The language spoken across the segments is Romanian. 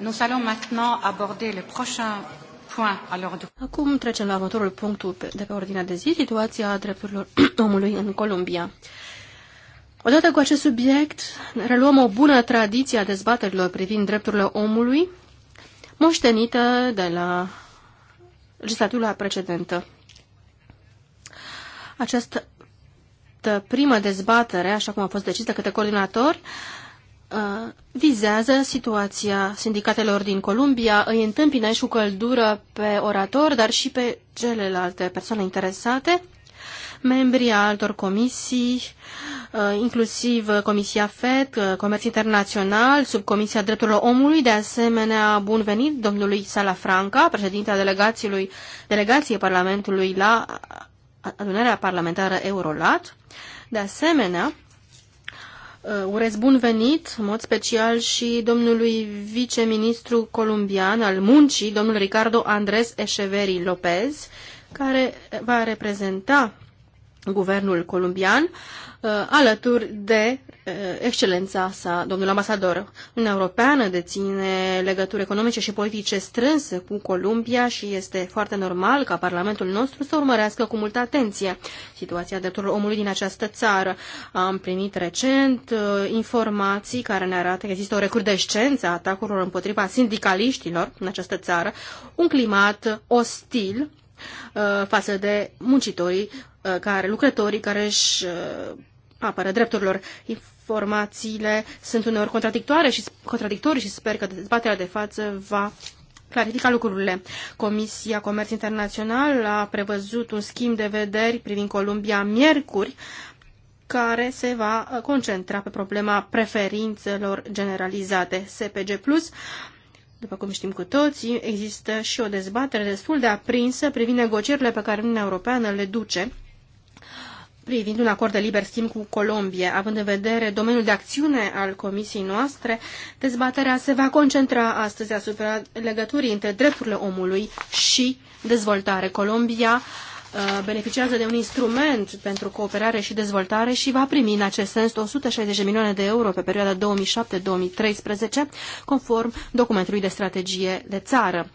Nous allons maintenant aborder le prochain Acum trecem la următorul punct de pe ordinea de zi, situația drepturilor omului în Columbia. Odată cu acest subiect, reluăm o bună tradiție a dezbaterilor privind drepturile omului, moștenită de la legislatura precedentă. Această primă dezbatere, așa cum a fost decisă de către coordinatori, Uh, vizează situația sindicatelor din Columbia, îi întâmpină și cu căldură pe orator, dar și pe celelalte persoane interesate, membrii altor comisii, uh, inclusiv Comisia FED, uh, Comerț Internațional, Subcomisia Drepturilor Omului, de asemenea, bun venit domnului Salafranca, președintea delegației, delegației Parlamentului la adunarea parlamentară Eurolat. De asemenea, Uh, urez bun venit, în mod special, și domnului viceministru columbian al muncii, domnul Ricardo Andres Echeveri Lopez, care va reprezenta guvernul columbian uh, alături de Eh, excelența sa, domnul ambasador. Uniunea Europeană deține legături economice și politice strânse cu Columbia și este foarte normal ca Parlamentul nostru să urmărească cu multă atenție situația drepturilor omului din această țară. Am primit recent eh, informații care ne arată că există o recrudescență a atacurilor împotriva sindicaliștilor în această țară, un climat ostil eh, față de muncitorii care, lucrătorii care își apără drepturilor informațiile sunt uneori contradictoare și, contradictorii și sper că dezbaterea de față va clarifica lucrurile. Comisia Comerț Internațional a prevăzut un schimb de vederi privind Columbia miercuri, care se va uh, concentra pe problema preferințelor generalizate SPG+. După cum știm cu toții, există și o dezbatere destul de aprinsă privind negocierile pe care Uniunea Europeană le duce privind un acord de liber schimb cu Colombia. Având în vedere domeniul de acțiune al comisiei noastre, dezbaterea se va concentra astăzi asupra legăturii între drepturile omului și dezvoltare. Colombia uh, beneficiază de un instrument pentru cooperare și dezvoltare și va primi în acest sens 160 milioane de euro pe perioada 2007-2013, conform documentului de strategie de țară.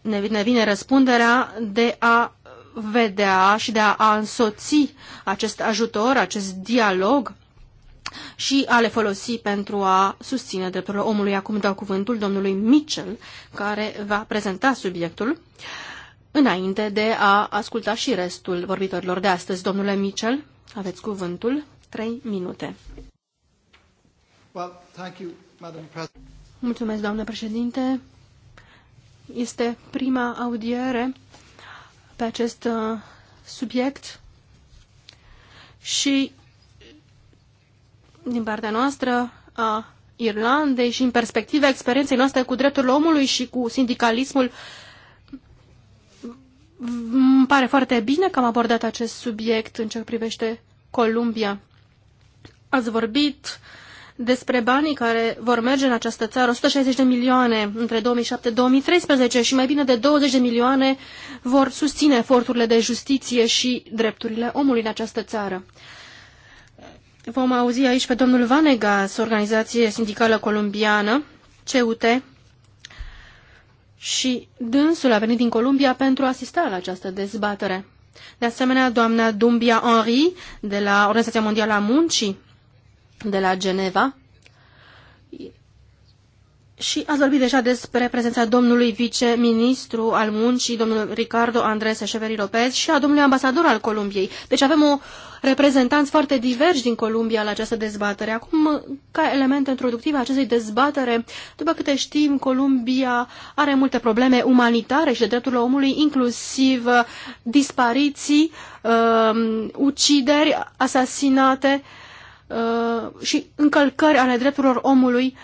Ne vine răspunderea de a vedea și de a însoți acest ajutor, acest dialog și a le folosi pentru a susține drepturile omului. Acum dau cuvântul domnului Mitchell, care va prezenta subiectul înainte de a asculta și restul vorbitorilor de astăzi. Domnule Mitchell, aveți cuvântul. Trei minute. Well, thank you, Madam Mulțumesc, doamnă președinte. Este prima audiere pe acest uh, subiect și din partea noastră a Irlandei și în perspectiva experienței noastre cu drepturile omului și cu sindicalismul, îmi pare foarte bine că am abordat acest subiect în ce privește Columbia. Ați vorbit uh, despre banii care vor merge în această țară, 160 de milioane între 2007-2013 și mai bine de 20 de milioane vor susține eforturile de justiție și drepturile omului în această țară. Vom auzi aici pe domnul Vanegas, organizație sindicală columbiană, CUT, și dânsul a venit din Columbia pentru a asista la această dezbatere. De asemenea, doamna Dumbia Henri, de la Organizația Mondială a Muncii, de la Geneva. Și ați vorbit deja despre prezența domnului viceministru al muncii, domnul Ricardo Andres Eșeveri Lopez și a domnului ambasador al Columbiei. Deci avem o reprezentanți foarte diversi din Columbia la această dezbatere. Acum, ca element introductiv a acestei dezbatere, după câte știm, Columbia are multe probleme umanitare și de drepturile omului, inclusiv uh, dispariții, uh, ucideri, asasinate, uh, Uh, și încălcări ale drepturilor omului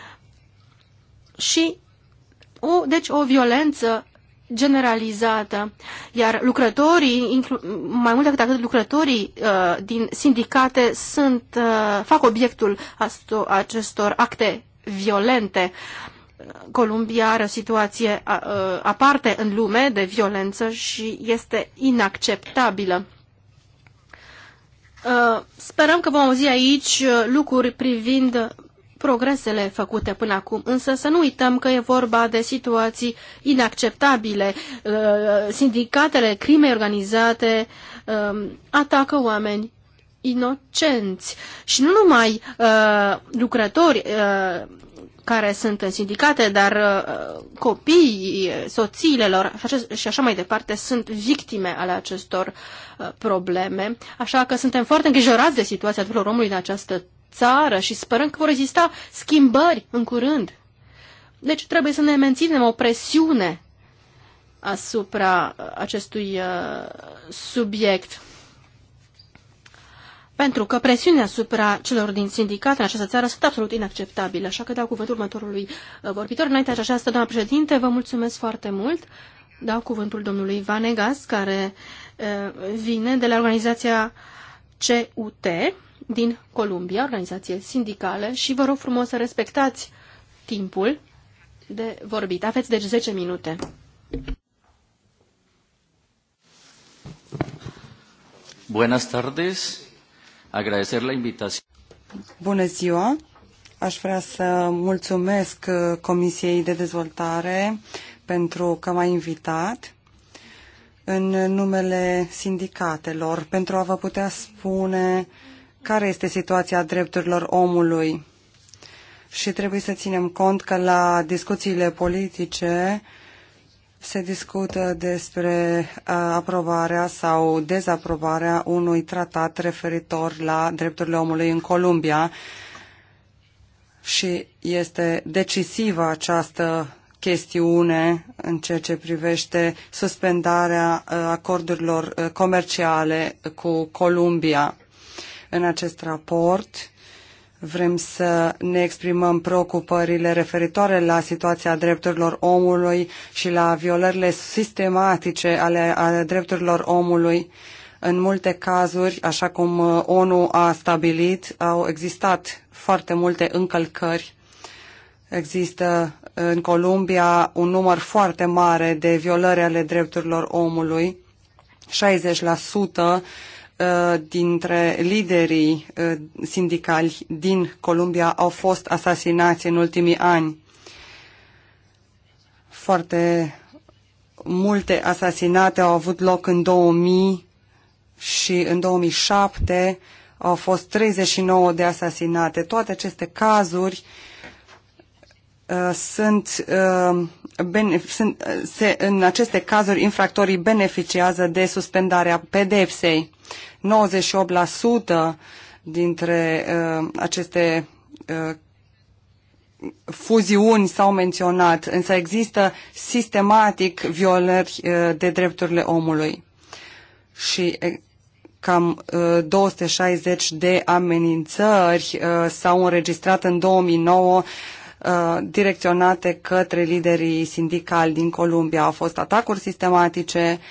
și o, deci o violență generalizată, iar lucrătorii, mai mult decât atât lucrătorii uh, din sindicate sunt, uh, fac obiectul acestor acte violente. Columbia are o situație uh, aparte în lume de violență și este inacceptabilă. Uh, sperăm că vom auzi aici uh, lucruri privind progresele făcute până acum, însă să nu uităm că e vorba de situații inacceptabile. Uh, sindicatele crimei organizate um, atacă oameni inocenți și nu numai lucrători care sunt în sindicate, dar uh, copiii, soțiile lor și așa mai departe sunt victime ale acestor uh, probleme. Așa că suntem foarte îngrijorați de situația tuturor omului în această țară și sperăm că vor exista schimbări în curând. Deci trebuie să ne menținem o presiune asupra uh, acestui subiect pentru că presiunea asupra celor din sindicat în această țară sunt absolut inacceptabile. Așa că dau cuvântul următorului uh, vorbitor. Înainte de aceasta, doamna președinte, vă mulțumesc foarte mult. Dau cuvântul domnului Vanegas, care uh, vine de la organizația CUT din Columbia, organizație sindicală, și vă rog frumos să respectați timpul de vorbit. Aveți deci 10 minute. Buenas tardes agradecer la Bună ziua! Aș vrea să mulțumesc uh, Comisiei de Dezvoltare pentru că m-a invitat în numele sindicatelor pentru a vă putea spune care este situația drepturilor omului. Și trebuie să ținem cont că la discuțiile politice se discută despre uh, aprobarea sau dezaprobarea unui tratat referitor la drepturile omului în Columbia și este decisivă această chestiune în ceea ce privește suspendarea uh, acordurilor uh, comerciale cu Columbia. În acest raport Vrem să ne exprimăm preocupările referitoare la situația drepturilor omului și la violările sistematice ale, ale drepturilor omului. În multe cazuri, așa cum uh, ONU a stabilit, au existat foarte multe încălcări. Există uh, în Columbia un număr foarte mare de violări ale drepturilor omului. 60% Uh, dintre liderii uh, sindicali din Columbia au fost asasinați în ultimii ani. Foarte multe asasinate au avut loc în 2000 și în 2007 au fost 39 de asasinate. Toate aceste cazuri uh, Uh, sunt, uh, sunt uh, se, în aceste cazuri infractorii beneficiază de suspendarea pedepsei. 98% dintre uh, aceste uh, fuziuni s-au menționat, însă există sistematic violări uh, de drepturile omului și cam 260 de amenințări s-au înregistrat în 2009 Uh, direcționate către liderii sindicali din Columbia. Au fost atacuri sistematice, uh,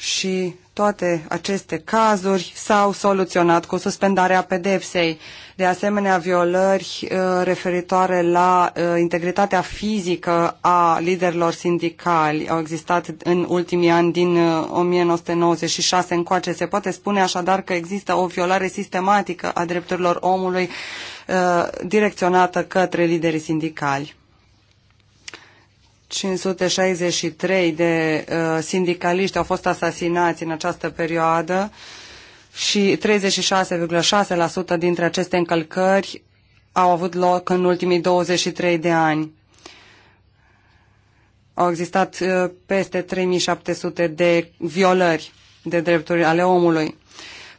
și toate aceste cazuri s-au soluționat cu suspendarea pedepsei. De asemenea, violări uh, referitoare la uh, integritatea fizică a liderilor sindicali au existat în ultimii ani din 1996 uh, încoace. Se poate spune așadar că există o violare sistematică a drepturilor omului direcționată către liderii sindicali. 563 de uh, sindicaliști au fost asasinați în această perioadă și 36,6% dintre aceste încălcări au avut loc în ultimii 23 de ani. Au existat uh, peste 3700 de violări de drepturi ale omului.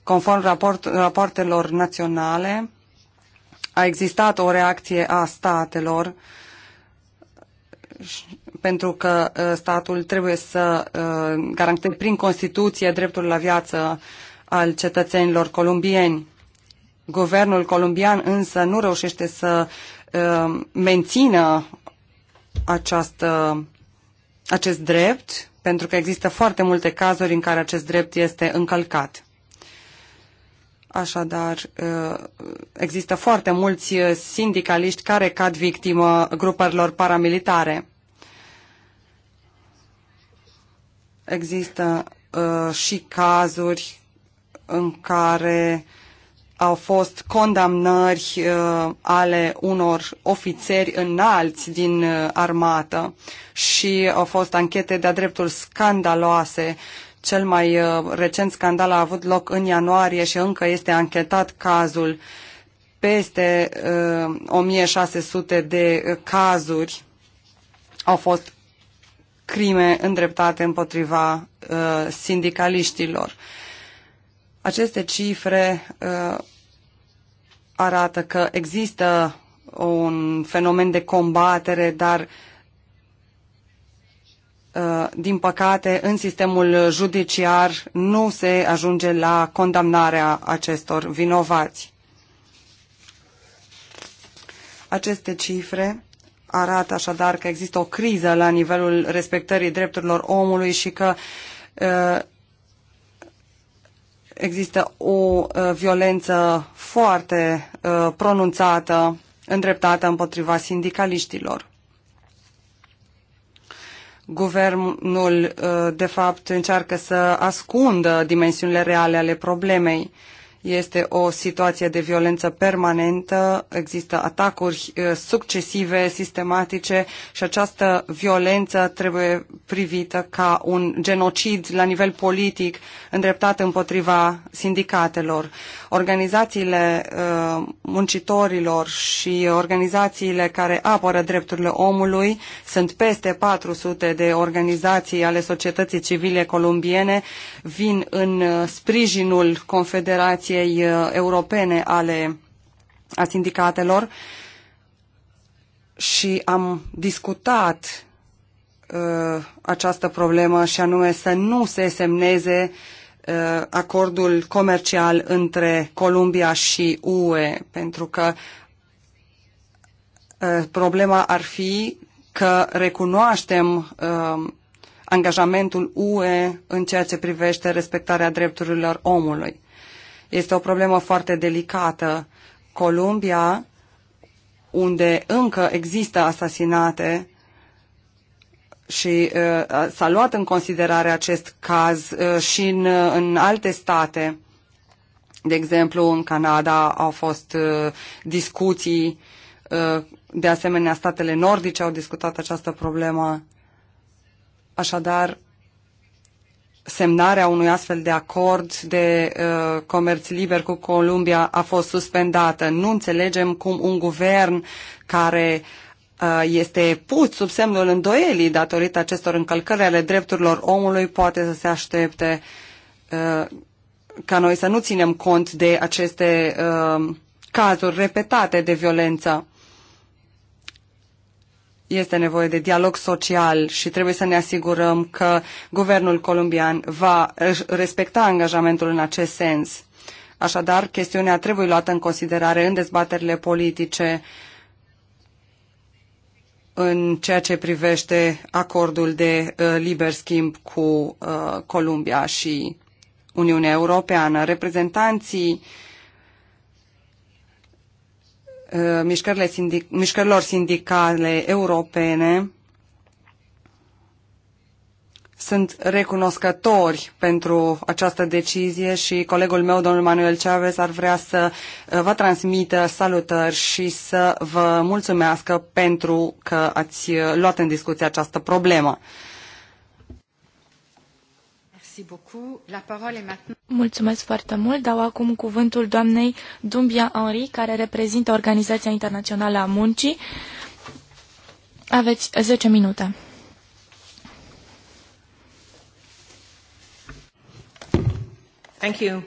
Conform raport, rapoartelor naționale, a existat o reacție a statelor pentru că uh, statul trebuie să uh, garanteze prin Constituție dreptul la viață al cetățenilor columbieni. Guvernul columbian însă nu reușește să uh, mențină această, acest drept, pentru că există foarte multe cazuri în care acest drept este încălcat. Așadar, există foarte mulți sindicaliști care cad victimă grupărilor paramilitare. Există uh, și cazuri în care au fost condamnări uh, ale unor ofițeri înalți din uh, armată și au fost anchete de-a dreptul scandaloase. Cel mai uh, recent scandal a avut loc în ianuarie și încă este anchetat cazul peste uh, 1600 de uh, cazuri au fost crime îndreptate împotriva uh, sindicaliștilor. Aceste cifre uh, arată că există un fenomen de combatere, dar uh, din păcate, în sistemul judiciar nu se ajunge la condamnarea acestor vinovați. Aceste cifre arată așadar că există o criză la nivelul respectării drepturilor omului și că uh, există o uh, violență foarte uh, pronunțată, îndreptată împotriva sindicaliștilor. Guvernul, de fapt, încearcă să ascundă dimensiunile reale ale problemei. Este o situație de violență permanentă, există atacuri uh, succesive, sistematice și această violență trebuie privită ca un genocid la nivel politic îndreptat împotriva sindicatelor. Organizațiile uh, muncitorilor și organizațiile care apără drepturile omului sunt peste 400 de organizații ale societății civile colombiene, vin în uh, sprijinul Confederației Federației uh, Europene ale a sindicatelor și am discutat uh, această problemă și anume să nu se semneze uh, acordul comercial între Columbia și UE, pentru că uh, problema ar fi că recunoaștem uh, angajamentul UE în ceea ce privește respectarea drepturilor omului. Este o problemă foarte delicată. Columbia, unde încă există asasinate și uh, s-a luat în considerare acest caz uh, și în, uh, în alte state. De exemplu, în Canada au fost uh, discuții, uh, de asemenea statele nordice au discutat această problemă. Așadar, semnarea unui astfel de acord de uh, comerț liber cu Columbia a fost suspendată. Nu înțelegem cum un guvern care uh, este put sub semnul îndoielii datorită acestor încălcări ale drepturilor omului poate să se aștepte uh, ca noi să nu ținem cont de aceste uh, cazuri repetate de violență este nevoie de dialog social și trebuie să ne asigurăm că guvernul colombian va respecta angajamentul în acest sens. Așadar, chestiunea trebuie luată în considerare în dezbaterile politice în ceea ce privește acordul de uh, liber schimb cu uh, Columbia și Uniunea Europeană. Reprezentanții uh, Uh, mișcările sindic- mișcărilor sindicale europene sunt recunoscători pentru această decizie și colegul meu, domnul Manuel Chavez, ar vrea să uh, vă transmită salutări și să vă mulțumească pentru că ați uh, luat în discuție această problemă. Mulțumesc foarte mult. Dau acum cuvântul doamnei Dumbia Henri, care reprezintă Organizația Internațională a Muncii. Aveți 10 minute. Thank you.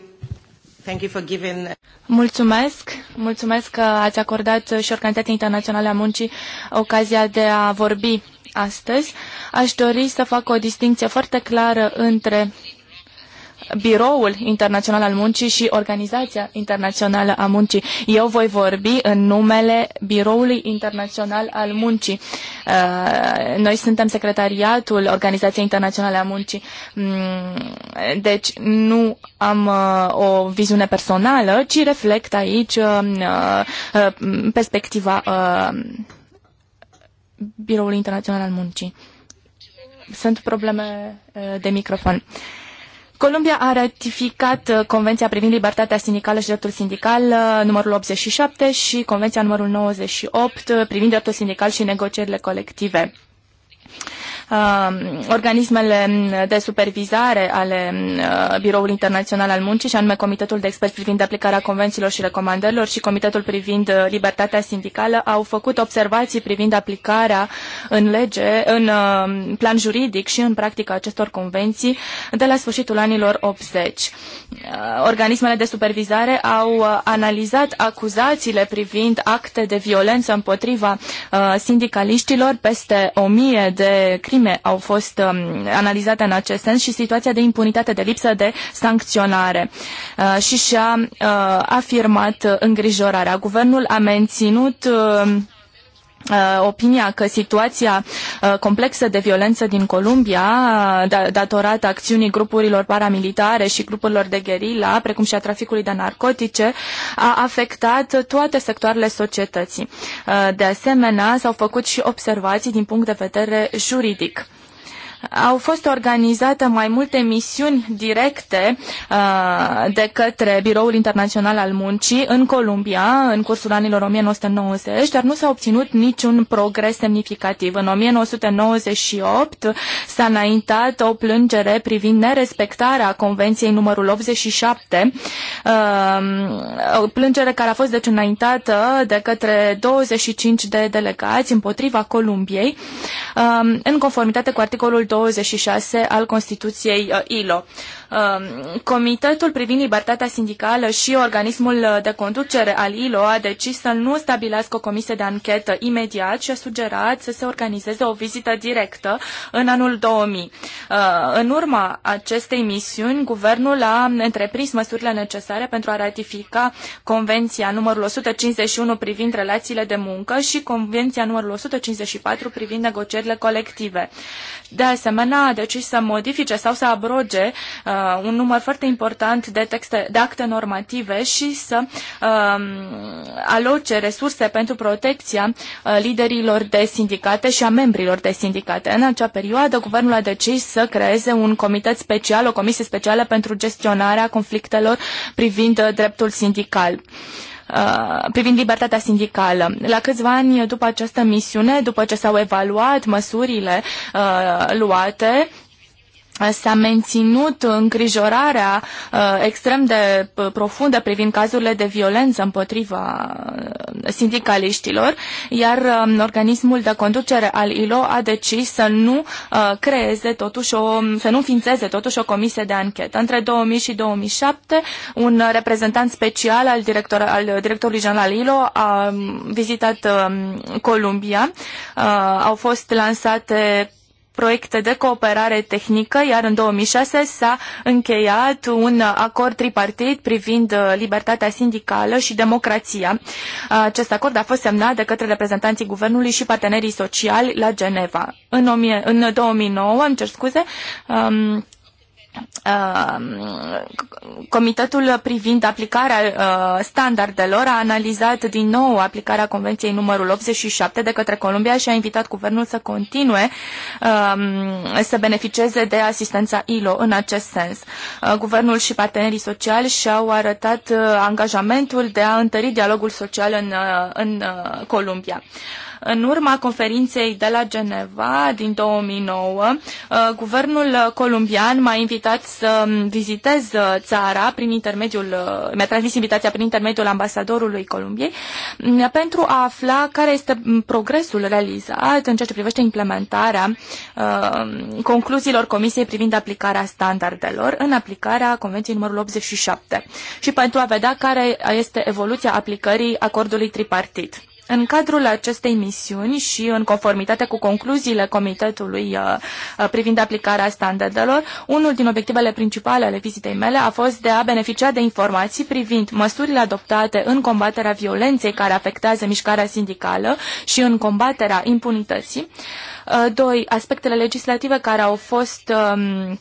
Thank you for giving... Mulțumesc, mulțumesc că ați acordat și Organizația Internațională a Muncii ocazia de a vorbi astăzi, aș dori să fac o distinție foarte clară între Biroul Internațional al Muncii și Organizația Internațională a Muncii. Eu voi vorbi în numele Biroului Internațional al Muncii. Uh, noi suntem secretariatul Organizației Internaționale a Muncii, mm, deci nu am uh, o viziune personală, ci reflect aici uh, perspectiva Biroul Internațional al Muncii. Sunt probleme de microfon. Columbia a ratificat Convenția privind libertatea sindicală și dreptul sindical numărul 87 și Convenția numărul 98 privind dreptul sindical și negocierile colective. Uh, organismele de supervizare ale uh, Biroului Internațional al Muncii, și anume Comitetul de Experți privind aplicarea convențiilor și recomandărilor și Comitetul privind uh, libertatea sindicală, au făcut observații privind aplicarea în lege, în plan juridic și în practică acestor convenții de la sfârșitul anilor 80. Organismele de supervizare au analizat acuzațiile privind acte de violență împotriva sindicaliștilor, peste o mie de crime crime au fost um, analizate în acest sens și situația de impunitate, de lipsă de sancționare. Uh, și și-a uh, afirmat uh, îngrijorarea. Guvernul a menținut um, Uh, opinia că situația uh, complexă de violență din Columbia, uh, da, datorată acțiunii grupurilor paramilitare și grupurilor de gherila, precum și a traficului de narcotice, a afectat toate sectoarele societății. De asemenea, s-au făcut și observații din punct de vedere juridic au fost organizate mai multe misiuni directe uh, de către Biroul Internațional al Muncii în Columbia în cursul anilor 1990, dar nu s-a obținut niciun progres semnificativ. În 1998 s-a înaintat o plângere privind nerespectarea Convenției numărul 87, uh, o plângere care a fost deci înaintată de către 25 de delegați împotriva Columbiei, uh, în conformitate cu articolul 26 al Constituției uh, ILO. Um, Comitetul privind libertatea sindicală și organismul de conducere al ILO a decis să nu stabilească o comisie de anchetă imediat și a sugerat să se organizeze o vizită directă în anul 2000. Uh, în urma acestei misiuni, guvernul a întreprins măsurile necesare pentru a ratifica Convenția numărul 151 privind relațiile de muncă și Convenția numărul 154 privind negocierile colective. De asemenea, a decis să modifice sau să abroge uh, uh, un număr foarte important de texte, de acte normative și să uh, aloce resurse pentru protecția uh, liderilor de sindicate și a membrilor de sindicate. În acea perioadă, guvernul a decis să creeze un comitet special, o comisie specială pentru gestionarea conflictelor privind uh, dreptul sindical. Uh, privind libertatea sindicală. La câțiva ani după această misiune, după ce s-au evaluat măsurile uh, luate, s-a menținut îngrijorarea uh, extrem de profundă privind cazurile de violență împotriva uh, sindicaliștilor, iar uh, organismul de conducere al ILO a decis să nu uh, creeze totuși o, să nu ființeze, totuși o comisie de anchetă. Între 2000 și 2007, un reprezentant special al, director, al directorului general ILO a um, vizitat um, Columbia. Uh, au fost lansate proiecte de cooperare tehnică, iar în 2006 s-a încheiat un acord tripartit privind uh, libertatea sindicală și democrația. Acest acord a fost semnat de către reprezentanții guvernului și partenerii sociali la Geneva. În, 2009, îmi cer scuze, um, Uh, comitetul privind aplicarea uh, standardelor a analizat din nou aplicarea Convenției numărul 87 de către Columbia și a invitat guvernul să continue um, să beneficieze de asistența ILO în acest sens. Uh, guvernul și partenerii sociali și-au arătat angajamentul de a întări dialogul social în, în Columbia. În urma conferinței de la Geneva din 2009, uh, guvernul columbian m-a invitat să vizitez uh, țara prin intermediul, uh, mi-a transmis invitația prin intermediul ambasadorului Columbiei mm, pentru a afla care este progresul realizat în ceea ce privește implementarea concluziilor Comisiei privind aplicarea standardelor în aplicarea Convenției numărul 87 și pentru a vedea care este evoluția aplicării acordului tripartit. În cadrul acestei misiuni și în conformitate cu concluziile Comitetului uh, uh, privind aplicarea standardelor, unul din obiectivele principale ale vizitei mele a fost de a beneficia de informații privind măsurile adoptate în combaterea violenței care afectează mișcarea sindicală și în combaterea impunității. Uh, doi, aspectele legislative care au fost um,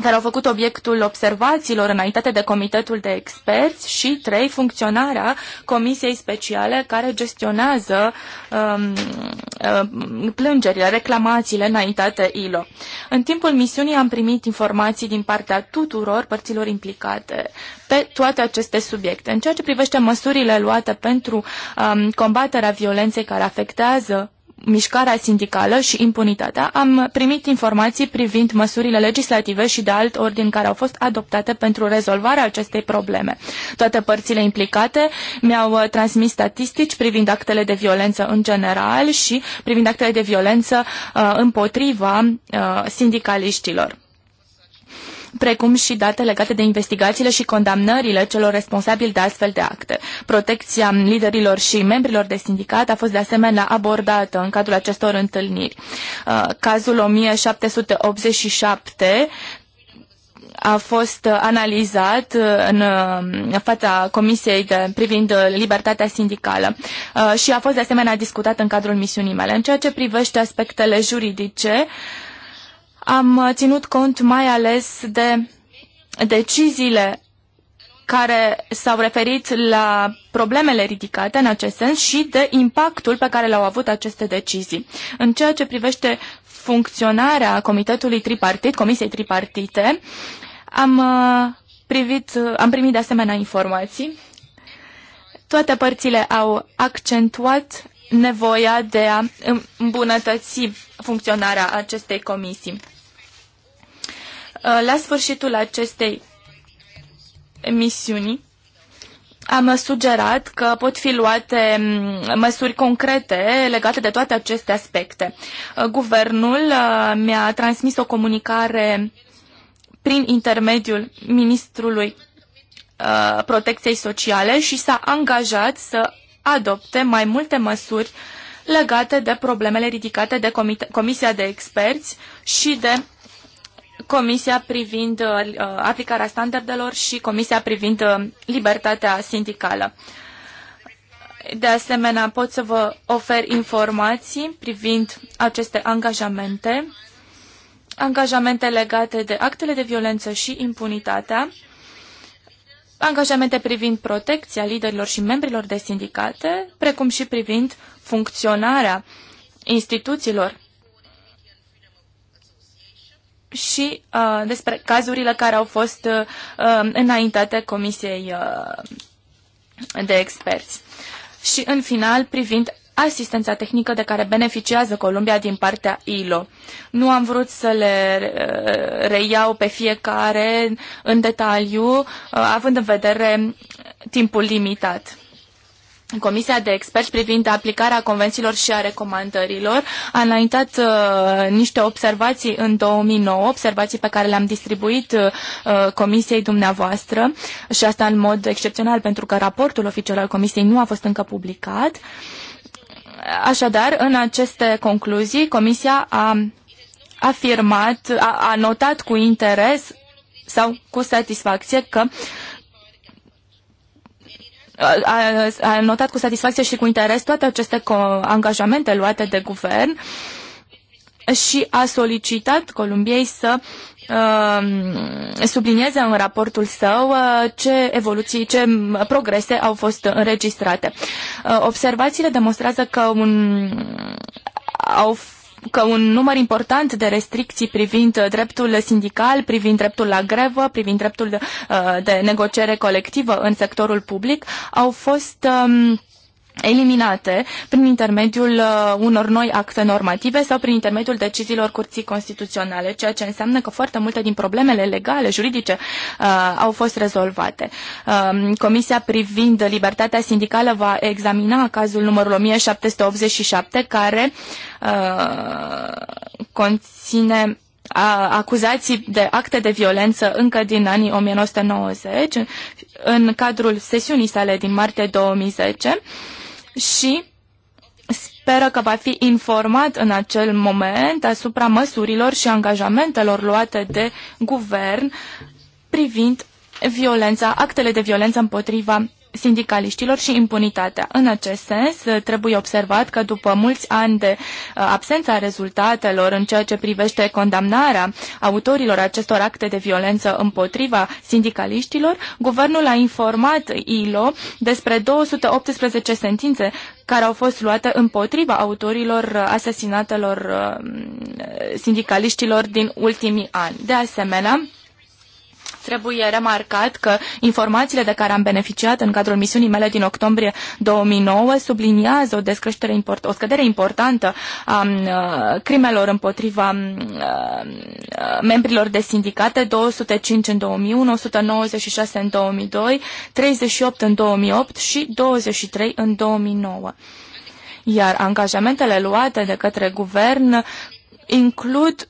care au făcut obiectul observațiilor înaintate de comitetul de experți și, trei, funcționarea comisiei speciale care gestionează um, um, plângerile, reclamațiile înaintate ILO. În timpul misiunii am primit informații din partea tuturor părților implicate pe toate aceste subiecte. În ceea ce privește măsurile luate pentru um, combaterea violenței care afectează mișcarea sindicală și impunitatea, am primit informații privind măsurile legislative și de alt ordin care au fost adoptate pentru rezolvarea acestei probleme. Toate părțile implicate mi-au uh, transmis statistici privind actele de violență în general și privind actele de violență uh, împotriva uh, sindicaliștilor precum și date legate de investigațiile și condamnările celor responsabili de astfel de acte. Protecția liderilor și membrilor de sindicat a fost de asemenea abordată în cadrul acestor întâlniri. Uh, cazul 1787 a fost analizat uh, uh, în fața Comisiei de, privind libertatea sindicală și a fost de asemenea discutat în cadrul misiunii mele. În ceea ce privește aspectele juridice, uh, am uh, ținut cont mai ales de deciziile care s-au referit la problemele ridicate în acest sens și de impactul pe care l-au avut aceste decizii. În ceea ce privește funcționarea Comitetului Tripartit, Comisiei Tripartite, am, uh, privit, uh, am primit de asemenea informații. Toate părțile au accentuat nevoia de a îmbunătăți funcționarea acestei comisii. Uh, la sfârșitul acestei emisiuni am sugerat că pot fi luate mm, măsuri concrete legate de toate aceste aspecte. Uh, guvernul uh, mi-a transmis o comunicare prin intermediul ministrului protecției sociale și s-a angajat să adopte mai multe măsuri legate de problemele ridicate de Comisia de Experți și de Comisia privind uh, uh, aplicarea standardelor și Comisia privind uh, libertatea sindicală. De asemenea, pot să vă ofer informații privind aceste angajamente, angajamente legate de actele de violență și impunitatea, angajamente privind protecția liderilor și membrilor de sindicate, precum și privind funcționarea instituțiilor și uh, despre cazurile care au fost uh, uh, înaintate Comisiei uh, de Experți. Și, în final, privind asistența tehnică de care beneficiază Columbia din partea ILO. Nu am vrut să le uh, reiau pe fiecare în detaliu, uh, având în vedere timpul limitat. Comisia de experți privind aplicarea convențiilor și a recomandărilor a înaintat uh, niște observații în 2009, observații pe care le-am distribuit uh, Comisiei dumneavoastră și asta în mod excepțional pentru că raportul oficial al Comisiei nu a fost încă publicat. Așadar, în aceste concluzii, Comisia a afirmat, a, a notat cu interes sau cu satisfacție că uh, a, a notat cu satisfacție și cu interes toate aceste angajamente luate de guvern și a solicitat Columbiei să um, sublinieze în raportul său uh, ce evoluții, ce progrese au fost înregistrate. Uh, observațiile demonstrează că un, au că un număr important de restricții privind uh, dreptul sindical, privind dreptul la grevă, privind dreptul de, uh, de negociere colectivă în sectorul public au fost um, eliminate prin intermediul uh, unor noi acte normative sau prin intermediul deciziilor curții constituționale, ceea ce înseamnă că foarte multe din problemele legale, juridice, uh, au fost rezolvate. Uh, Comisia privind libertatea sindicală va examina cazul numărul 1787, care uh, conține uh, acuzații de acte de violență încă din anii 1990 în cadrul sesiunii sale din martie 2010 și speră că va fi informat în acel moment asupra măsurilor și angajamentelor luate de guvern privind violența, actele de violență împotriva sindicaliștilor și impunitatea. În acest sens, trebuie observat că după mulți ani de uh, absența rezultatelor în ceea ce privește condamnarea autorilor acestor acte de violență împotriva sindicaliștilor, guvernul a informat ILO despre 218 sentințe care au fost luate împotriva autorilor uh, asasinatelor uh, sindicaliștilor din ultimii ani. De asemenea, Trebuie remarcat că informațiile de care am beneficiat în cadrul misiunii mele din octombrie 2009 subliniază o, descreștere import- o scădere importantă a crimelor împotriva membrilor de sindicate, 205 în 2001, 196 în 2002, 38 în 2008 și 23 în 2009. Iar angajamentele luate de către guvern includ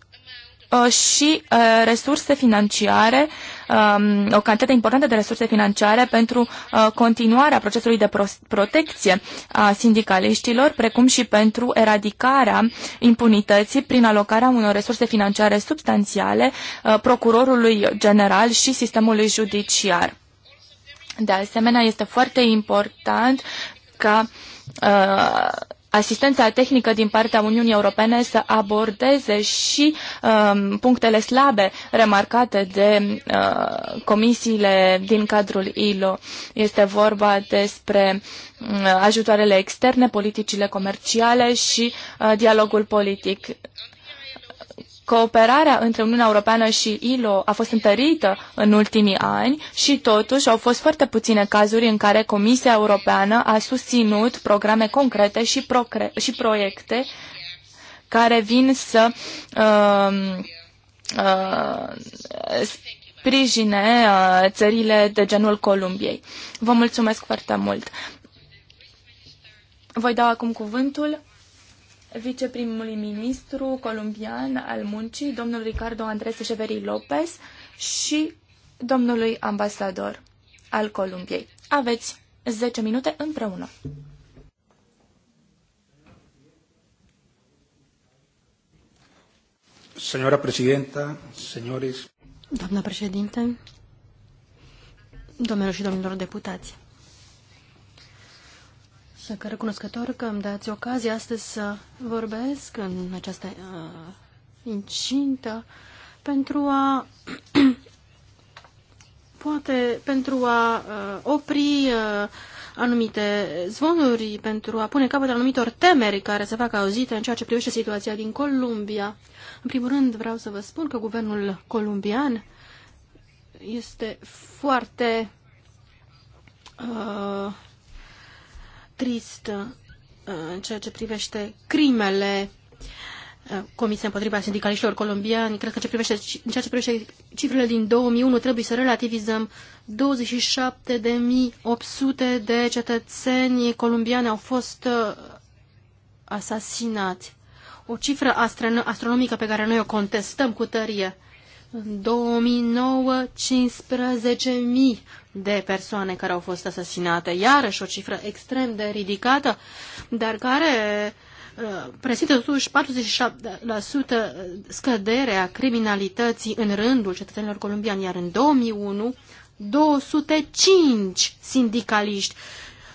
Uh, și uh, resurse financiare, um, o cantitate importantă de resurse financiare pentru uh, continuarea procesului de protecție a sindicaliștilor, precum și pentru eradicarea impunității prin alocarea unor resurse financiare substanțiale procurorului general și sistemului judiciar. De asemenea, este foarte important ca uh, asistența tehnică din partea Uniunii Europene să abordeze și um, punctele slabe remarcate de uh, comisiile din cadrul ILO. Este vorba despre uh, ajutoarele externe, politicile comerciale și uh, dialogul politic. Cooperarea între Uniunea Europeană și ILO a fost întărită în ultimii ani și totuși au fost foarte puține cazuri în care Comisia Europeană a susținut programe concrete și, procre- și proiecte care vin să uh, uh, sprijine uh, țările de genul Columbiei. Vă mulțumesc foarte mult! Voi da acum cuvântul viceprimului ministru colombian al muncii, domnul Ricardo Andrés Severi Lopez și domnului ambasador al Columbiei. Aveți 10 minute împreună. Señora presidenta, señores. Doamna președinte, domnilor și domnilor deputați. Sunt recunoscător că îmi dați ocazia astăzi să vorbesc în această uh, incintă pentru a poate pentru a uh, opri uh, anumite zvonuri, pentru a pune capăt anumitor temeri care se fac auzite în ceea ce privește situația din Columbia. În primul rând vreau să vă spun că guvernul columbian este foarte uh, trist uh, în ceea ce privește crimele uh, comise împotriva sindicaliștilor colombiani. Cred că ce privește, în ceea ce privește cifrele din 2001 trebuie să relativizăm 27.800 de cetățeni colombiani au fost uh, asasinați. O cifră astronomică pe care noi o contestăm cu tărie. 2009, 15.000 de persoane care au fost asasinate. Iarăși o cifră extrem de ridicată, dar care uh, prezintă totuși 47% scăderea criminalității în rândul cetățenilor colombiani, iar în 2001 205 sindicaliști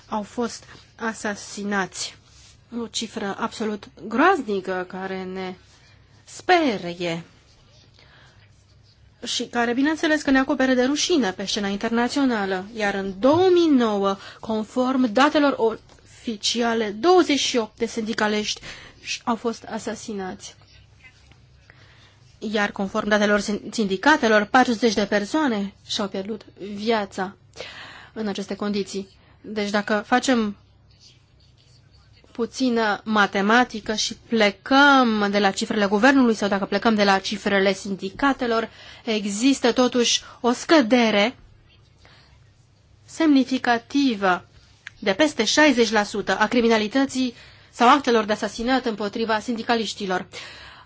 au fost asasinați. O cifră absolut groaznică care ne sperie și care, bineînțeles, că ne acopere de rușine pe scena internațională, iar în 2009, conform datelor oficiale, 28 de sindicalești au fost asasinați. Iar conform datelor sindicatelor, 40 de persoane și-au pierdut viața în aceste condiții. Deci dacă facem puțină matematică și plecăm de la cifrele guvernului sau dacă plecăm de la cifrele sindicatelor, există totuși o scădere semnificativă de peste 60% a criminalității sau actelor de asasinat împotriva sindicaliștilor.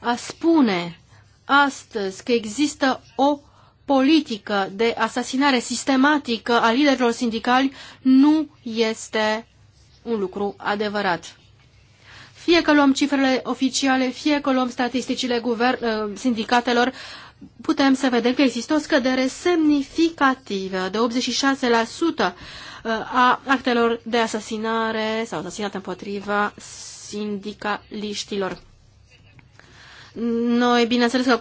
A spune astăzi că există o politică de asasinare sistematică a liderilor sindicali nu este un lucru adevărat. Fie că luăm cifrele oficiale, fie că luăm statisticile guvern, uh, sindicatelor, putem să vedem că există o scădere semnificativă de 86% uh, a actelor de asasinare sau asasinat împotriva sindicaliștilor. Noi, bineînțeles că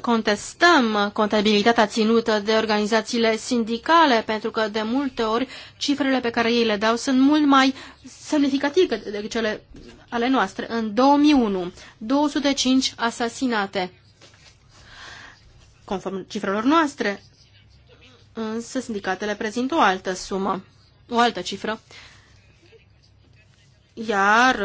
contestăm contabilitatea ținută de organizațiile sindicale, pentru că de multe ori cifrele pe care ei le dau sunt mult mai semnificative decât cele ale noastre. În 2001, 205 asasinate, conform cifrelor noastre, însă sindicatele prezintă o altă sumă, o altă cifră, iar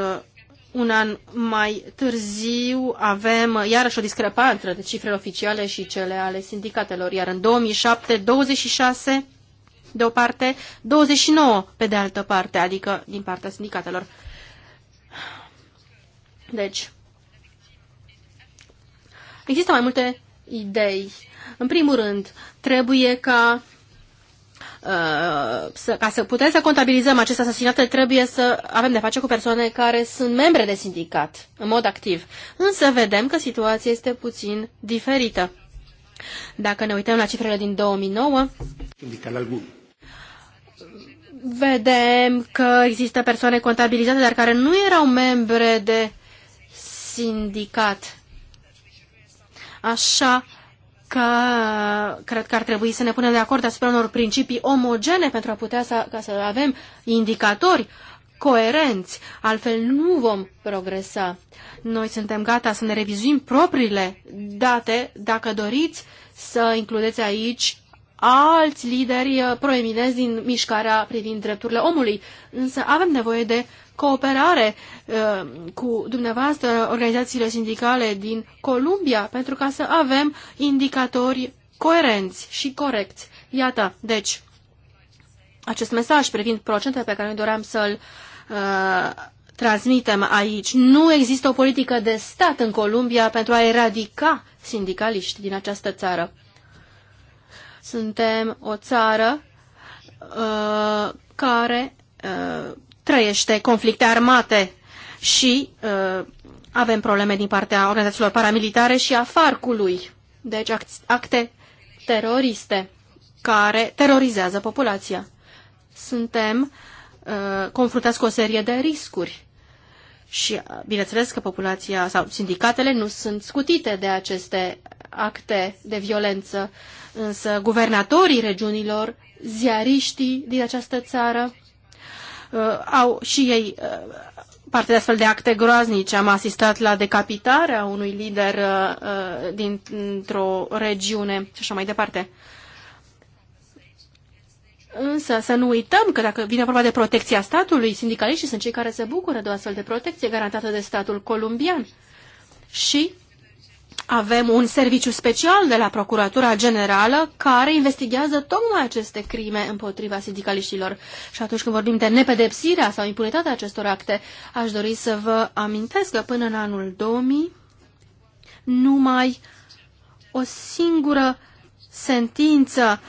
un an mai târziu avem iarăși o discrepanță între cifrele oficiale și cele ale sindicatelor, iar în 2007 26 de o parte, 29 pe de altă parte, adică din partea sindicatelor. Deci, există mai multe idei. În primul rând, trebuie ca să, ca să putem să contabilizăm aceste asasinate, trebuie să avem de face cu persoane care sunt membre de sindicat, în mod activ. Însă vedem că situația este puțin diferită. Dacă ne uităm la cifrele din 2009, vedem că există persoane contabilizate, dar care nu erau membre de sindicat. Așa că cred că ar trebui să ne punem de acord asupra unor principii omogene pentru a putea să, ca să avem indicatori coerenți, altfel nu vom progresa. Noi suntem gata să ne revizuim propriile date, dacă doriți să includeți aici alți lideri uh, proeminenți din mișcarea privind drepturile omului. Însă avem nevoie de cooperare uh, cu dumneavoastră, organizațiile sindicale din Columbia, pentru ca să avem indicatori coerenți și corecți. Iată, deci, acest mesaj privind procentele pe care noi doream să-l uh, transmitem aici. Nu există o politică de stat în Columbia pentru a eradica sindicaliști din această țară. Suntem o țară uh, care uh, trăiește conflicte armate și uh, avem probleme din partea organizațiilor paramilitare și a farcului, deci acte teroriste care terorizează populația. Suntem uh, confruntați cu o serie de riscuri și uh, bineînțeles că populația sau sindicatele nu sunt scutite de aceste acte de violență. Uh, însă guvernatorii regiunilor, ziariștii din această țară, uh, au și ei uh, parte de astfel de acte groaznice. Am asistat la decapitarea unui lider uh, dintr-o regiune și așa mai departe. Însă să nu uităm că dacă vine vorba de protecția statului, sindicaliștii sunt cei care se bucură de o astfel de protecție garantată de statul columbian. Și avem un serviciu special de la Procuratura Generală care investigează tocmai aceste crime împotriva sindicaliștilor. Și atunci când vorbim de nepedepsirea sau impunitatea acestor acte, aș dori să vă amintesc că până în anul 2000 numai o singură sentință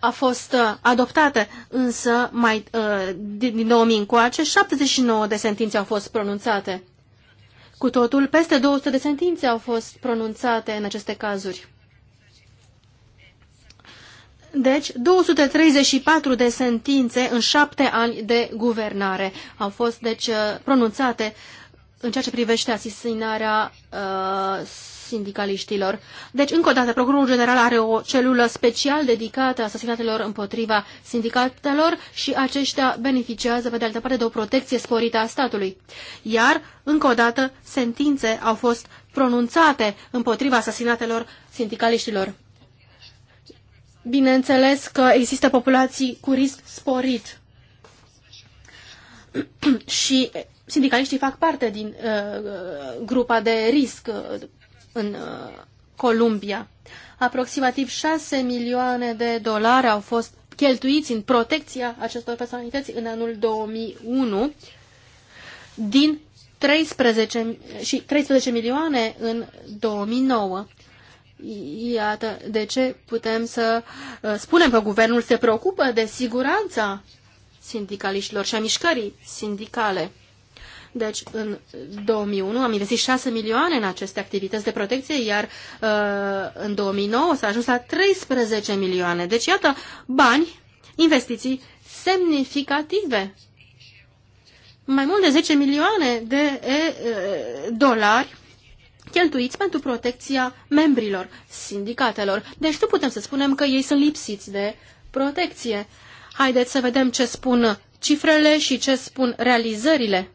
a fost uh, adoptată, însă mai, uh, din 2000 încoace 79 de sentințe au fost pronunțate. Cu totul, peste 200 de sentințe au fost pronunțate în aceste cazuri. Deci, 234 de sentințe în șapte ani de guvernare au fost, deci, pronunțate în ceea ce privește asesinarea uh, sindicaliștilor. Deci, încă o dată, Procurorul General are o celulă special dedicată asasinatelor împotriva sindicatelor și aceștia beneficiază, pe de altă parte, de o protecție sporită a statului. Iar, încă o dată, sentințe au fost pronunțate împotriva asasinatelor sindicaliștilor. Bineînțeles că există populații cu risc sporit și sindicaliștii fac parte din uh, uh grupa de risc, uh, în uh, Columbia. Aproximativ 6 milioane de dolari au fost cheltuiți în protecția acestor personalități în anul 2001 din 13, și 13 milioane în 2009. Iată de ce putem să uh, spunem că guvernul se preocupă de siguranța sindicaliștilor și a mișcării sindicale. Deci, în 2001 am investit 6 milioane în aceste activități de protecție, iar uh, în 2009 s-a ajuns la 13 milioane. Deci, iată, bani, investiții semnificative. Mai mult de 10 milioane de e, e, uh, dolari cheltuiți pentru protecția membrilor sindicatelor. Deci nu putem să spunem că ei sunt lipsiți de protecție. Haideți să vedem ce spun cifrele și ce spun realizările.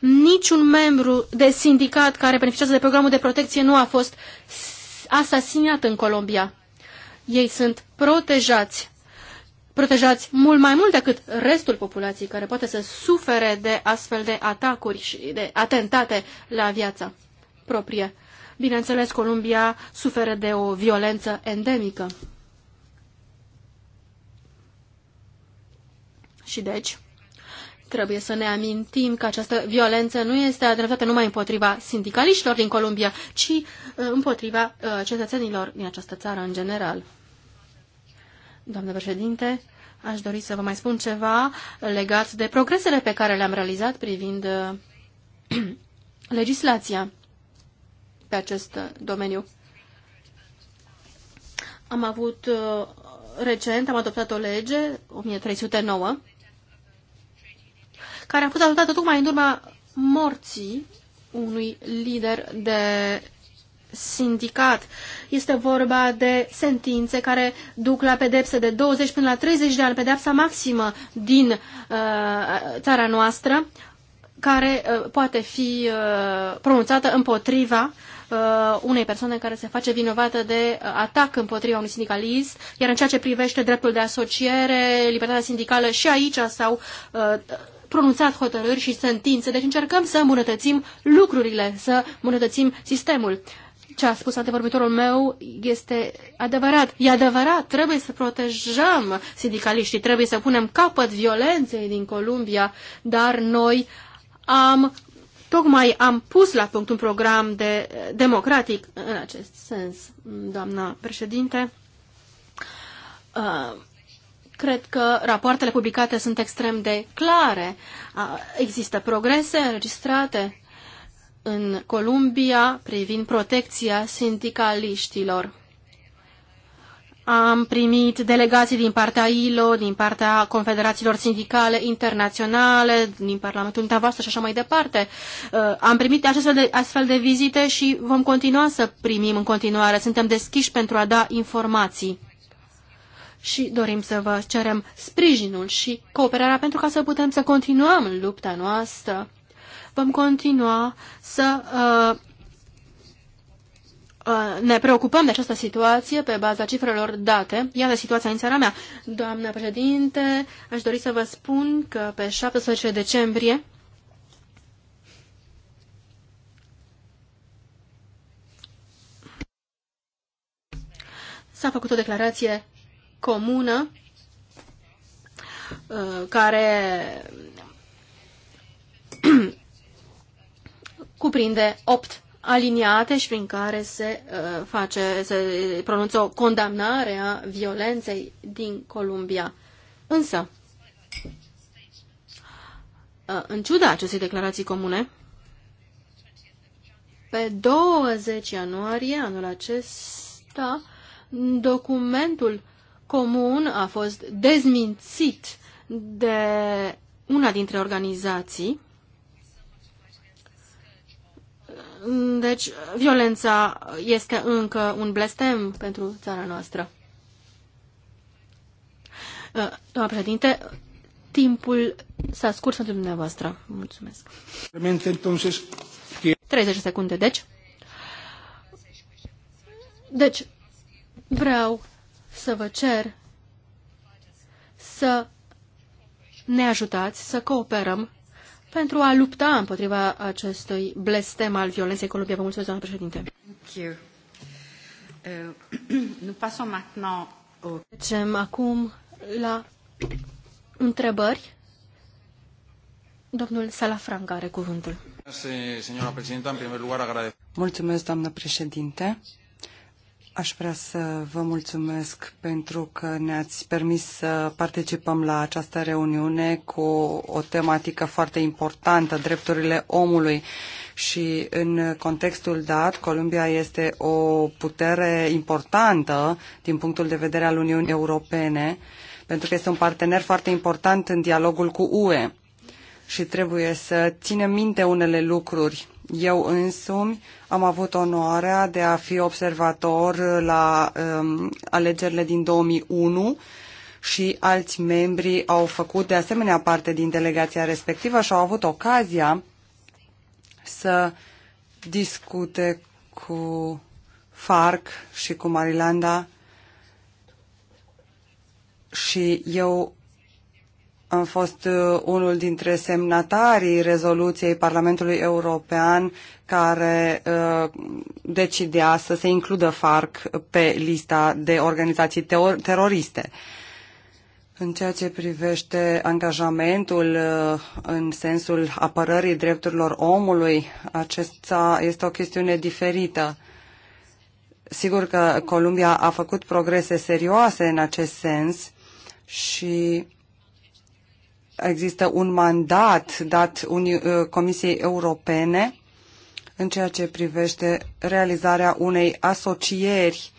Niciun membru de sindicat care beneficiază de programul de protecție nu a fost asasinat în Colombia. Ei sunt protejați protejați mult mai mult decât restul populației care poate să sufere de astfel de atacuri și de atentate la viața proprie. Bineînțeles, Columbia suferă de o violență endemică. Și deci, Trebuie să ne amintim că această violență nu este adresată numai împotriva sindicaliștilor din Columbia, ci uh, împotriva uh, cetățenilor din această țară în general. Doamne președinte, aș dori să vă mai spun ceva legat de progresele pe care le-am realizat privind uh, legislația pe acest domeniu. Am avut recent, am adoptat o lege, 1309, care a fost adoptată tocmai în urma morții unui lider de sindicat. Este vorba de sentințe care duc la pedepse de 20 până la 30 de ani, pedepsa maximă din uh, țara noastră, care uh, poate fi uh, pronunțată împotriva uh, unei persoane care se face vinovată de uh, atac împotriva unui sindicalist, iar în ceea ce privește dreptul de asociere, libertatea sindicală și aici sau au uh, pronunțat hotărâri și sentințe, deci încercăm să îmbunătățim lucrurile, să îmbunătățim sistemul. Ce a spus antevorbitorul meu este adevărat. E adevărat, trebuie să protejăm sindicaliștii, trebuie să punem capăt violenței din Columbia, dar noi am Tocmai am pus la punct un program de, democratic în acest sens, doamna președinte. Uh, Cred că rapoartele publicate sunt extrem de clare. Există progrese înregistrate în Columbia privind protecția sindicaliștilor. Am primit delegații din partea ILO, din partea Confederațiilor Sindicale Internaționale, din Parlamentul dumneavoastră și așa mai departe. Uh, am primit astfel de, astfel de vizite și vom continua să primim în continuare. Suntem deschiși pentru a da informații și dorim să vă cerem sprijinul și cooperarea pentru ca să putem să continuăm lupta noastră. Vom continua să uh, uh, ne preocupăm de această situație pe baza cifrelor date. Iată situația în țara mea. Doamna președinte, aș dori să vă spun că pe 17 decembrie s-a făcut o declarație comună uh, care cuprinde opt aliniate și prin care se uh, face, se pronunță o condamnare a violenței din Columbia. Însă, uh, în ciuda acestei declarații comune, pe 20 ianuarie anul acesta, documentul comun a fost dezmințit de una dintre organizații. Deci, violența este încă un blestem pentru țara noastră. Uh, doamna președinte, timpul s-a scurs pentru dumneavoastră. Mulțumesc. 30 secunde, deci. Deci, vreau să vă cer să ne ajutați să cooperăm pentru a lupta împotriva acestui blestem al violenței Columbia. Vă mulțumesc, doamnă președinte. Uh, Trecem acum la întrebări. Domnul Salafranca are cuvântul. Mulțumesc, doamnă președinte. Aș vrea să vă mulțumesc pentru că ne-ați permis să participăm la această reuniune cu o tematică foarte importantă, drepturile omului. Și în contextul dat, Columbia este o putere importantă din punctul de vedere al Uniunii Europene, pentru că este un partener foarte important în dialogul cu UE. Și trebuie să ținem minte unele lucruri eu însumi am avut onoarea de a fi observator la um, alegerile din 2001 și alți membri au făcut de asemenea parte din delegația respectivă și au avut ocazia să discute cu FARC și cu Marilanda și eu am fost uh, unul dintre semnatarii rezoluției Parlamentului European care uh, decidea să se includă FARC pe lista de organizații teroriste. În ceea ce privește angajamentul uh, în sensul apărării drepturilor omului, acesta este o chestiune diferită. Sigur că Columbia a făcut progrese serioase în acest sens și există un mandat dat uh, Comisiei Europene în ceea ce privește realizarea unei asocieri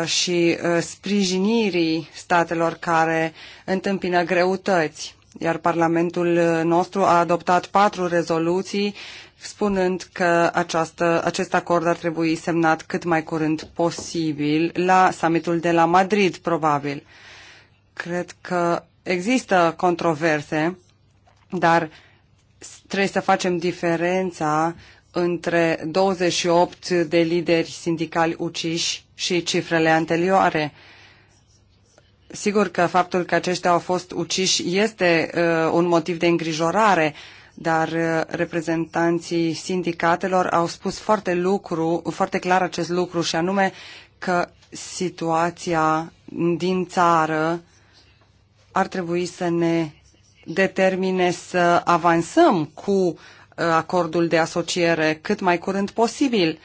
uh, și uh, sprijinirii statelor care întâmpină greutăți. Iar Parlamentul nostru a adoptat patru rezoluții spunând că această, acest acord ar trebui semnat cât mai curând posibil la summitul de la Madrid, probabil. Cred că există controverse, dar trebuie să facem diferența între 28 de lideri sindicali uciși și cifrele anterioare. Sigur că faptul că aceștia au fost uciși este uh, un motiv de îngrijorare, dar uh, reprezentanții sindicatelor au spus foarte, lucru, foarte clar acest lucru și anume că situația din țară ar trebui să ne determine să avansăm cu uh, acordul de asociere cât mai curând posibil.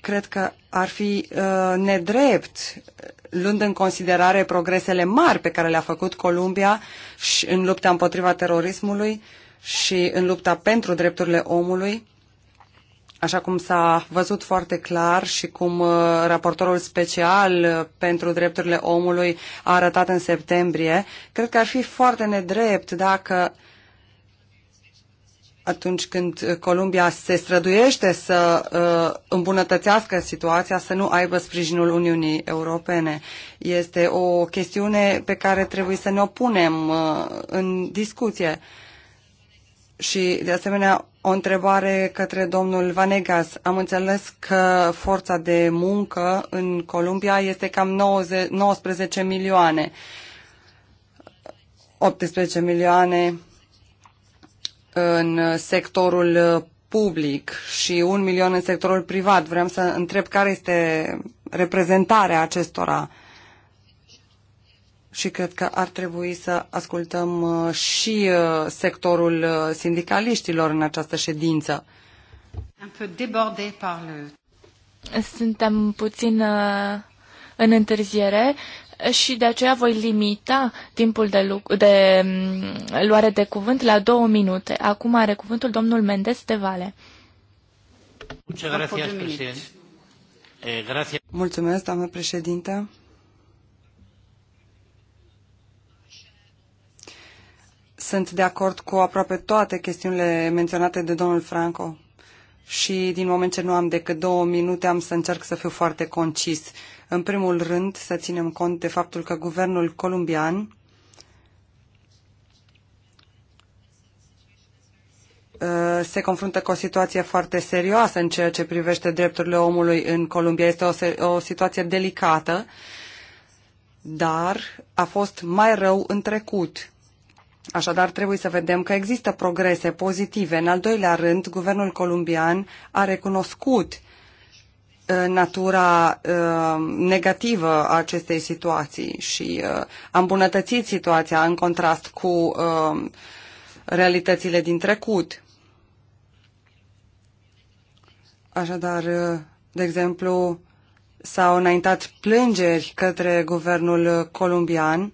Cred că ar fi uh, nedrept, luând în considerare progresele mari pe care le-a făcut Columbia și în lupta împotriva terorismului și în lupta pentru drepturile omului, așa cum s-a văzut foarte clar și cum uh, raportorul special uh, pentru drepturile omului a arătat în septembrie, cred că ar fi foarte nedrept dacă atunci când uh, Columbia se străduiește să uh, îmbunătățească situația, să nu aibă sprijinul Uniunii Europene. Este o chestiune pe care trebuie să ne opunem uh, în discuție. Uh, și, de asemenea, o întrebare către domnul Vanegas. Am înțeles că forța de muncă în Columbia este cam 90, 19 milioane. 18 milioane în sectorul public și un milion în sectorul privat. Vreau să întreb care este reprezentarea acestora și cred că ar trebui să ascultăm uh, și uh, sectorul uh, sindicaliștilor în această ședință. Suntem puțin în întârziere și de aceea voi limita timpul de, lu- de mm, luare de cuvânt la două minute. Acum are cuvântul domnul Mendes de Vale. Eh, Mulțumesc, doamnă președinte. Sunt de acord cu aproape toate chestiunile menționate de domnul Franco și din moment ce nu am decât două minute am să încerc să fiu foarte concis. În primul rând să ținem cont de faptul că guvernul columbian uh, se confruntă cu o situație foarte serioasă în ceea ce privește drepturile omului în Columbia. Este o, o situație delicată, dar a fost mai rău în trecut. Așadar, trebuie să vedem că există progrese pozitive. În al doilea rând, guvernul columbian a recunoscut uh, natura uh, negativă a acestei situații și uh, a îmbunătățit situația în contrast cu realitățile din trecut. Așadar, de exemplu, s-au înaintat plângeri către guvernul columbian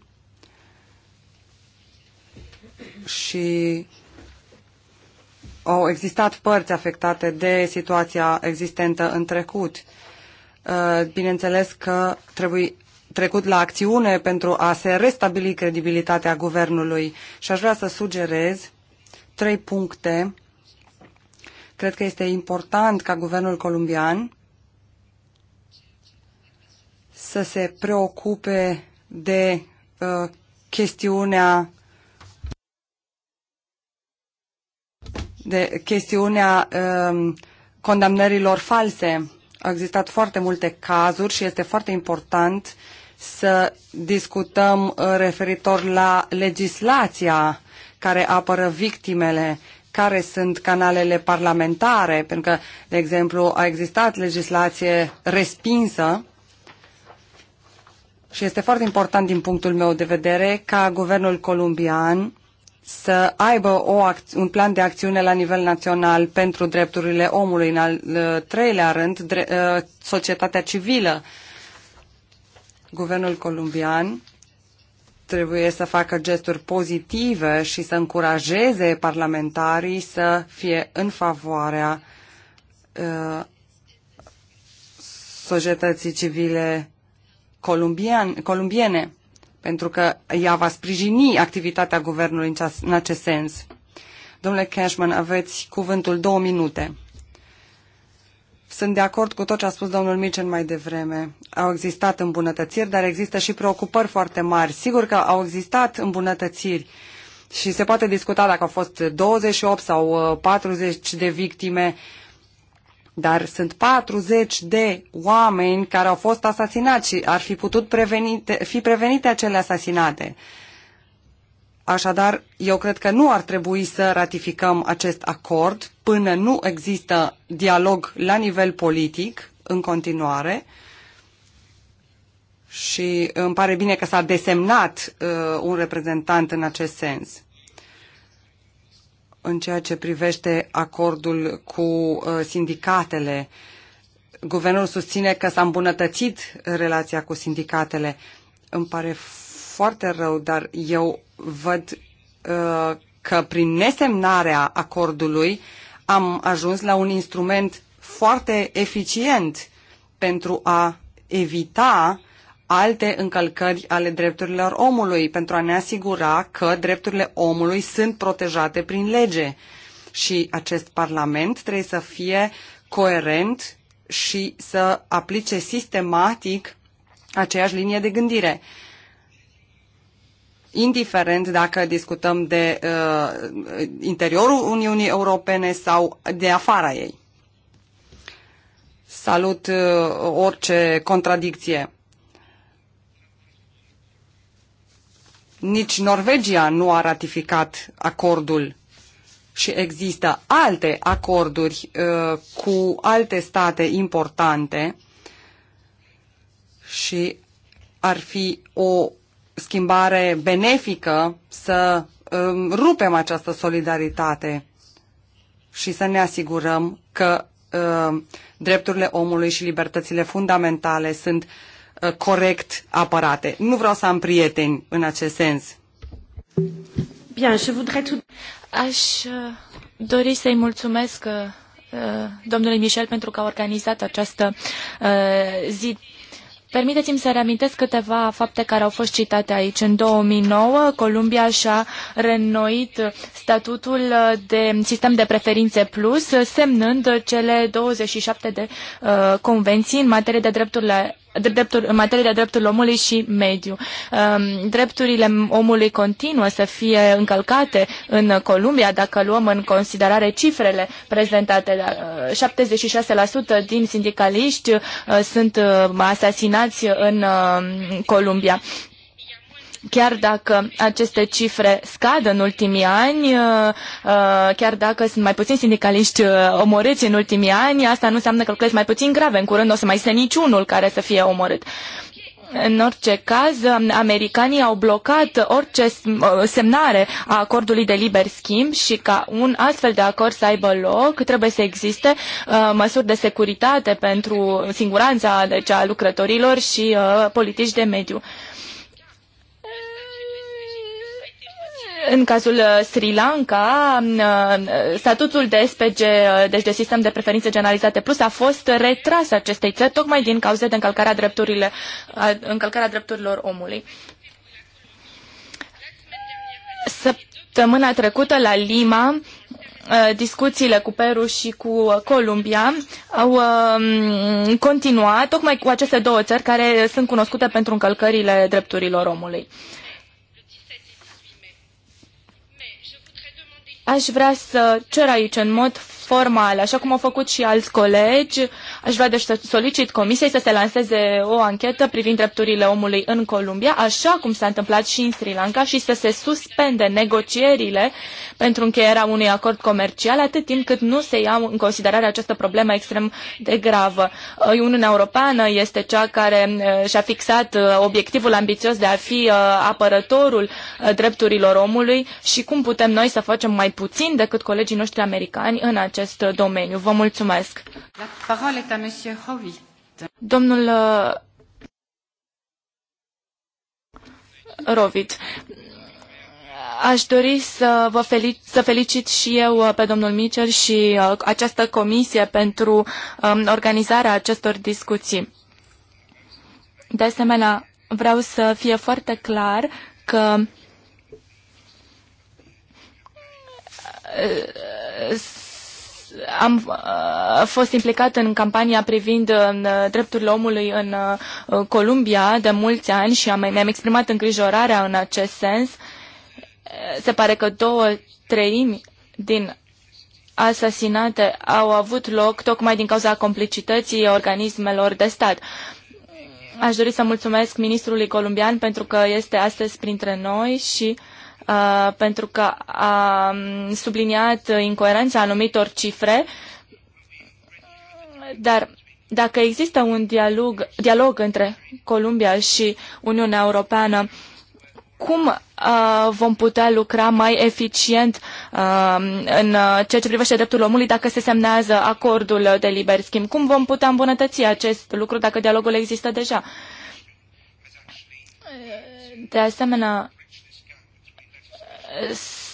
și au existat părți afectate de situația existentă în trecut. Uh, bineînțeles că trebuie trecut la acțiune pentru a se restabili credibilitatea guvernului și aș vrea să sugerez trei puncte. Cred că este important ca guvernul columbian să se preocupe de uh, chestiunea de chestiunea um, condamnărilor false. Au existat foarte multe cazuri și este foarte important să discutăm uh, referitor la legislația care apără victimele, care sunt canalele parlamentare, pentru că, de exemplu, a existat legislație respinsă și este foarte important din punctul meu de vedere ca guvernul columbian să aibă o un plan de acțiune la nivel național pentru drepturile omului. În al uh, treilea rând, dre uh, societatea civilă. Guvernul columbian trebuie să facă gesturi pozitive și să încurajeze parlamentarii să fie în favoarea uh, societății civile columbian, columbiene pentru că ea va sprijini activitatea guvernului în acest sens. Domnule Cashman, aveți cuvântul două minute. Sunt de acord cu tot ce a spus domnul Micen mai devreme. Au existat îmbunătățiri, dar există și preocupări foarte mari. Sigur că au existat îmbunătățiri și se poate discuta dacă au fost 28 sau 40 uh, de victime dar sunt 40 de oameni care au fost asasinați și ar fi putut prevenite, fi prevenite acele asasinate. Așadar, eu cred că nu ar trebui să ratificăm acest acord până nu există dialog la nivel politic în continuare și îmi pare bine că s-a desemnat uh, un reprezentant în acest sens în ceea ce privește acordul cu uh, sindicatele. Guvernul susține că s-a îmbunătățit relația cu sindicatele. Îmi pare foarte rău, dar eu văd uh, că prin nesemnarea acordului am ajuns la un instrument foarte eficient pentru a evita uh, alte încălcări ale drepturilor omului pentru a ne asigura că drepturile omului sunt protejate prin lege. Și acest Parlament trebuie să fie coerent și să aplice sistematic aceeași linie de gândire. Indiferent dacă discutăm de uh, interiorul Uniunii Europene sau de afara ei. Salut uh, orice contradicție. Nici Norvegia nu a ratificat acordul și există alte acorduri uh, cu alte state importante și ar fi o schimbare benefică să uh, rupem această solidaritate și să ne asigurăm că uh, drepturile omului și libertățile fundamentale sunt uh, Uh, corect apărate. Nu vreau să am prieteni în acest sens. Bien, je voudrais tout... Aș uh, dori să-i mulțumesc uh, domnului Michel pentru că a organizat această zi Permiteți-mi să reamintesc câteva fapte care au fost citate aici. În 2009, Columbia și-a reînnoit statutul de sistem de preferințe plus, semnând cele 27 de uh, convenții în materie de drepturile drepturi, în materie de drepturile omului și mediu. Um, drepturile omului continuă să fie încălcate în Columbia, dacă luăm în considerare cifrele prezentate. 76% uh, din sindicaliști uh, sunt uh, asasinați în Columbia. Chiar dacă aceste cifre scad în ultimii ani, uh, uh, chiar dacă sunt mai puțini sindicaliști uh, omorâți în ultimii ani, asta nu înseamnă că lucrezi mai puțin grave. În curând o să mai este niciunul care să fie omorât. În orice caz, americanii au blocat orice semnare a acordului de liber schimb și ca un astfel de acord să aibă loc, trebuie să existe măsuri de securitate pentru siguranța deci, a lucrătorilor și politici de mediu. în cazul uh, Sri Lanka, um, uh, statutul de SPG, uh, deci de sistem de preferințe generalizate plus, a fost retras acestei țări tocmai din cauza de încălcarea, drepturile, încălcarea drepturilor omului. Săptămâna trecută la Lima, discuțiile cu Peru și cu Columbia au um, continuat tocmai cu aceste două țări care sunt cunoscute pentru încălcările drepturilor omului. Aș vrea să cer aici în mod formal, așa cum au făcut și alți colegi, aș vrea deci să solicit comisiei să se lanseze o anchetă privind drepturile omului în Columbia, așa cum s-a întâmplat și în Sri Lanka și să se suspende negocierile pentru încheierea unui acord comercial, atât timp cât nu se ia în considerare această problemă extrem de gravă. Uh, Uniunea Europeană este cea care uh, și-a fixat uh, obiectivul ambițios de a fi apărătorul drepturilor omului și cum putem noi să facem mai puțin decât colegii noștri americani în acest domeniu. Vă mulțumesc! Domnul Rovit. Aș dori să vă felic, să felicit și eu uh, pe domnul Mitchell și uh, această comisie pentru um, organizarea acestor discuții. De asemenea, vreau să fie foarte clar că uh, am fost implicat în campania privind drepturile omului în Columbia de mulți ani și am, mi-am exprimat îngrijorarea în acest sens. Uh, se pare că două treimi din asasinate au avut loc tocmai din cauza complicității organismelor de stat. Aș dori să mulțumesc ministrului columbian pentru că este astăzi printre noi și uh, pentru că a um, subliniat incoerența anumitor cifre, dar dacă există un dialog, dialog între Columbia și Uniunea Europeană, uh, cum uh, vom putea lucra mai eficient uh, în uh, ceea ce privește dreptul omului dacă se semnează acordul de liber schimb? Cum vom putea îmbunătăți acest lucru dacă dialogul există deja? De asemenea,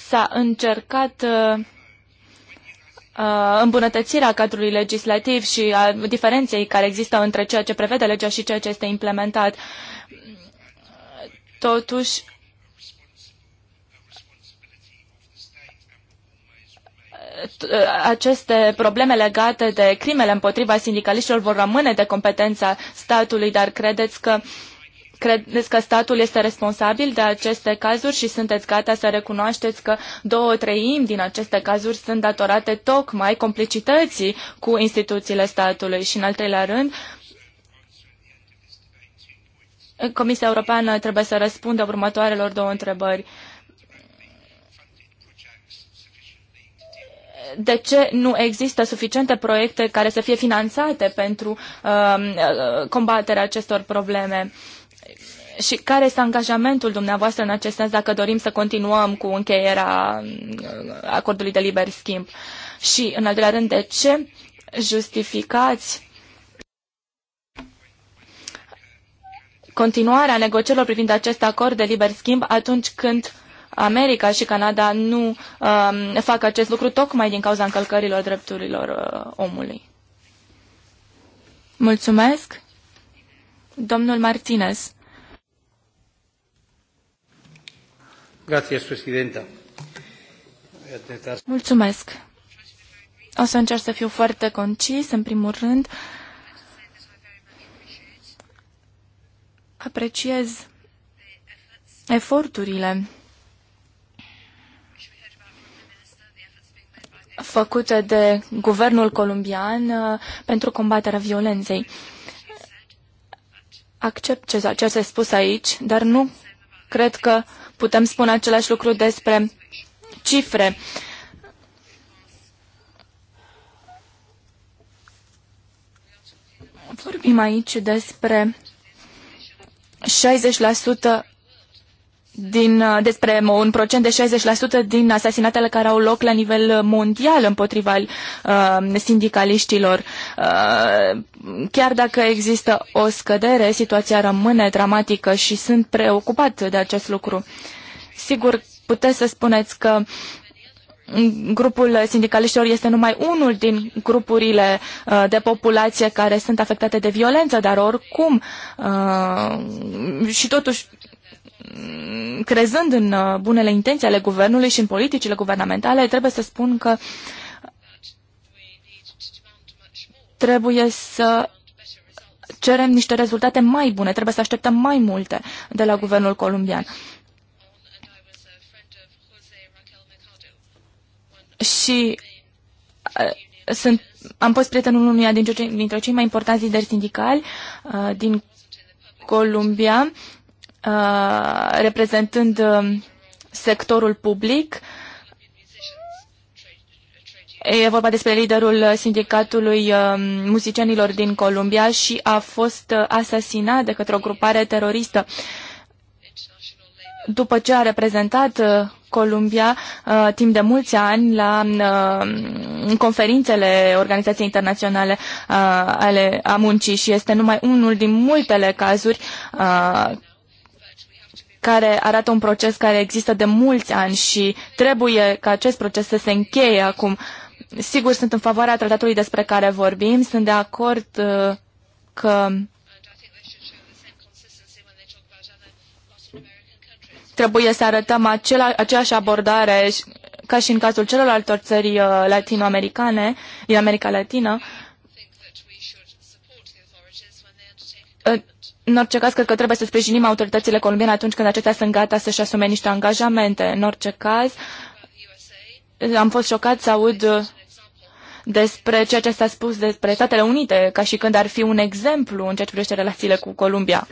s-a încercat uh, uh îmbunătățirea cadrului legislativ și a diferenței care există între ceea ce prevede legea și ceea ce este implementat. Totuși, aceste probleme legate de crimele împotriva sindicaliștilor vor rămâne de competența statului, dar credeți că Credeți că statul este responsabil de aceste cazuri și sunteți gata să recunoașteți că două treimi din aceste cazuri sunt datorate tocmai complicității cu instituțiile statului? Și în al treilea rând, Comisia Europeană trebuie să răspundă următoarelor două întrebări. de ce nu există suficiente proiecte care să fie finanțate pentru um, combaterea acestor probleme. Și care este angajamentul dumneavoastră în acest sens dacă dorim să continuăm cu încheierea uh, acordului de liber schimb? Și, în al doilea rând, de ce justificați continuarea negocierilor privind acest acord de liber schimb atunci când uh, America și Canada nu um, fac acest lucru tocmai din cauza încălcărilor drepturilor uh, omului. Mulțumesc. Domnul Martinez. presidenta. Mulțumesc. O să încerc să fiu foarte concis, în primul rând. Apreciez eforturile făcute de guvernul columbian uh, pentru combaterea violenței. Accept ce, ce s-a spus aici, dar nu cred că putem spune același lucru despre cifre. Vorbim aici despre 60% din, uh, despre un procent de 60% din asasinatele care au loc la nivel mondial împotriva uh, sindicaliștilor. Uh, chiar dacă există o scădere, situația rămâne dramatică și sunt preocupat de acest lucru. Sigur, puteți să spuneți că grupul sindicaliștilor este numai unul din grupurile uh, de populație care sunt afectate de violență, dar oricum uh, și totuși Mm, crezând în uh, bunele intenții ale guvernului și în politicile guvernamentale, trebuie să spun că trebuie să cerem niște rezultate mai bune, trebuie să așteptăm mai multe de la guvernul colombian. Și uh, sunt, am fost prietenul unuia dintre, dintre cei mai importanți lideri sindicali uh, din Columbia Uh, reprezentând um, sectorul public. E vorba despre liderul sindicatului um, muzicienilor din Columbia și a fost uh, asasinat de către o grupare teroristă. După ce a reprezentat uh, Columbia timp de mulți ani la um, conferințele Organizației Internaționale ale a Muncii și este numai unul din multele cazuri care arată un proces care există de mulți ani și trebuie ca acest proces să se încheie acum. Sigur, sunt în favoarea tratatului despre care vorbim, sunt de acord uh, că trebuie să arătăm acela, aceeași abordare ca și în cazul celorlalte țări uh, latinoamericane, din America Latină. Uh, în orice caz, cred că trebuie să sprijinim autoritățile colombiene atunci când acestea sunt gata să-și asume niște angajamente. În orice caz, am fost șocat să aud uh, despre ceea ce s-a spus despre Statele Unite, ca și când ar fi un exemplu în ceea ce privește relațiile cu Columbia.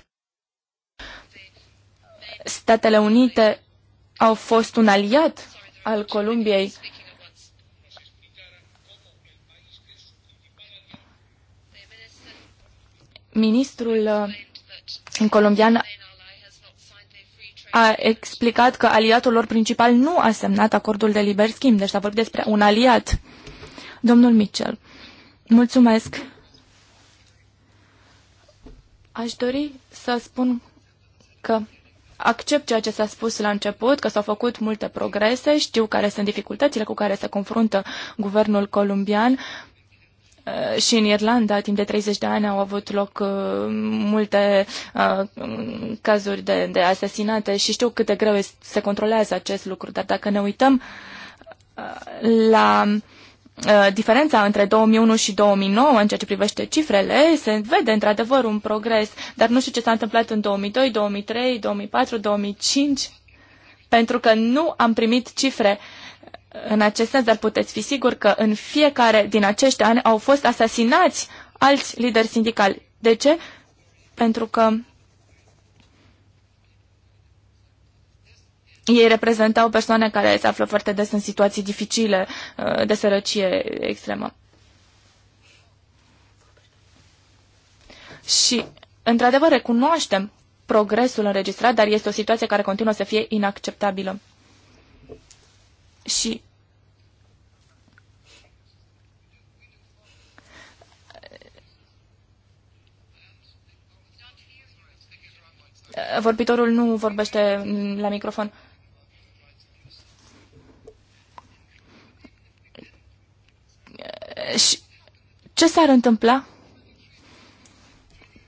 Statele Unite au fost un aliat al Columbiei. Ministrul uh, colombian a explicat că aliatul lor principal nu a semnat acordul de liber schimb, deci a vorbit despre un aliat. Domnul Mitchell, mulțumesc. Aș dori să spun că accept ceea ce s-a spus la început, că s-au făcut multe progrese, știu care sunt dificultățile cu care se confruntă guvernul columbian, Uh, și în Irlanda, timp de 30 de ani, au avut loc uh, multe uh, cazuri de, de asasinate și știu cât de greu se controlează acest lucru, dar dacă ne uităm la diferența între 2001 și 2009 în ceea ce privește cifrele, se vede într-adevăr un progres, dar nu știu ce s-a întâmplat în 2002, 2003, 2004, 2005, pentru că nu am primit cifre uh, în acest sens, dar puteți fi sigur că în fiecare din acești ani au fost asasinați alți lideri sindicali. De ce? Pentru că ei reprezentau persoane care se află foarte des în situații dificile uh, de sărăcie extremă. Și, într-adevăr, recunoaștem progresul înregistrat, dar este o situație care continuă să fie inacceptabilă și Vorbitorul nu vorbește la microfon. Și ce s-ar întâmpla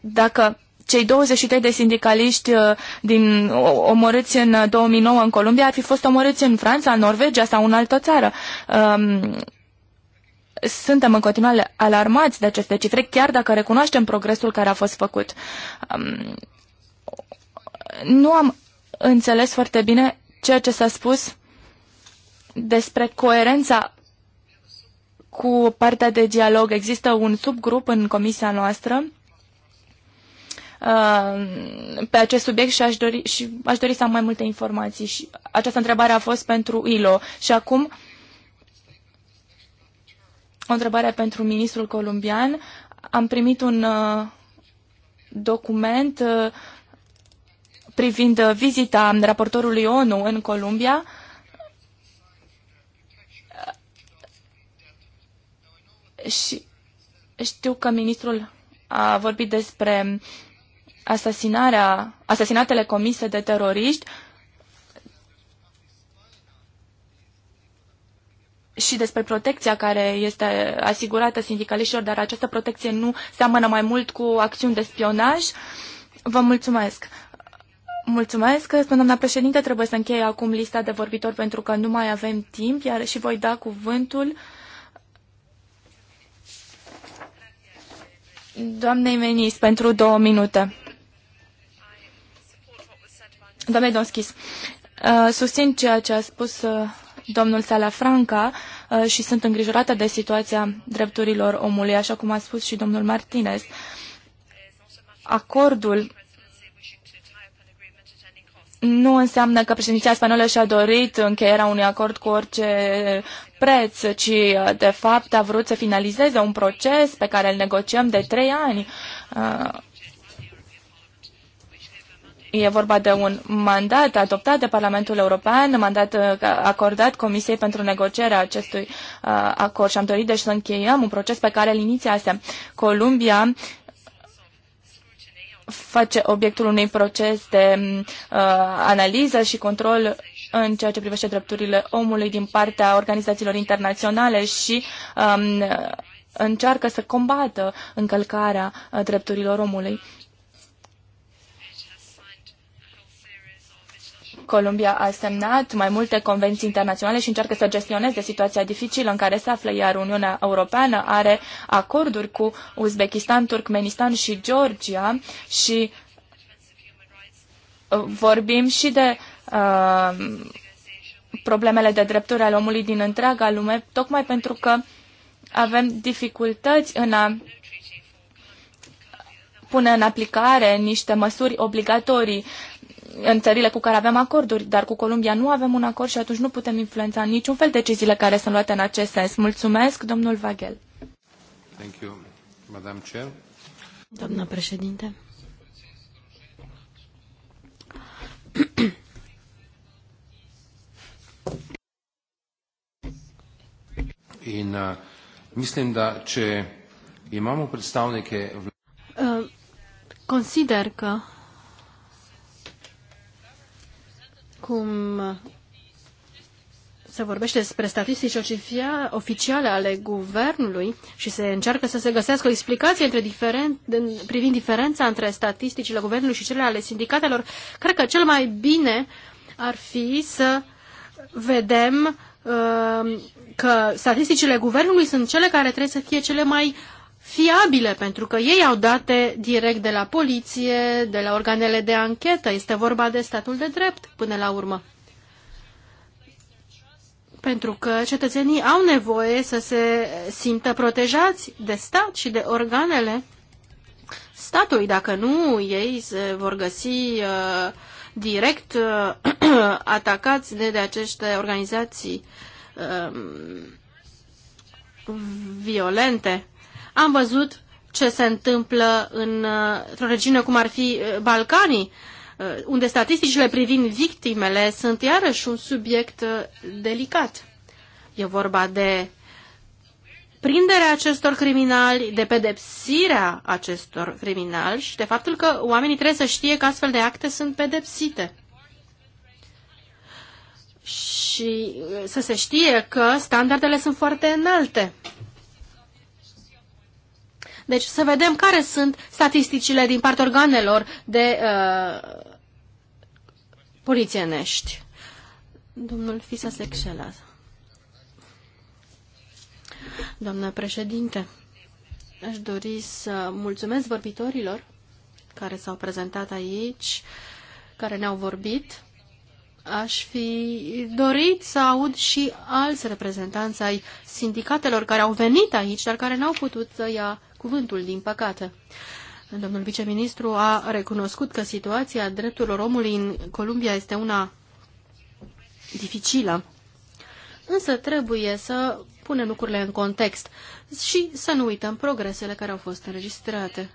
dacă cei 23 de sindicaliști uh, din, omorâți în 2009 uh, în Columbia ar fi fost omorâți în Franța, în Norvegia sau în altă țară. Um, suntem în continuare alarmați de aceste cifre, chiar dacă recunoaștem progresul care a fost făcut. Um, nu am înțeles foarte bine ceea ce s-a spus despre coerența cu partea de dialog. Există un subgrup în comisia noastră Uh, pe acest subiect și aș dori, și aș dori să am mai multe informații. Și această întrebare a fost pentru ILO. Și acum o întrebare pentru ministrul columbian. Am primit un uh, document uh, privind vizita raportorului ONU în Columbia. Și știu că ministrul a vorbit despre asasinarea, asasinatele comise de teroriști și despre protecția care este asigurată sindicaliștilor, dar această protecție nu seamănă mai mult cu acțiuni de spionaj. Vă mulțumesc! Mulțumesc, spune doamna președinte, trebuie să încheie acum lista de vorbitori pentru că nu mai avem timp, iar și voi da cuvântul doamnei Menis pentru două minute. Doamne Donschis, uh, susțin ceea ce a spus uh, domnul Salafranca uh, și sunt îngrijorată de situația drepturilor omului, așa cum a spus și domnul Martinez. Acordul nu înseamnă că președinția spaniolă și-a dorit încheierea unui acord cu orice preț, ci de fapt a vrut să finalizeze un proces pe care îl negociem de trei ani. E vorba de un mandat adoptat de Parlamentul European, mandat uh, acordat Comisiei pentru negocierea acestui uh, acord și am dorit deci să încheiem un proces pe care îl inițiase. Columbia face obiectul unui proces de uh, analiză și control în ceea ce privește drepturile omului din partea organizațiilor internaționale și um, încearcă să combată încălcarea uh, drepturilor omului. Columbia a semnat mai multe convenții internaționale și încearcă să gestioneze situația dificilă în care se află, iar Uniunea Europeană are acorduri cu Uzbekistan, Turkmenistan și Georgia și uh, vorbim și de uh, problemele de drepturi ale omului din întreaga lume, tocmai pentru că avem dificultăți în a pune în aplicare niște măsuri obligatorii în țările cu care avem acorduri, dar cu Columbia nu avem un acord și atunci nu putem influența niciun fel deciziile care sunt luate în acest sens. Mulțumesc, domnul Vagel. Thank you, Madam Chair. Doamna președinte. In uh, mislim, da če imamo predstavnike. Uh, consider că Cum se vorbește despre statistici oficiale ale guvernului și se încearcă să se găsească o explicație între diferen, privind diferența între statisticile guvernului și cele ale sindicatelor, cred că cel mai bine ar fi să vedem uh, că statisticile guvernului sunt cele care trebuie să fie cele mai uh, fiabile, pentru că ei au date direct de la poliție, de la organele de anchetă. Este vorba de statul de drept, până la urmă. Pentru că cetățenii au nevoie să se simtă protejați de stat și de organele statului. Dacă nu, ei se vor găsi uh, direct uh, atacați de, de aceste organizații uh, violente. Am văzut ce se întâmplă în, uh, într-o regiune cum ar fi uh, Balcanii, uh, unde statisticile privind victimele sunt iarăși un subiect delicat. E vorba de prinderea acestor criminali, de pedepsirea acestor criminali și de faptul că oamenii trebuie să știe că astfel de acte sunt pedepsite. Și să se știe că standardele sunt foarte înalte deci să vedem care sunt statisticile din partea organelor de uh, polițienești. Domnul Fisa Sexelas. Doamnă președinte, aș dori să mulțumesc vorbitorilor care s-au prezentat aici, care ne-au vorbit. Aș fi dorit să aud și alți reprezentanți ai sindicatelor care au venit aici, dar care n-au putut să ia cuvântul, din păcate. Domnul viceministru a recunoscut că situația drepturilor omului în Columbia este una dificilă. Însă trebuie să punem lucrurile în context și să nu uităm progresele care au fost înregistrate.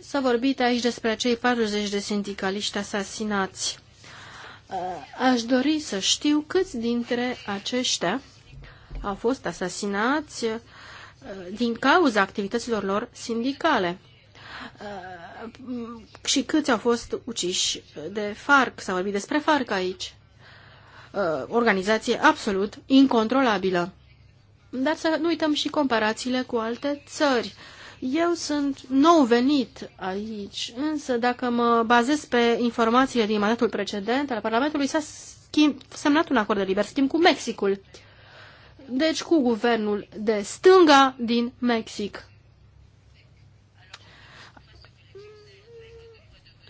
S-a vorbit aici despre cei 40 de sindicaliști asasinați. Uh, aș dori să știu câți dintre aceștia au fost asasinați din cauza activităților lor sindicale. Uh, și câți au fost uciși de FARC? S-a vorbit despre FARC aici. Uh, organizație absolut incontrolabilă. Dar să nu uităm și comparațiile cu alte țări. Eu sunt nou venit aici, însă dacă mă bazez pe informațiile din mandatul precedent al Parlamentului, s-a semnat un acord de liber schimb cu Mexicul. Uh, deci cu guvernul de stânga din Mexic.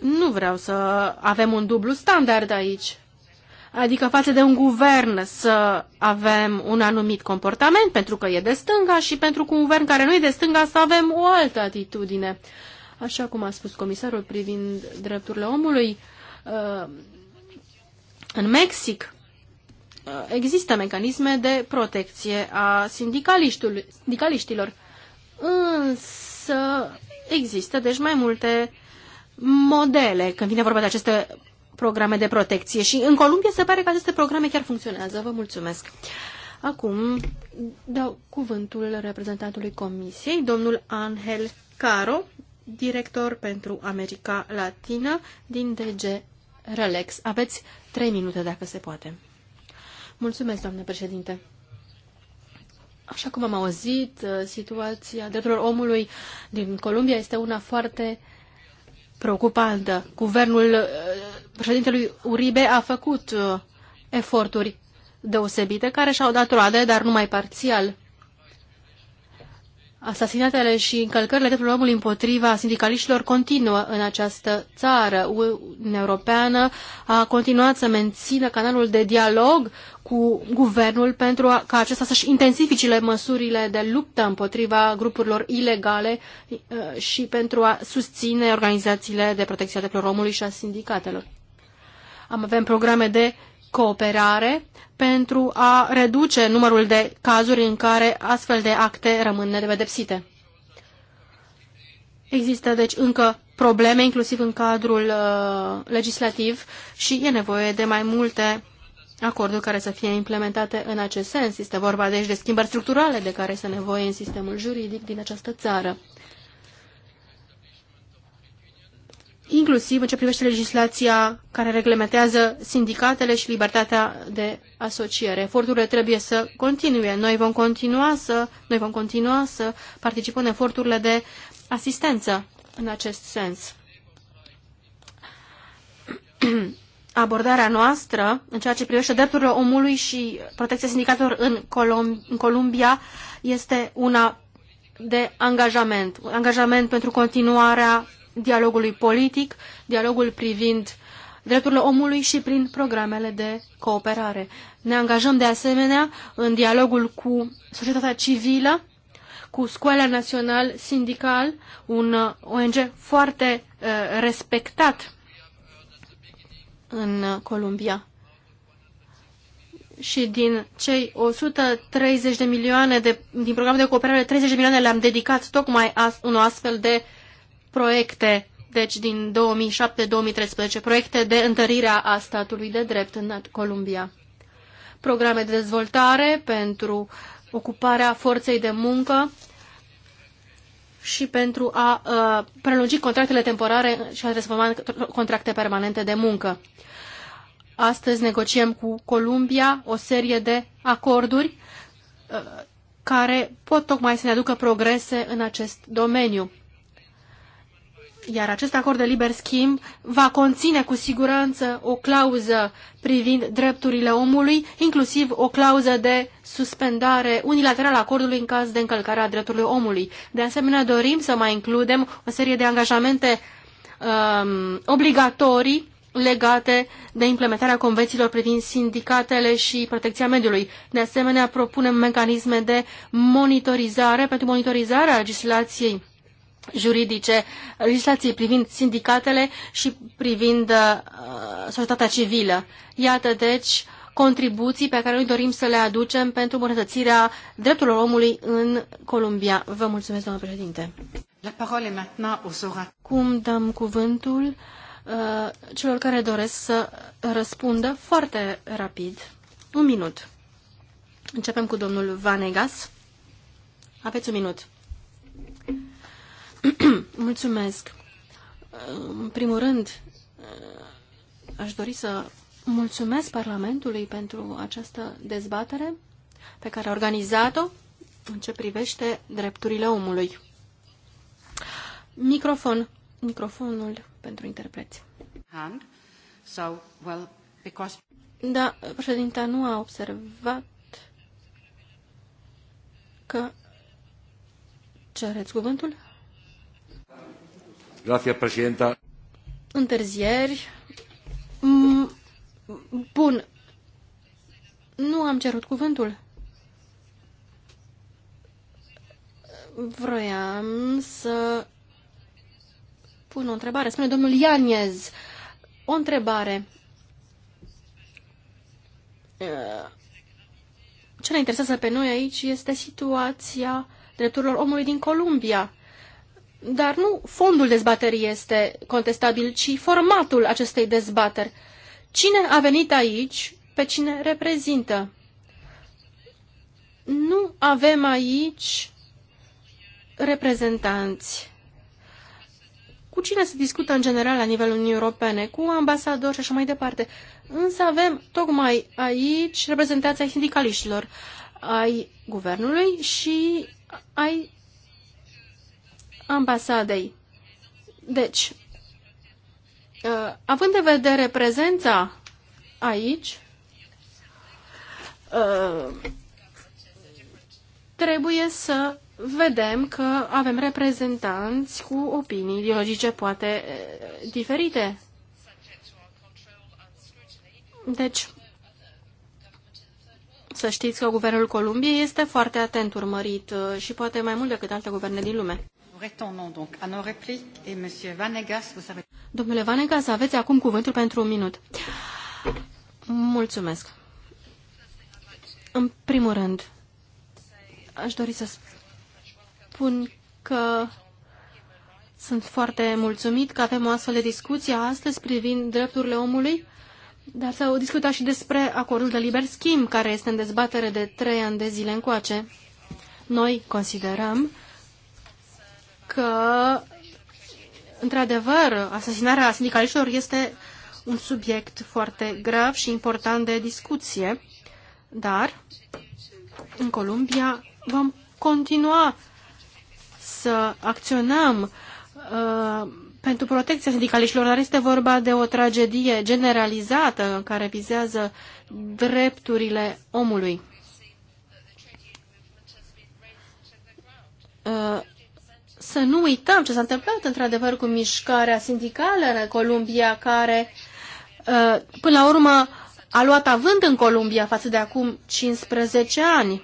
Nu vreau să avem un dublu standard aici. Adică față de un guvern să avem un anumit comportament pentru că e de stânga și pentru un guvern care nu e de stânga să avem o altă atitudine. Așa cum a spus comisarul privind drepturile omului, uh, în Mexic Uh, există mecanisme de protecție a sindicaliștilor, însă există deci mai multe modele când vine vorba de aceste programe de protecție și în Columbia se pare că aceste programe chiar funcționează. Vă mulțumesc. Acum dau cuvântul reprezentantului Comisiei, domnul Angel Caro, director pentru America Latină din DG Relax. Aveți trei minute dacă se poate. Mulțumesc, doamnă președinte. Așa cum am auzit, uh, situația drepturilor omului din Columbia este una foarte preocupantă. Guvernul uh, președintelui Uribe a făcut uh, eforturi deosebite care și-au dat roade, dar numai parțial. Asasinatele și încălcările drepturilor omului împotriva sindicaliștilor continuă în această țară. Uniunea Europeană a continuat să mențină canalul de dialog cu guvernul pentru a, ca acesta să-și intensificile măsurile de luptă împotriva grupurilor ilegale și pentru a susține organizațiile de protecție a drepturilor omului și a sindicatelor. Am avem programe de cooperare pentru a reduce numărul de cazuri în care astfel de acte rămân nedepedepsite. Există deci încă probleme, inclusiv în cadrul uh, legislativ, și e nevoie de mai multe acorduri care să fie implementate în acest sens. Este vorba deci de schimbări structurale de care este nevoie în sistemul juridic din această țară. inclusiv în ce privește legislația care reglementează sindicatele și libertatea de asociere. Eforturile trebuie să continue. Noi vom continua să, noi vom continua să participăm în eforturile de asistență în acest sens. Abordarea noastră în ceea ce privește drepturile omului și protecția sindicatelor în, Colum în Columbia este una de angajament. Angajament pentru continuarea dialogului politic, dialogul privind drepturile omului și prin programele de cooperare. Ne angajăm de asemenea în dialogul cu societatea civilă, cu Scoala Național Sindical, un ONG foarte uh, respectat în Columbia. Și din cei 130 de milioane de, din programul de cooperare, 30 de milioane le-am dedicat tocmai a, unui astfel de proiecte, deci din 2007-2013, proiecte de întărire a statului de drept în Columbia. Programe de dezvoltare pentru ocuparea forței de muncă și pentru a uh, prelungi contractele temporare și a transforma contracte permanente de muncă. Astăzi negociem cu Columbia o serie de acorduri uh, care pot tocmai să ne aducă progrese în acest domeniu. Iar acest acord de liber schimb va conține cu siguranță o clauză privind drepturile omului, inclusiv o clauză de suspendare unilaterală a acordului în caz de încălcare a drepturilor omului. De asemenea, dorim să mai includem o serie de angajamente um, obligatorii legate de implementarea convențiilor privind sindicatele și protecția mediului. De asemenea, propunem mecanisme de monitorizare pentru monitorizarea legislației juridice, legislației privind sindicatele și privind uh, societatea civilă. Iată, deci, contribuții pe care noi dorim să le aducem pentru îmbunătățirea drepturilor omului în Columbia. Vă mulțumesc, doamnă președinte. Cum dăm cuvântul uh, celor care doresc să răspundă foarte rapid? Un minut. Începem cu domnul Vanegas. Aveți un minut. Mulțumesc. În primul rând, aș dori să mulțumesc Parlamentului pentru această dezbatere pe care a organizat-o în ce privește drepturile omului. Microfon. Microfonul pentru interpreți. Hand. So, well, because... Da, președinta nu a observat că cereți cuvântul? Întârzieri. Mm, bun. Nu am cerut cuvântul. Vroiam să pun o întrebare. Spune domnul Ianiez. O întrebare. Ă, ce ne interesează pe noi aici este situația drepturilor omului din Columbia. Dar nu fondul dezbaterii este contestabil, ci formatul acestei dezbateri. Cine a venit aici, pe cine reprezintă? Nu avem aici reprezentanți. Cu cine se discută în general la nivelul Uniunii Europene? Cu ambasadori și așa mai departe. Însă avem tocmai aici ai sindicaliștilor, ai guvernului și ai ambasadei. Deci, uh, având în vedere prezența aici, uh, trebuie să vedem că avem reprezentanți cu opinii ideologice poate uh, diferite. Deci, să știți că guvernul Columbiei este foarte atent urmărit și poate mai mult decât alte guverne din lume. Domnule Vanegas, aveți acum cuvântul pentru un minut. Mulțumesc. În primul rând, aș dori să spun că sunt foarte mulțumit că avem o astfel de discuție astăzi privind drepturile omului, dar s-au discutat și despre acordul de liber schimb, care este în dezbatere de trei ani de zile încoace. Noi considerăm că, într-adevăr, asasinarea sindicaliștilor este un subiect foarte grav și important de discuție, dar în Columbia vom continua să acționăm uh, pentru protecția sindicaliștilor, dar este vorba de o tragedie generalizată care vizează drepturile omului. Uh, să nu uităm ce s-a întâmplat într-adevăr cu mișcarea sindicală în Columbia, care uh, până la urmă a luat avânt în Columbia față de acum 15 ani.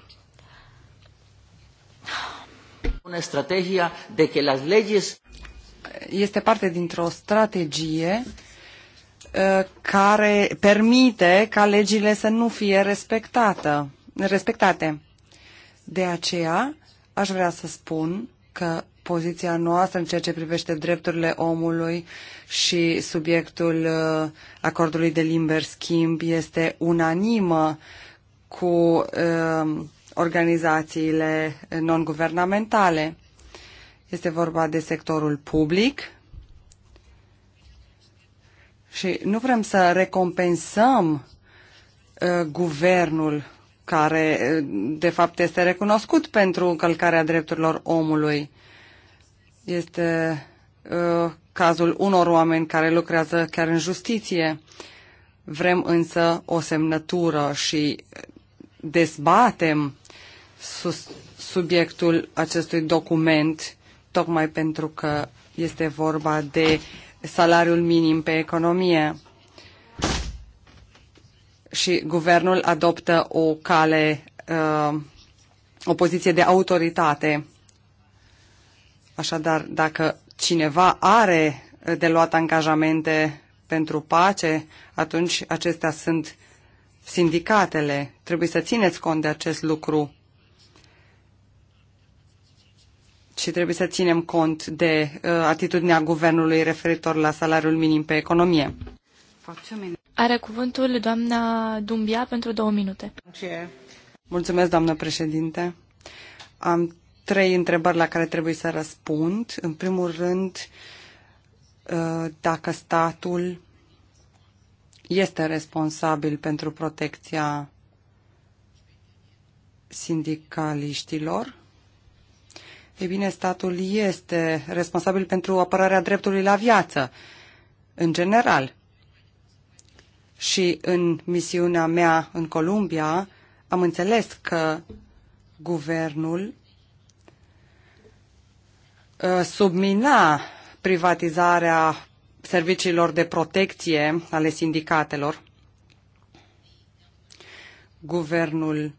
Una strategia de que las este parte dintr-o strategie uh, care permite ca legile să nu fie respectată, respectate. De aceea, aș vrea să spun că poziția noastră în ceea ce privește drepturile omului și subiectul uh, acordului de liber schimb este unanimă cu uh, organizațiile non-guvernamentale. Este vorba de sectorul public și nu vrem să recompensăm uh, guvernul care de fapt este recunoscut pentru încălcarea drepturilor omului. Este uh, cazul unor oameni care lucrează chiar în justiție. Vrem însă o semnătură și dezbatem sus, subiectul acestui document tocmai pentru că este vorba de salariul minim pe economie. Și guvernul adoptă o cale, uh, o poziție de autoritate Așadar, dacă cineva are de luat angajamente pentru pace, atunci acestea sunt sindicatele. Trebuie să țineți cont de acest lucru și trebuie să ținem cont de uh, atitudinea guvernului referitor la salariul minim pe economie. Are cuvântul doamna Dumbia pentru două minute. Mulțumesc, doamnă președinte. Am trei întrebări la care trebuie să răspund. În primul rând, uh, dacă statul este responsabil pentru protecția sindicaliștilor. Ei bine, statul este responsabil pentru apărarea dreptului la viață, în general. Și în misiunea mea în Columbia am înțeles că guvernul Uh, submina privatizarea serviciilor de protecție ale sindicatelor. Guvernul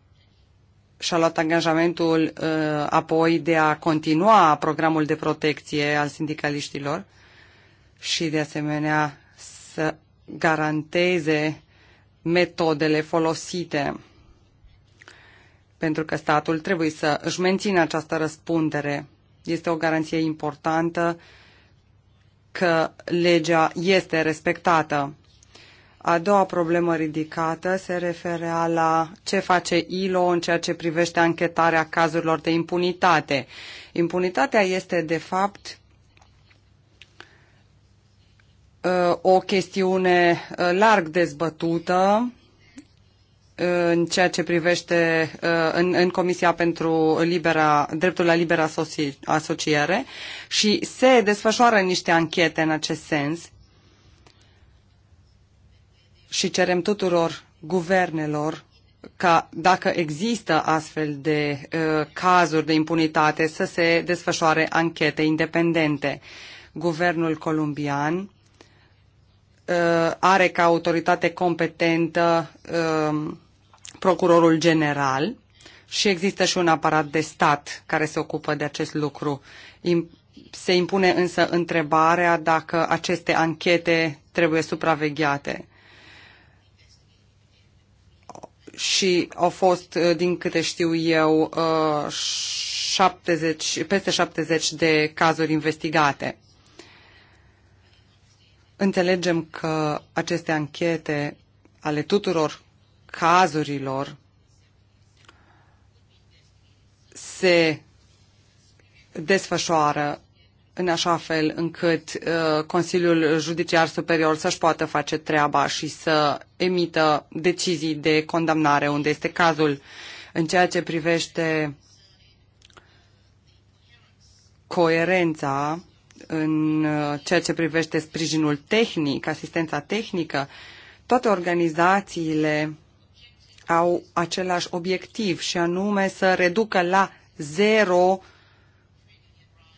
și-a luat angajamentul uh, apoi de a continua programul de protecție al sindicaliștilor și de asemenea să garanteze metodele folosite pentru că statul trebuie să își mențină această răspundere este o garanție importantă că legea este respectată. A doua problemă ridicată se referea la ce face ILO în ceea ce privește anchetarea cazurilor de impunitate. Impunitatea este, de fapt, uh, o chestiune uh, larg dezbătută în ceea ce privește uh, în, în Comisia pentru libera, dreptul la liberă asociere și se desfășoară niște anchete în acest sens și cerem tuturor guvernelor ca dacă există astfel de uh, cazuri de impunitate să se desfășoare anchete independente. Guvernul colombian uh, are ca autoritate competentă uh, procurorul general și există și un aparat de stat care se ocupă de acest lucru. Se impune însă întrebarea dacă aceste anchete trebuie supravegheate. Și au fost, uh, din câte știu eu, 70, uh, peste 70 de cazuri investigate. Înțelegem că aceste anchete ale tuturor cazurilor se desfășoară în așa fel încât uh, Consiliul Judiciar Superior să-și poată face treaba și să emită decizii de condamnare unde este cazul în ceea ce privește coerența în uh, ceea ce privește sprijinul tehnic, asistența tehnică, toate organizațiile au același obiectiv și anume să reducă la zero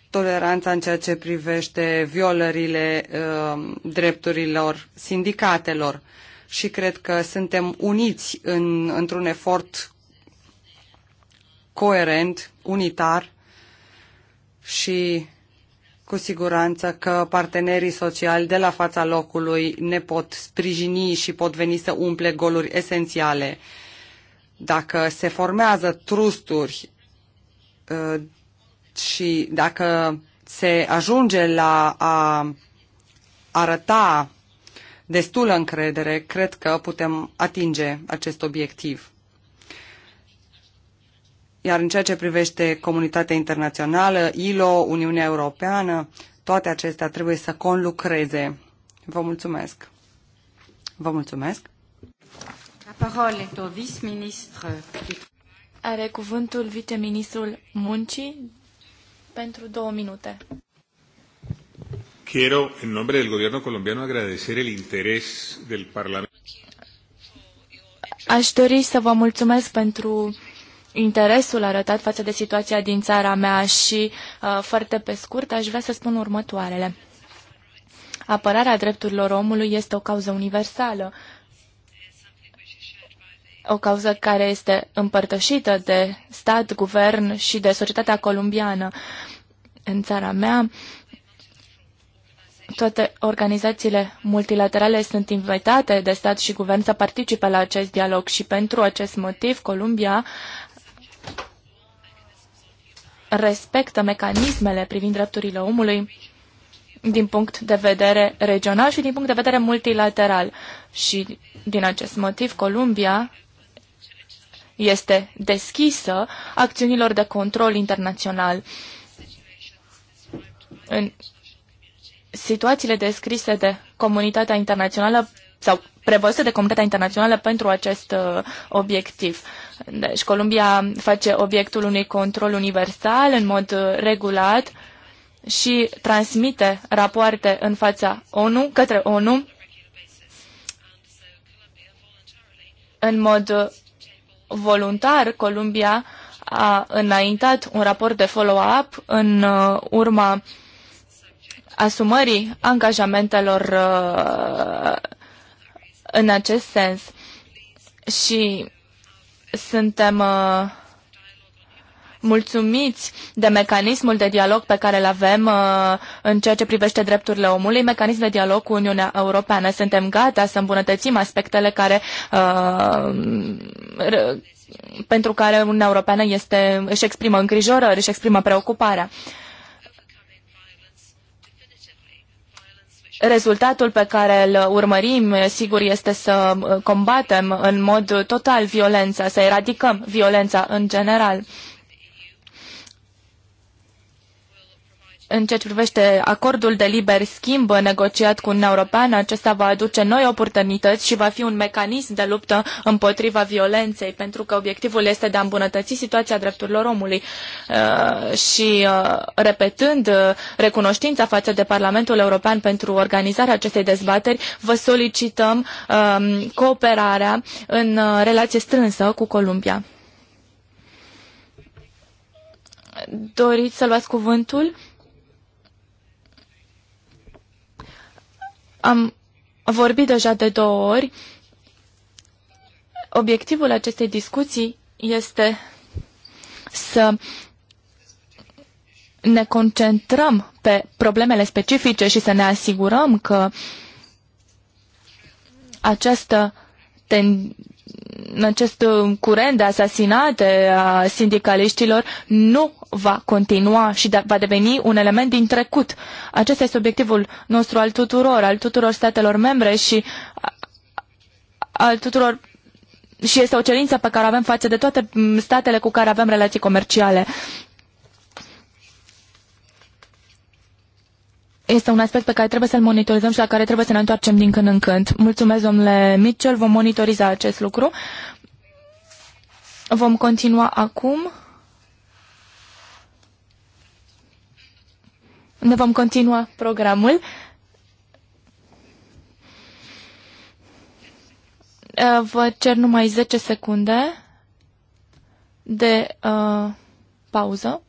toleranța în ceea ce privește violările uh, drepturilor sindicatelor. Și cred că suntem uniți în, într-un efort coerent, unitar și cu siguranță că partenerii sociali de la fața locului ne pot sprijini și pot veni să umple goluri esențiale. Dacă se formează trusturi uh, și dacă se ajunge la a arăta destulă încredere, cred că putem atinge acest obiectiv. Iar în ceea ce privește comunitatea internațională, ILO, Uniunea Europeană, toate acestea trebuie să conlucreze. Vă mulțumesc. Vă mulțumesc. La parole est au vice Are cuvântul viceministrul muncii pentru două minute. Quiero, în nombre del gobierno colombiano, agradecer el interés del Parlamento. Aș dori să vă mulțumesc pentru interesul arătat față de situația din țara mea și, uh, foarte pe scurt, aș vrea să spun următoarele. Apărarea drepturilor omului este o cauză universală, o cauză care este împărtășită de stat, guvern și de societatea columbiană. În țara mea, toate organizațiile multilaterale sunt invitate de stat și guvern să participe la acest dialog și pentru acest motiv Columbia respectă mecanismele privind drepturile omului din punct de vedere regional și din punct de vedere multilateral. Și din acest motiv Columbia este deschisă acțiunilor de control internațional. În situațiile descrise de comunitatea internațională sau prevăzute de comunitatea internațională pentru acest uh, obiectiv. Deci Columbia face obiectul unui control universal în mod uh, regulat și transmite rapoarte în fața ONU, către ONU, în mod uh, voluntar, Columbia a înaintat un raport de follow-up în uh, urma asumării angajamentelor în acest sens. Și suntem uh, mulțumiți de mecanismul de dialog pe care îl avem uh, în ceea ce privește drepturile omului, mecanism de dialog cu Uniunea Europeană. Suntem gata să îmbunătățim aspectele care uh, pentru care Uniunea Europeană este, își exprimă îngrijorări, își exprimă preocuparea. Rezultatul pe care îl urmărim, sigur, este să combatem în mod total violența, să eradicăm violența în general. în ceea ce privește acordul de liber schimb negociat cu Uniunea Europeană, acesta va aduce noi oportunități și va fi un mecanism de luptă împotriva violenței, pentru că obiectivul este de a îmbunătăți situația drepturilor omului. Uh, și uh, repetând uh, recunoștința față de Parlamentul European pentru organizarea acestei dezbateri, vă solicităm um, cooperarea în relație strânsă cu Columbia. Doriți să luați cuvântul? Am vorbit deja de două ori. Obiectivul acestei discuții este să ne concentrăm pe problemele specifice și să ne asigurăm că această acest uh, curent de asasinate a sindicaliștilor nu va continua și da, va deveni un element din trecut. Acesta este obiectivul nostru al tuturor, al tuturor statelor membre și al tuturor și este o cerință pe care o avem față de toate statele cu care avem relații comerciale. este un aspect pe care trebuie să-l monitorizăm și la care trebuie să ne întoarcem din când în când. Mulțumesc, domnule Mitchell, vom monitoriza acest lucru. Vom continua acum. Ne vom continua programul. Eh, vă cer numai 10 secunde de uh, pauză.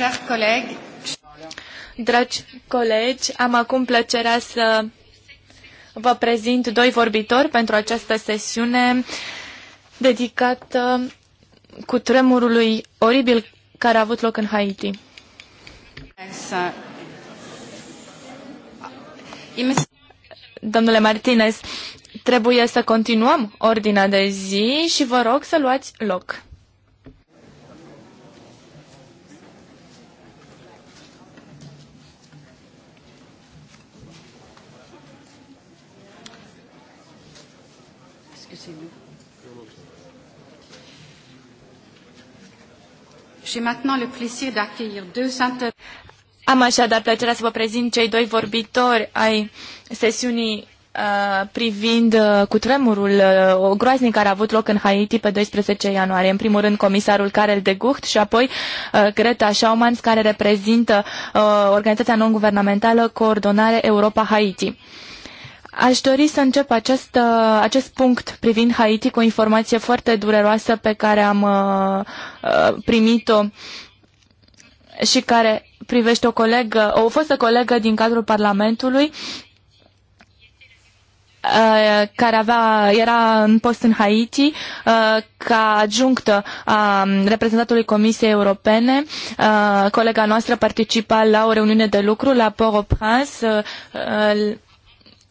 Chers collègues, Dragi colegi, am acum plăcerea să vă prezint doi vorbitori pentru această sesiune dedicată cu tremurului oribil care a avut loc în Haiti. Domnule Martinez, trebuie să continuăm ordinea de zi și vă rog să luați loc. Am așadar plăcerea să vă prezint cei doi vorbitori ai sesiunii uh, privind uh, tremurul uh, groaznic care a avut loc în Haiti pe 12 ianuarie. În primul rând comisarul Karel de Gucht și apoi uh, Greta Schaumans care reprezintă uh, organizația non-guvernamentală Coordonare Europa Haiti. Uh, Aș dori să încep acest, uh, acest punct privind Haiti cu o informație foarte dureroasă pe care am uh, uh, primit-o și care privește o colegă, o fostă colegă din cadrul Parlamentului care avea, era în post în Haiti ca adjunctă a um, reprezentatului Comisiei Europene. Colega noastră participa la o reuniune de lucru la Port-au-Prince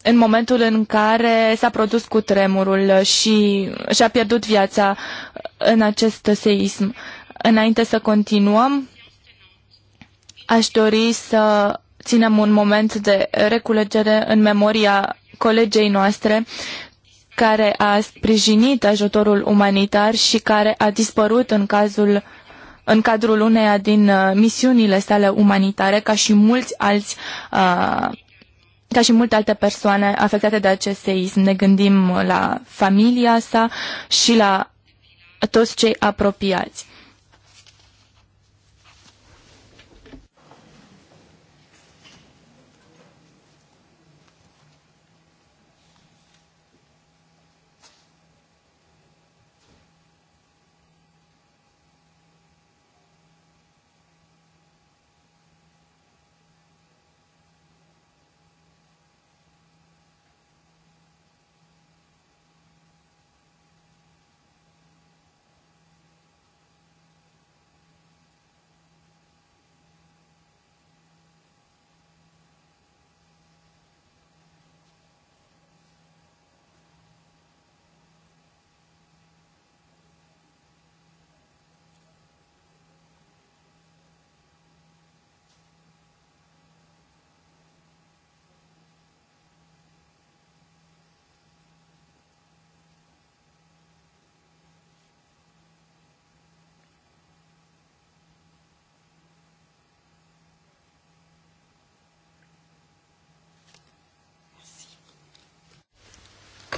în momentul în care s-a produs cu tremurul și și-a pierdut viața în acest seism. Înainte să continuăm, aș dori să ținem un moment de reculegere în memoria colegei noastre care a sprijinit ajutorul umanitar și care a dispărut în cazul în cadrul uneia din uh, misiunile sale umanitare, ca și mulți alți uh, ca și multe alte persoane afectate de acest seism, ne gândim la familia sa și la toți cei apropiați.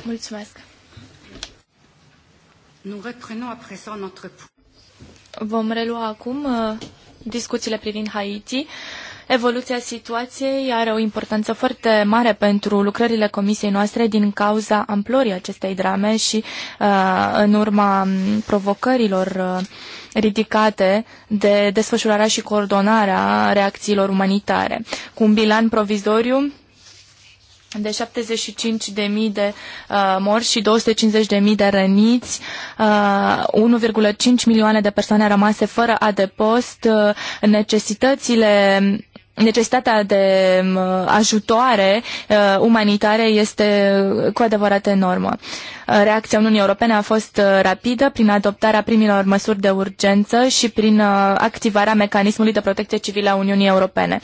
Mulțumesc! Vom relua acum uh, discuțiile privind Haiti. Evoluția situației are o importanță foarte mare pentru lucrările comisiei noastre din cauza amplorii acestei drame și uh, în urma um, provocărilor uh, ridicate de desfășurarea și coordonarea reacțiilor umanitare. Cu un bilan provizoriu de 75.000 de mii de uh, morți și 250.000 de mii de răniți, uh, 1,5 milioane de persoane rămase fără adăpost, uh, necesitățile necesitatea de ajutoare uh, umanitare este cu adevărat enormă. Uh, reacția Uniunii Europene a fost uh, rapidă prin adoptarea primilor măsuri de urgență și prin activarea mecanismului de protecție civilă a Uniunii Europene.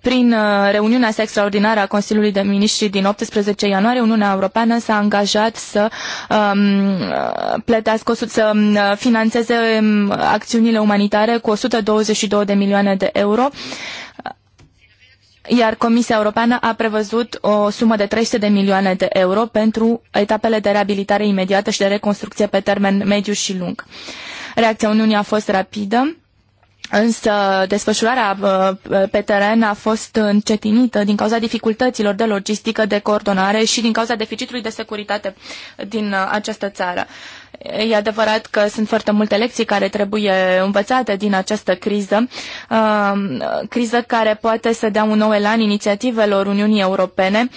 prin reuniunea sa extraordinară a Consiliului de Ministri din 18 ianuarie, Uniunea Europeană s-a angajat să um, plătească, să um, financeze um, acțiunile umanitare cu 122 de milioane de euro iar Comisia Europeană a prevăzut o sumă de 300 de milioane de euro pentru etapele de reabilitare imediată și de reconstrucție pe termen mediu și lung. Reacția Uniunii a fost rapidă, însă desfășurarea uh, pe teren a fost încetinită din cauza dificultăților de logistică, de coordonare și din cauza deficitului de securitate din uh, această țară. E adevărat că sunt foarte multe lecții care trebuie învățate din această criză, um, criză care poate să dea un nou elan inițiativelor Uniunii Europene,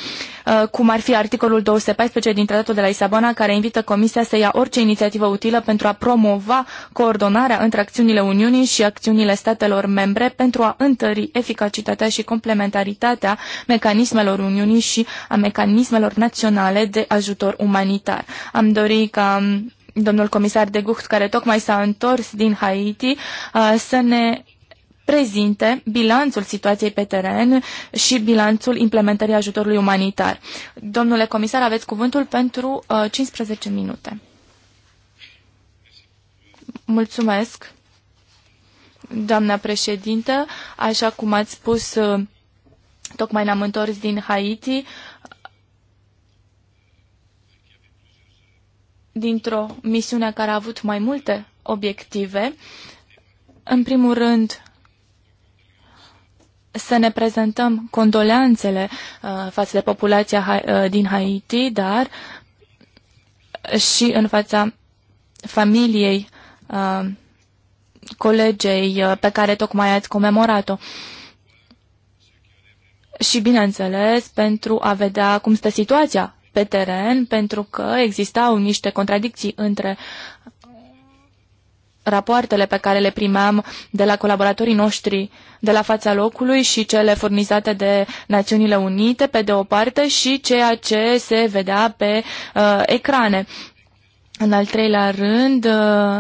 uh, cum ar fi articolul 214 din Tratatul de la Lisabona, care invită Comisia să ia orice inițiativă utilă pentru a promova coordonarea între acțiunile Uniunii și acțiunile statelor membre pentru a întări eficacitatea și complementaritatea mecanismelor Uniunii și a mecanismelor naționale de ajutor umanitar. Am dorit ca um, domnul comisar de Gucht, care tocmai s-a întors din Haiti, uh, să ne prezinte bilanțul situației pe teren și bilanțul implementării ajutorului umanitar. Domnule comisar, aveți cuvântul pentru 15 uh, minute. Mulțumesc, doamna președintă. Așa cum ați spus, uh, tocmai ne-am întors din Haiti. Uh, dintr-o misiune care a avut mai multe obiective. În primul rând, să ne prezentăm condoleanțele uh, față de populația ha- uh, din Haiti, dar și în fața familiei uh, colegei uh, pe care tocmai ați comemorat-o. Și, bineînțeles, pentru a vedea cum stă situația pe teren pentru că existau niște contradicții între rapoartele pe care le primeam de la colaboratorii noștri de la fața locului și cele furnizate de Națiunile Unite, pe de o parte, și ceea ce se vedea pe uh, ecrane. În al treilea rând, uh,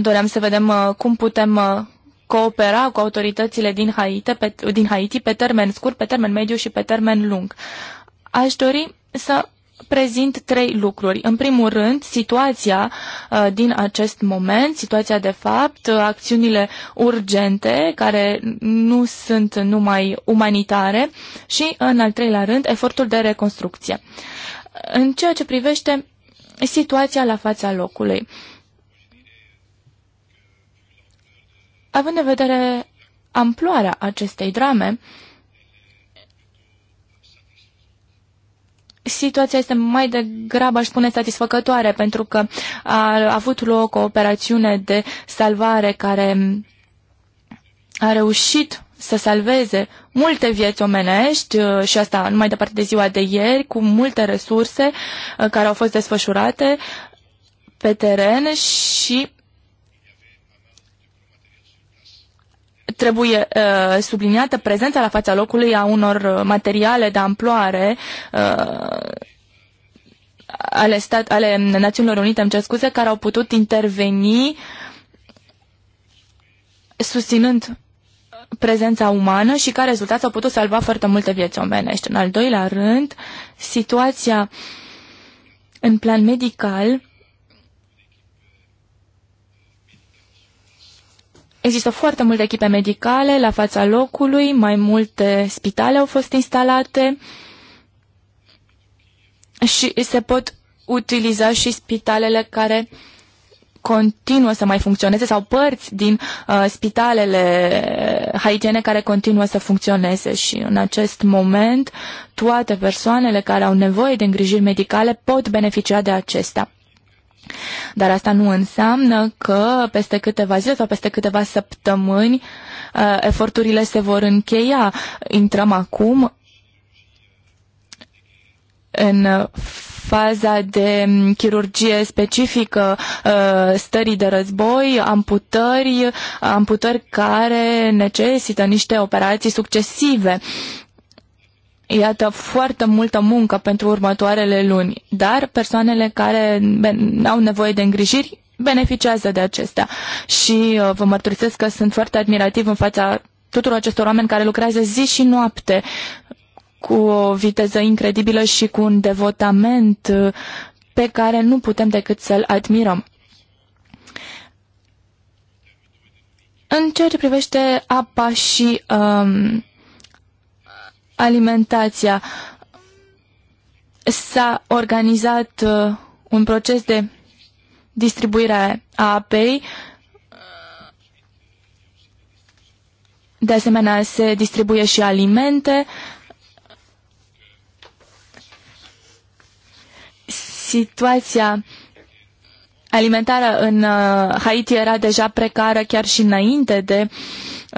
doream să vedem uh, cum putem uh, coopera cu autoritățile din Haiti, pe, din Haiti pe termen scurt, pe termen mediu și pe termen lung. Uh, Aș dori să prezint trei lucruri. În primul rând, situația uh, din acest moment, situația de fapt, uh, acțiunile urgente care nu sunt numai umanitare și, în al treilea rând, efortul de reconstrucție. În ceea ce privește situația la fața locului, având în vedere amploarea acestei drame, situația este mai degrabă, aș spune, satisfăcătoare, pentru că a avut loc o operațiune de salvare care a reușit să salveze multe vieți omenești uh, și asta numai departe de ziua de ieri, cu multe resurse uh, care au fost desfășurate pe teren și trebuie uh, subliniată prezența la fața locului a unor uh, materiale de amploare uh, ale, stat, ale Națiunilor Unite, îmi cer scuze, care au putut interveni susținând prezența umană și ca rezultat au putut salva foarte multe vieți omenești. În al doilea rând, situația în plan medical Există foarte multe echipe medicale la fața locului, mai multe spitale au fost instalate și se pot utiliza și spitalele care continuă să mai funcționeze sau părți din uh, spitalele haitiene care continuă să funcționeze și în acest moment toate persoanele care au nevoie de îngrijiri medicale pot beneficia de acestea. Dar asta nu înseamnă că peste câteva zile sau peste câteva săptămâni uh, eforturile se vor încheia. Intrăm acum în faza de chirurgie specifică uh, stării de război, amputări, amputări care necesită niște operații succesive iată, foarte multă muncă pentru următoarele luni, dar persoanele care au nevoie de îngrijiri beneficiază de acestea. Și uh, vă mărturisesc că sunt foarte admirativ în fața tuturor acestor oameni care lucrează zi și noapte cu o viteză incredibilă și cu un devotament uh, pe care nu putem decât să-l admirăm. În ceea ce privește apa și um, alimentația. S-a organizat uh, un proces de distribuire a apei. De asemenea, se distribuie și alimente. Situația alimentară în uh, Haiti era deja precară chiar și înainte de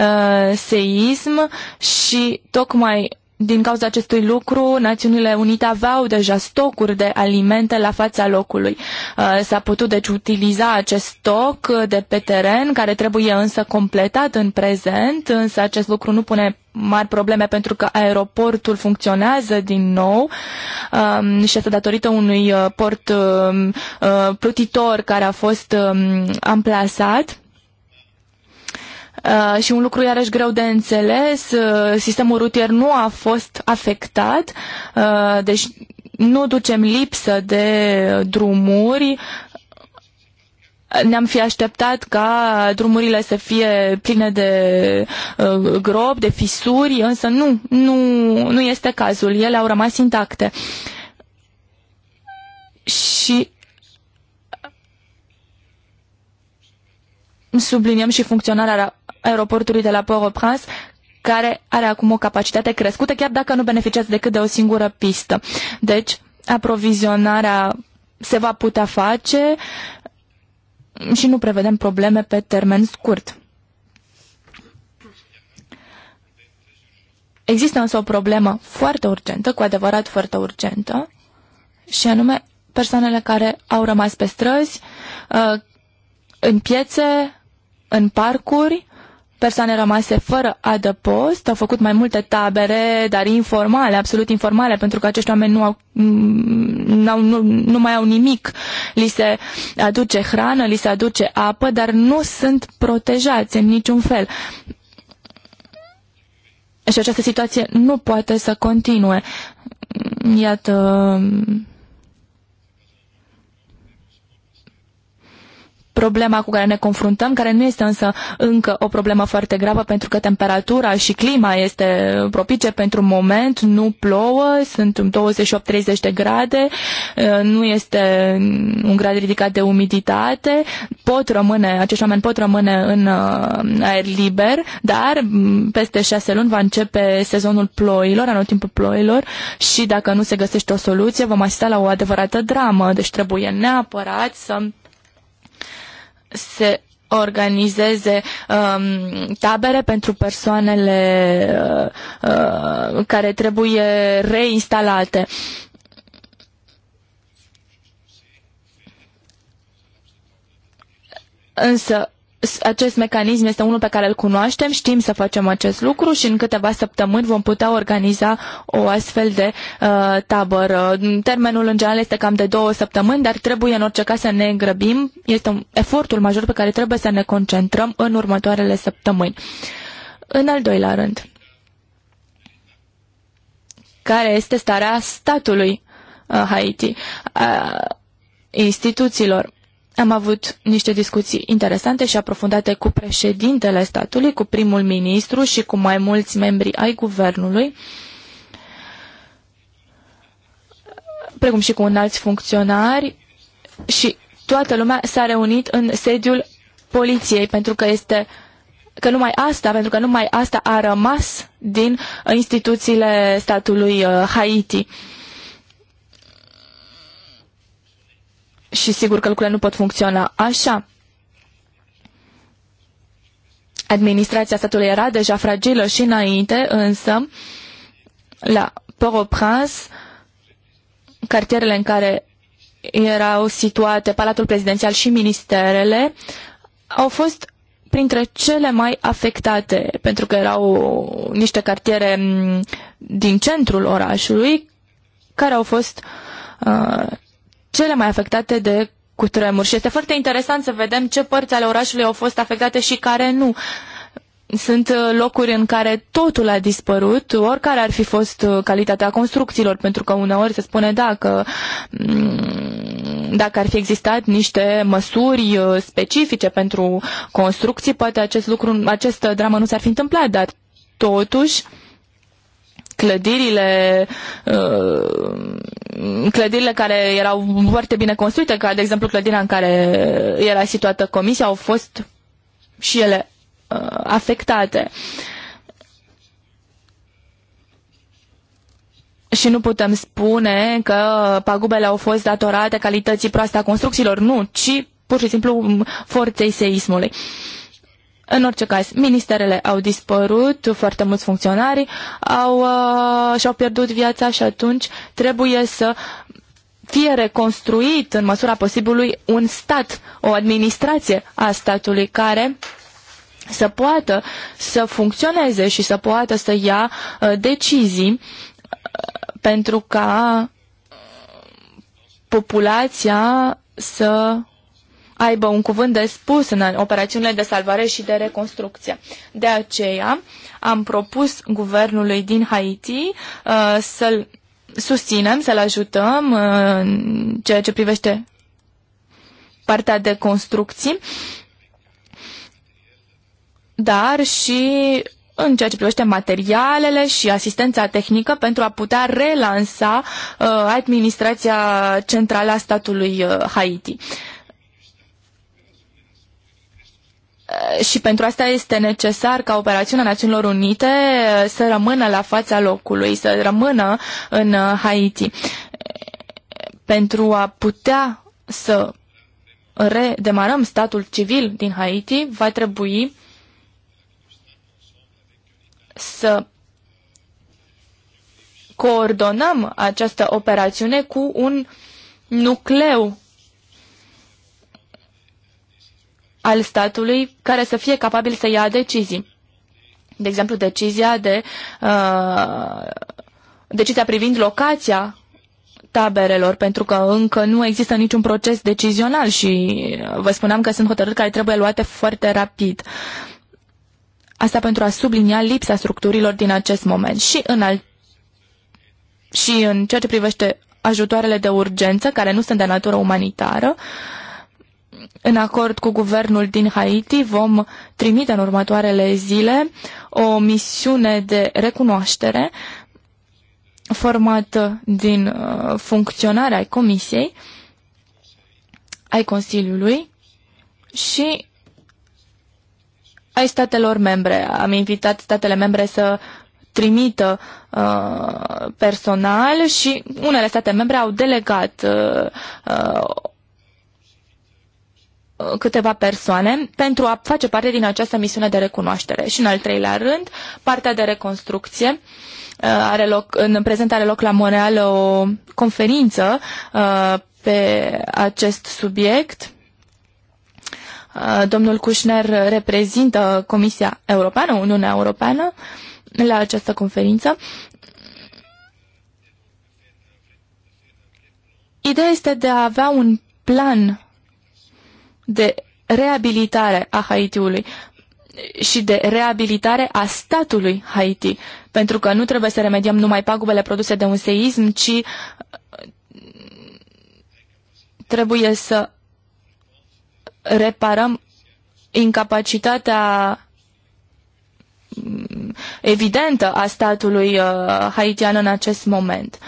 uh, seism și tocmai din cauza acestui lucru, Națiunile Unite aveau deja stocuri de alimente la fața locului. Uh, s-a putut deci utiliza acest stoc de pe teren, care trebuie însă completat în prezent, însă acest lucru nu pune mari probleme pentru că aeroportul funcționează din nou um, și asta datorită unui uh, port um, uh, plutitor care a fost um, amplasat. Uh, și un lucru iarăși greu de înțeles, uh, sistemul rutier nu a fost afectat, uh, deci nu ducem lipsă de drumuri, ne-am fi așteptat ca drumurile să fie pline de gropi, de fisuri, însă nu, nu, nu este cazul. Ele au rămas intacte. Și subliniem și funcționarea aeroportului de la Port-au-Prince, care are acum o capacitate crescută, chiar dacă nu beneficiază decât de o singură pistă. Deci, aprovizionarea se va putea face și nu prevedem probleme pe termen scurt. Există însă o problemă foarte urgentă, cu adevărat foarte urgentă, și anume persoanele care au rămas pe străzi, uh, în piețe, în parcuri, persoane rămase fără adăpost. Au făcut mai multe tabere, dar informale, absolut informale, pentru că acești oameni nu, au, mm, nu, nu, nu mai au nimic. Li se aduce hrană, li se aduce apă, dar nu sunt protejați în niciun fel. Și această situație nu poate să continue. Iată problema cu care ne confruntăm, care nu este însă încă o problemă foarte gravă pentru că temperatura și clima este propice pentru moment, nu plouă, sunt 28-30 de grade, nu este un grad ridicat de umiditate, pot rămâne, acești oameni pot rămâne în aer liber, dar peste șase luni va începe sezonul ploilor, anotimpul ploilor și dacă nu se găsește o soluție vom asista la o adevărată dramă, deci trebuie neapărat să se organizeze um, tabere pentru persoanele uh, uh, care trebuie reinstalate. Însă, acest mecanism este unul pe care îl cunoaștem, știm să facem acest lucru și în câteva săptămâni vom putea organiza o astfel de uh, tabără. Termenul în general este cam de două săptămâni, dar trebuie în orice caz să ne îngrăbim. Este un efortul major pe care trebuie să ne concentrăm în următoarele săptămâni. În al doilea rând, care este starea statului uh, Haiti, uh, instituțiilor am avut niște discuții interesante și aprofundate cu președintele statului, cu primul ministru și cu mai mulți membri ai guvernului, precum și cu alți funcționari și toată lumea s-a reunit în sediul poliției pentru că este că numai asta, pentru că numai asta a rămas din uh, instituțiile statului uh, Haiti. și sigur că lucrurile nu pot funcționa așa. Administrația statului era deja fragilă și înainte, însă la Port-au-Prince, cartierele în care erau situate Palatul Prezidențial și ministerele au fost printre cele mai afectate, pentru că erau niște cartiere mm, din centrul orașului care au fost uh, cele mai afectate de cutremur și este foarte interesant să vedem ce părți ale orașului au fost afectate și care nu. Sunt uh, locuri în care totul a dispărut, oricare ar fi fost uh, calitatea construcțiilor, pentru că uneori se spune da, că mm, dacă ar fi existat niște măsuri uh, specifice pentru construcții, poate acest lucru, această dramă nu s-ar fi întâmplat, dar totuși clădirile, uh, clădirile care erau foarte bine construite, ca de exemplu clădirea în care era situată comisia, au fost și ele uh, afectate. Și nu putem spune că pagubele au fost datorate calității proaste a construcțiilor, nu, ci pur și simplu forței seismului. Uh, în orice caz, ministerele au dispărut, foarte mulți funcționari au, uh, și-au pierdut viața și atunci trebuie să fie reconstruit în măsura posibilului un stat, o administrație a statului care să poată să funcționeze și să poată să ia uh, decizii uh, pentru ca populația să aibă un cuvânt de spus în operațiunile de salvare și de reconstrucție. De aceea am propus guvernului din Haiti uh, să-l susținem, să-l ajutăm uh, în ceea ce privește partea de construcții, dar și în ceea ce privește materialele și asistența tehnică pentru a putea relansa uh, administrația centrală a statului uh, Haiti. Uh, Eh, și pentru asta este necesar ca operațiunea Națiunilor Unite eh, să rămână la fața locului, să rămână în eh, Haiti. Pentru a putea să redemarăm statul civil din Haiti, va trebui să coordonăm această operațiune cu un nucleu al statului care să fie capabil să ia decizii. De exemplu, decizia de uh, decizia privind locația taberelor, pentru că încă nu există niciun proces decizional și vă spuneam că sunt hotărâri care trebuie luate foarte rapid. Asta pentru a sublinia lipsa structurilor din acest moment. Și în, al... și în ceea ce privește ajutoarele de urgență, care nu sunt de natură umanitară, uh, în acord cu guvernul din Haiti, vom trimite în următoarele zile o misiune de recunoaștere formată din uh, funcționarea ai Comisiei, ai Consiliului și ai statelor membre. Am invitat statele membre să trimită uh, personal și unele state membre au delegat uh, uh, câteva persoane pentru a face parte din această misiune de recunoaștere. Și în al treilea rând, partea de reconstrucție. Uh, are loc, în prezent are loc la Montreal o conferință uh, pe acest subiect. Uh, domnul Kushner reprezintă Comisia Europeană, Uniunea Europeană, la această conferință. Ideea este de a avea un plan de reabilitare a Haitiului și de reabilitare a statului Haiti, pentru că nu trebuie să remediem numai pagubele produse de un seism, ci uh, trebuie să reparăm incapacitatea mm, evidentă a statului uh, haitian în acest moment.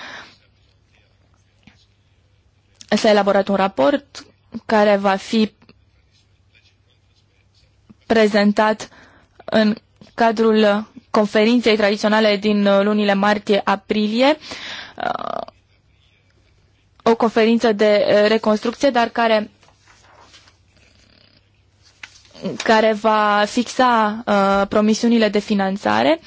S-a elaborat un raport care va fi prezentat în cadrul conferinței tradiționale din uh, lunile martie-aprilie, uh, o conferință de uh, reconstrucție, dar care care va fixa promisiunile de finanțare.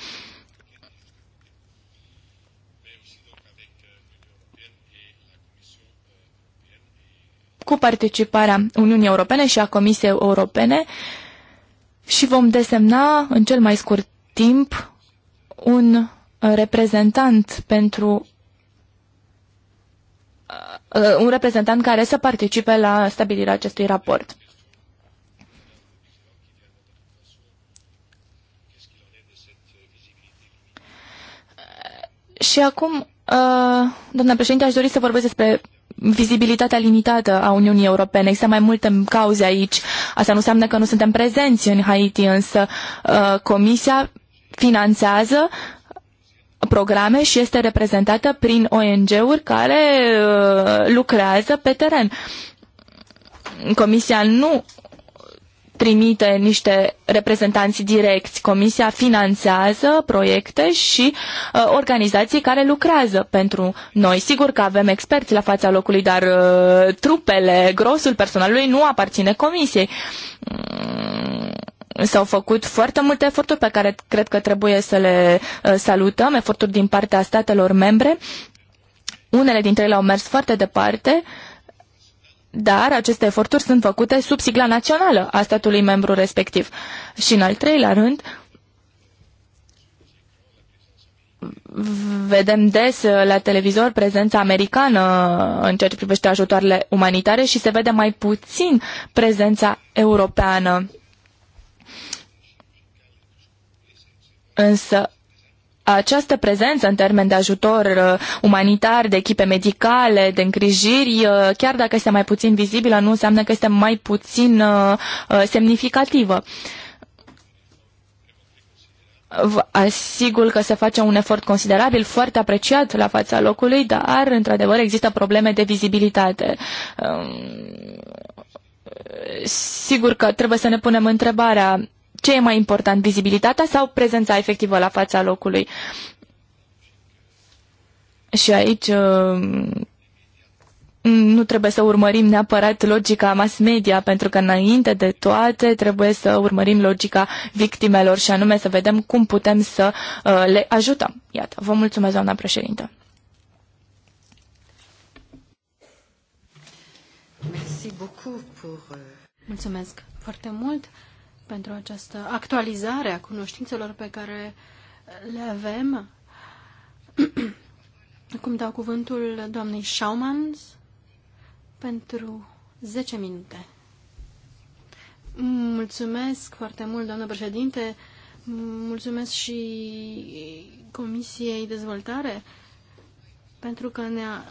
cu participarea Uniunii Europene și a Comisiei Europene uh, și vom desemna în cel mai scurt timp un uh, reprezentant pentru uh, un reprezentant care să participe la stabilirea acestui raport. Și acum, uh, doamna președinte, aș dori să vorbesc despre vizibilitatea limitată a Uniunii Europene. Există mai multe cauze aici. Asta nu înseamnă că nu suntem prezenți în Haiti, însă uh, Comisia finanțează programe și este reprezentată prin ONG-uri care uh, lucrează pe teren. Comisia nu trimite niște reprezentanți direcți. Comisia finanțează proiecte și uh, organizații care lucrează pentru noi. Sigur că avem experți la fața locului, dar uh, trupele, grosul personalului nu aparține comisiei. Mm, s-au făcut foarte multe eforturi pe care cred că trebuie să le uh, salutăm, eforturi din partea statelor membre. Unele dintre ele au mers foarte departe dar aceste eforturi sunt făcute sub sigla națională a statului membru respectiv. Și în al treilea rând, vedem des la televizor prezența americană în ceea ce privește ajutoarele umanitare și se vede mai puțin prezența europeană. Însă această prezență în termen de ajutor uh, umanitar, de echipe medicale, de îngrijiri, uh, chiar dacă este mai puțin vizibilă, nu înseamnă că este mai puțin uh, semnificativă. Vă asigur că se face un efort considerabil, foarte apreciat la fața locului, dar, într-adevăr, există probleme de vizibilitate. Um, sigur că trebuie să ne punem întrebarea ce e mai important, vizibilitatea sau prezența efectivă la fața locului? Și aici uh, nu trebuie să urmărim neapărat logica mass media, pentru că înainte de toate trebuie să urmărim logica victimelor și anume să vedem cum putem să uh, le ajutăm. Iată, vă mulțumesc, doamna președintă. Uh, mulțumesc foarte mult pentru această actualizare a cunoștințelor pe care le avem. Acum dau cuvântul doamnei Schaumans pentru 10 minute. Mulțumesc foarte mult, doamnă președinte. Mulțumesc și Comisiei Dezvoltare pentru că ne-a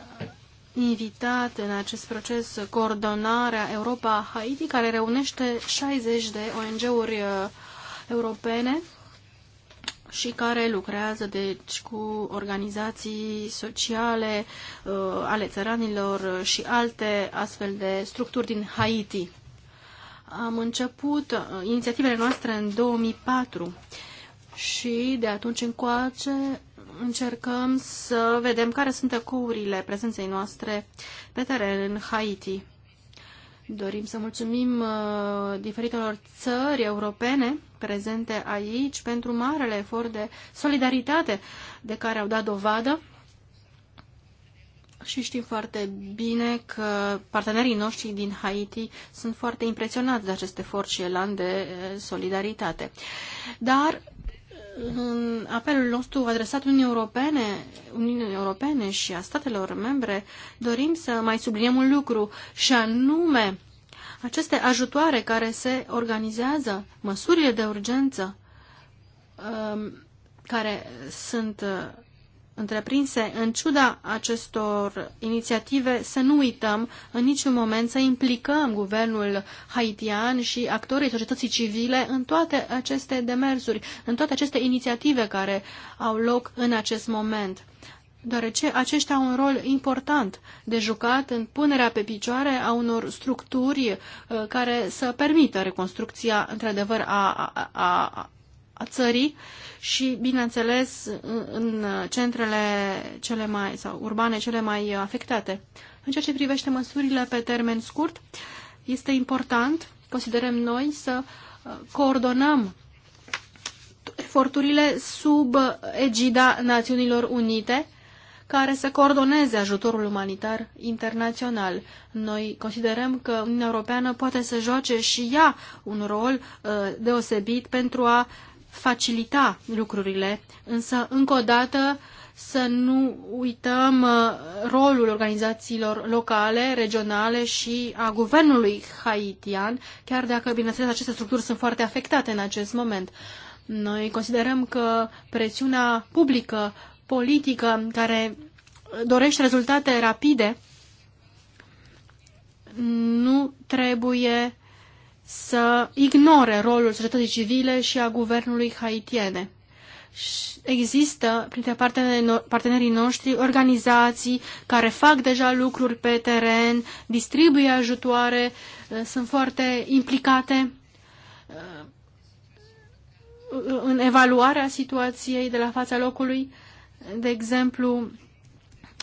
invitat în acest proces coordonarea Europa Haiti, care reunește 60 de ONG-uri uh, europene și care lucrează deci cu organizații sociale uh, ale țăranilor și alte astfel de structuri din Haiti. Am început uh, inițiativele noastre în 2004 și de atunci încoace încercăm să vedem care sunt ecourile prezenței noastre pe teren în Haiti. Dorim să mulțumim uh, diferitelor țări europene prezente aici pentru marele efort de solidaritate de care au dat dovadă și știm foarte bine că partenerii noștri din Haiti sunt foarte impresionați de acest efort și elan de uh, solidaritate. Dar în apelul nostru adresat Uniunii Europene, Uniunii Europene și a statelor membre, dorim să mai subliniem un lucru, și anume aceste ajutoare care se organizează, măsurile de urgență um, care sunt uh, întreprinse, în ciuda acestor inițiative, să nu uităm în niciun moment să implicăm guvernul haitian și actorii societății civile în toate aceste demersuri, în toate aceste inițiative care au loc în acest moment deoarece aceștia au un rol important de jucat în punerea pe picioare a unor structuri uh, care să permită reconstrucția, într-adevăr, a, a, a a țării și, bineînțeles, în centrele cele mai, sau urbane cele mai afectate. În ceea ce privește măsurile pe termen scurt, este important, considerăm noi, să uh, coordonăm eforturile sub egida Națiunilor Unite, care să coordoneze ajutorul umanitar internațional. Noi considerăm că Uniunea Europeană poate să joace și ea un rol uh, deosebit pentru a facilita lucrurile, însă, încă o dată, să nu uităm uh, rolul organizațiilor locale, regionale și a guvernului haitian, chiar dacă, bineînțeles, aceste structuri sunt foarte afectate în acest moment. Noi considerăm că presiunea publică, politică, care dorește rezultate rapide, nu trebuie să ignore rolul societății civile și a guvernului haitiene. Există, printre partenerii noștri, organizații care fac deja lucruri pe teren, distribuie ajutoare, uh, sunt foarte implicate uh, în evaluarea situației de la fața locului. De exemplu,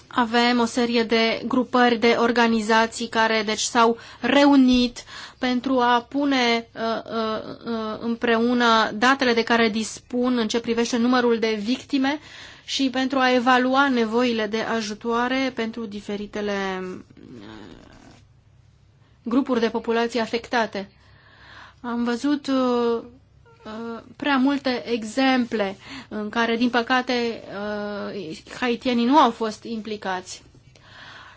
avem o serie de grupări de organizații care deci s-au reunit, pentru a pune uh, uh, uh, împreună datele de care dispun în ce privește numărul de victime și pentru a evalua nevoile de ajutoare pentru diferitele grupuri de populație afectate. Am văzut prea multe exemple în care, din păcate, haitienii nu au fost implicați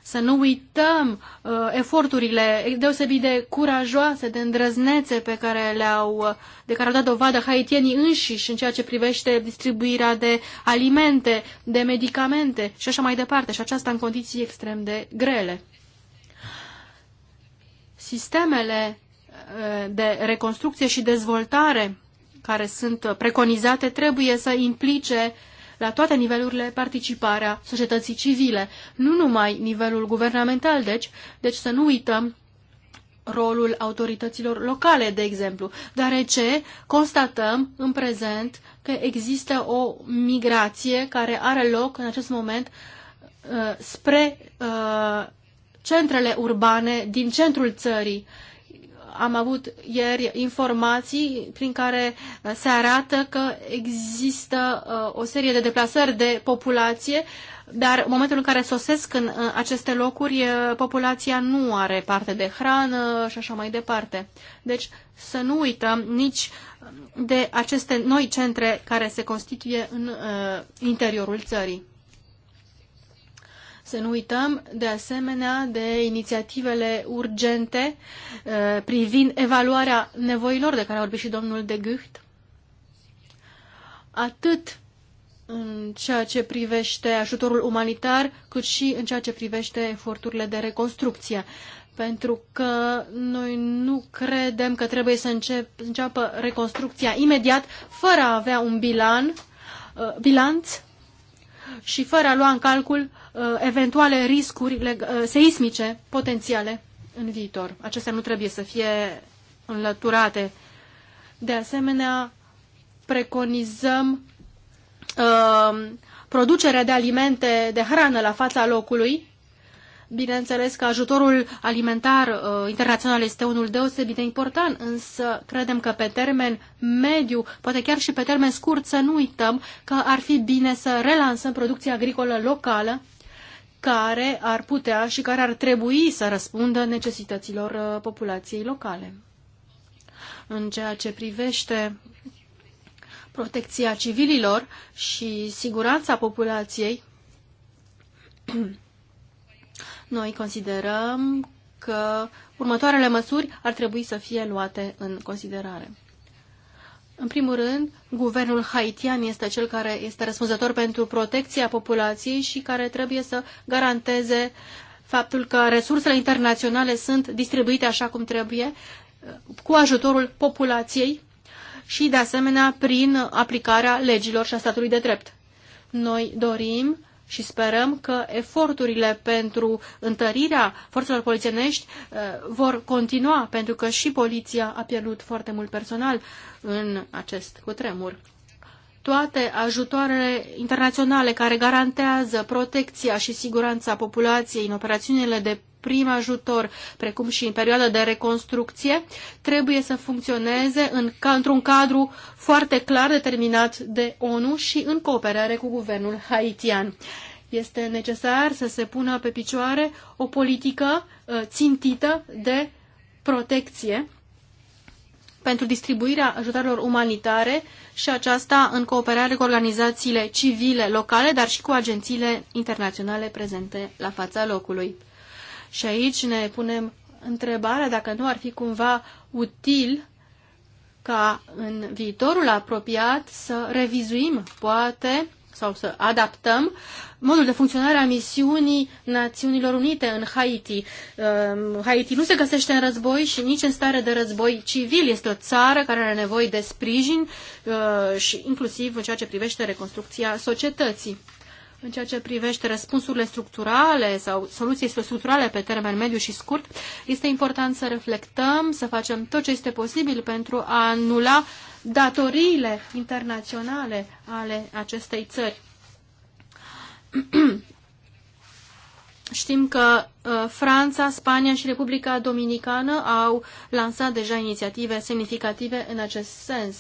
să nu uităm uh, eforturile deosebit de curajoase, de îndrăznețe pe care le-au, uh, de care au dat dovadă haitienii înșiși în ceea ce privește distribuirea de alimente, de medicamente și așa mai departe, și aceasta în condiții extrem de grele. Sistemele uh, de reconstrucție și dezvoltare care sunt preconizate trebuie să implice uh, la toate nivelurile participarea societății civile, nu numai nivelul guvernamental, deci, deci să nu uităm rolul autorităților locale, de exemplu, deoarece constatăm în prezent că există o migrație care are loc în acest moment uh, spre uh, centrele urbane din centrul țării am avut ieri informații prin care uh, se arată că există uh, o serie de deplasări de populație, dar în momentul în care sosesc în uh, aceste locuri, populația nu are parte de hrană și așa mai departe. Deci să nu uităm nici de aceste noi centre care se constituie în interiorul țării. Să nu uităm, de asemenea, de inițiativele urgente uh, privind evaluarea nevoilor, de care a vorbit și domnul de Gucht. Atât în ceea ce privește ajutorul umanitar, cât și în ceea ce privește eforturile de reconstrucție. Pentru că noi nu credem că trebuie să încep, înceapă reconstrucția imediat, fără a avea un bilan, uh, bilanț și fără a lua în calcul Uh, eventuale riscuri uh, seismice potențiale în viitor. Acestea nu trebuie să fie înlăturate. De asemenea, preconizăm uh, producerea de alimente de hrană la fața locului. Bineînțeles că ajutorul alimentar uh, internațional este unul deosebit de important, însă credem că pe termen mediu, poate chiar și pe termen scurt, să nu uităm că ar fi bine să relansăm producția agricolă locală care ar putea și care ar trebui să răspundă necesităților uh, populației locale. În ceea ce privește protecția civililor și siguranța populației, noi considerăm că următoarele măsuri ar trebui să fie luate în considerare. În primul rând, guvernul haitian este cel care este răspunzător pentru protecția populației și care trebuie să garanteze faptul că resursele internaționale sunt distribuite așa cum trebuie, cu ajutorul populației și, de asemenea, prin aplicarea legilor și a statului de drept. Noi dorim și sperăm că eforturile pentru întărirea forțelor polițienești uh, vor continua, pentru că și poliția a pierdut foarte mult personal în acest cutremur. Toate ajutoarele internaționale care garantează protecția și siguranța populației în operațiunile de prim ajutor, precum și în perioada de reconstrucție, trebuie să funcționeze în, într-un cadru foarte clar determinat de ONU și în cooperare cu guvernul haitian. Este necesar să se pună pe picioare o politică uh, țintită de protecție pentru distribuirea ajutorilor umanitare și aceasta în cooperare cu organizațiile civile locale, dar și cu agențiile internaționale prezente la fața locului. Și aici ne punem întrebarea dacă nu ar fi cumva util ca în viitorul apropiat să revizuim, poate, sau să adaptăm modul de funcționare a misiunii Națiunilor Unite în Haiti. Ehm, Haiti nu se găsește în război și nici în stare de război civil. Este o țară care are nevoie de sprijin ehm, și inclusiv în ceea ce privește reconstrucția societății în ceea ce privește răspunsurile structurale sau soluții structurale pe termen mediu și scurt, este important să reflectăm, să facem tot ce este posibil pentru a anula datoriile internaționale ale acestei țări. Știm că uh, Franța, Spania și Republica Dominicană au lansat deja inițiative semnificative în acest sens.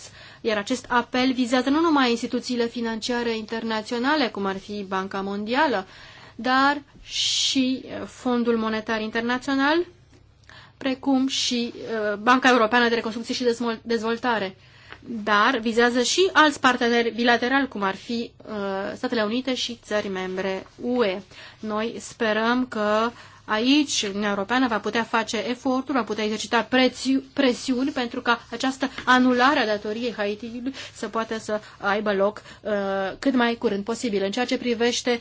Iar acest apel vizează nu numai instituțiile financiare internaționale, cum ar fi Banca Mondială, dar și eh, Fondul Monetar Internațional, precum și eh, Banca Europeană de Reconstrucție și Dezvoltare. Dar vizează și alți parteneri bilaterali, cum ar fi eh, Statele Unite și țări membre UE. Noi sperăm că uh, Aici Uniunea Europeană va putea face eforturi, va putea exercita presiuni pentru ca această anulare a datoriei Haitiului să poată să aibă loc uh, cât mai curând posibil. În ceea ce privește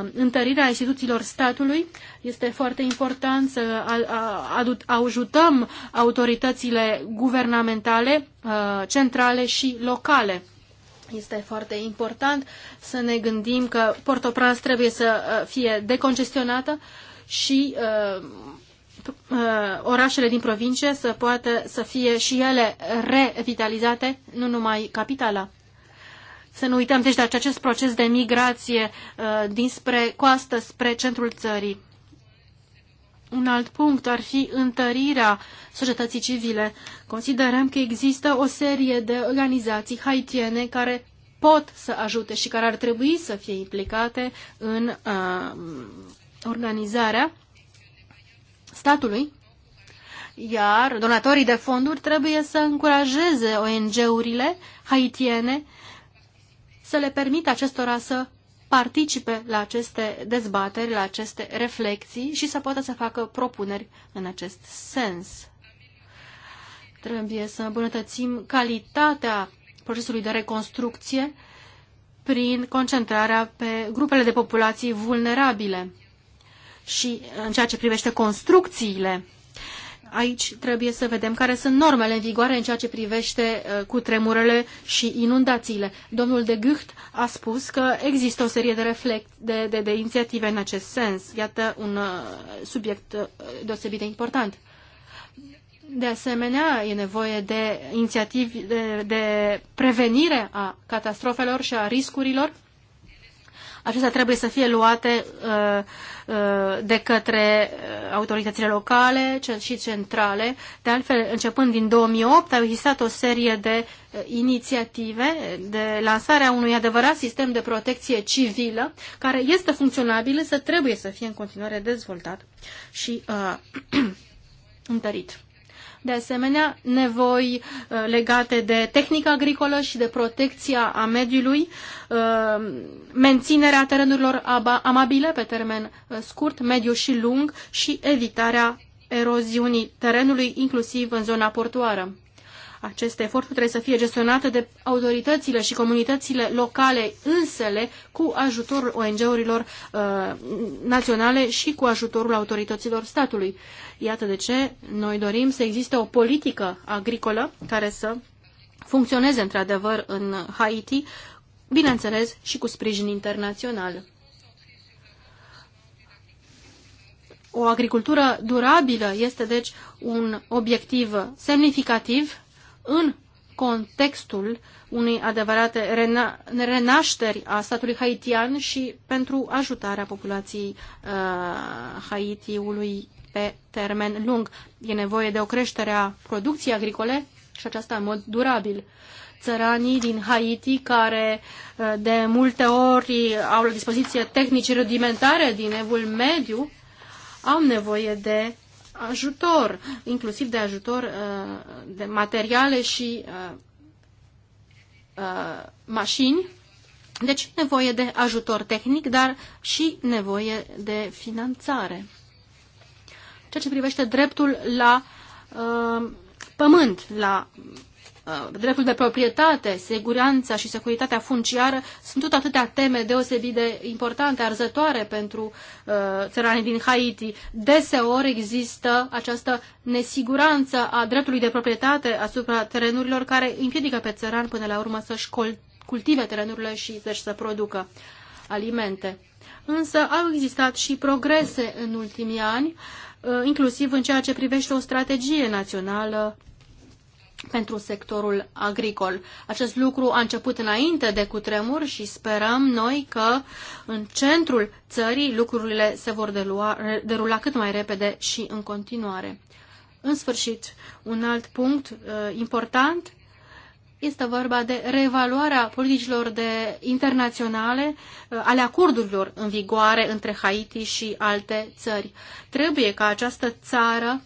uh, întărirea instituțiilor statului, este foarte important să ajutăm autoritățile guvernamentale, uh, centrale și locale. Este foarte important să ne gândim că Port-au-Prince trebuie să uh, fie decongestionată uh, și uh, uh, orașele din provincie să poată să fie și ele revitalizate, nu numai capitala. Să nu uităm deci de acest proces de migrație uh, dinspre coastă spre centrul țării. Un alt punct ar fi întărirea societății civile. Considerăm că există o serie de organizații haitiene care pot să ajute și care ar trebui să fie implicate în uh, organizarea statului, iar donatorii de fonduri trebuie să încurajeze ONG-urile haitiene să le permită acestora să participe la aceste dezbateri, la aceste reflexii și să poată să facă propuneri în acest sens. Trebuie să îmbunătățim calitatea procesului de reconstrucție prin concentrarea pe grupele de populații vulnerabile și în ceea ce privește construcțiile. Aici trebuie să vedem care sunt normele în vigoare în ceea ce privește uh, cu tremurele și inundațiile. Domnul de Gucht a spus că există o serie de, reflect, de, de, de inițiative în acest sens. Iată un uh, subiect uh, deosebit de important. De asemenea, e nevoie de inițiativi de, de prevenire a catastrofelor și a riscurilor acestea trebuie să fie luate uh, uh, de către uh, autoritățile locale și centrale. De altfel, începând din 2008, au existat o serie de inițiative de lansarea unui adevărat sistem de protecție civilă, care este funcționabil, să trebuie să fie în continuare dezvoltat și uh, întărit de asemenea nevoi uh, legate de tehnică agricolă și de protecția a mediului, uh, menținerea terenurilor amabile pe termen uh, scurt, mediu și lung și evitarea eroziunii terenului, inclusiv în zona portoară. Acest efort trebuie să fie gestionate de autoritățile și comunitățile locale însele cu ajutorul ONG-urilor uh, naționale și cu ajutorul autorităților statului. Iată de ce noi dorim să existe o politică agricolă care să funcționeze într-adevăr în Haiti, bineînțeles și cu sprijin internațional. O agricultură durabilă este deci un obiectiv semnificativ în contextul unei adevărate rena renașteri a statului haitian și pentru ajutarea populației uh, Haitiului pe termen lung. E nevoie de o creștere a producției agricole și aceasta în mod durabil. Țăranii din Haiti, care uh, de multe ori au la dispoziție tehnici rudimentare din evul mediu, au nevoie de ajutor, inclusiv de ajutor uh, de materiale și uh, uh, mașini. Deci nevoie de ajutor tehnic, dar și nevoie de finanțare. Ceea ce privește dreptul la pământ, la Uh, dreptul de proprietate, siguranța și securitatea funciară sunt tot atâtea teme deosebit de importante, arzătoare pentru uh, țăranii din Haiti. Deseori există această nesiguranță a dreptului de proprietate asupra terenurilor care împiedică pe țăran până la urmă să-și cultive terenurile și deci să producă alimente. Însă au existat și progrese în ultimii ani, uh, inclusiv în ceea ce privește o strategie națională pentru sectorul agricol. Acest lucru a început înainte de cutremur și sperăm noi că în centrul țării lucrurile se vor delua, derula cât mai repede și în continuare. În sfârșit, un alt punct uh, important este vorba de reevaluarea politicilor de internaționale uh, ale acordurilor în vigoare între Haiti și alte țări. Trebuie ca această țară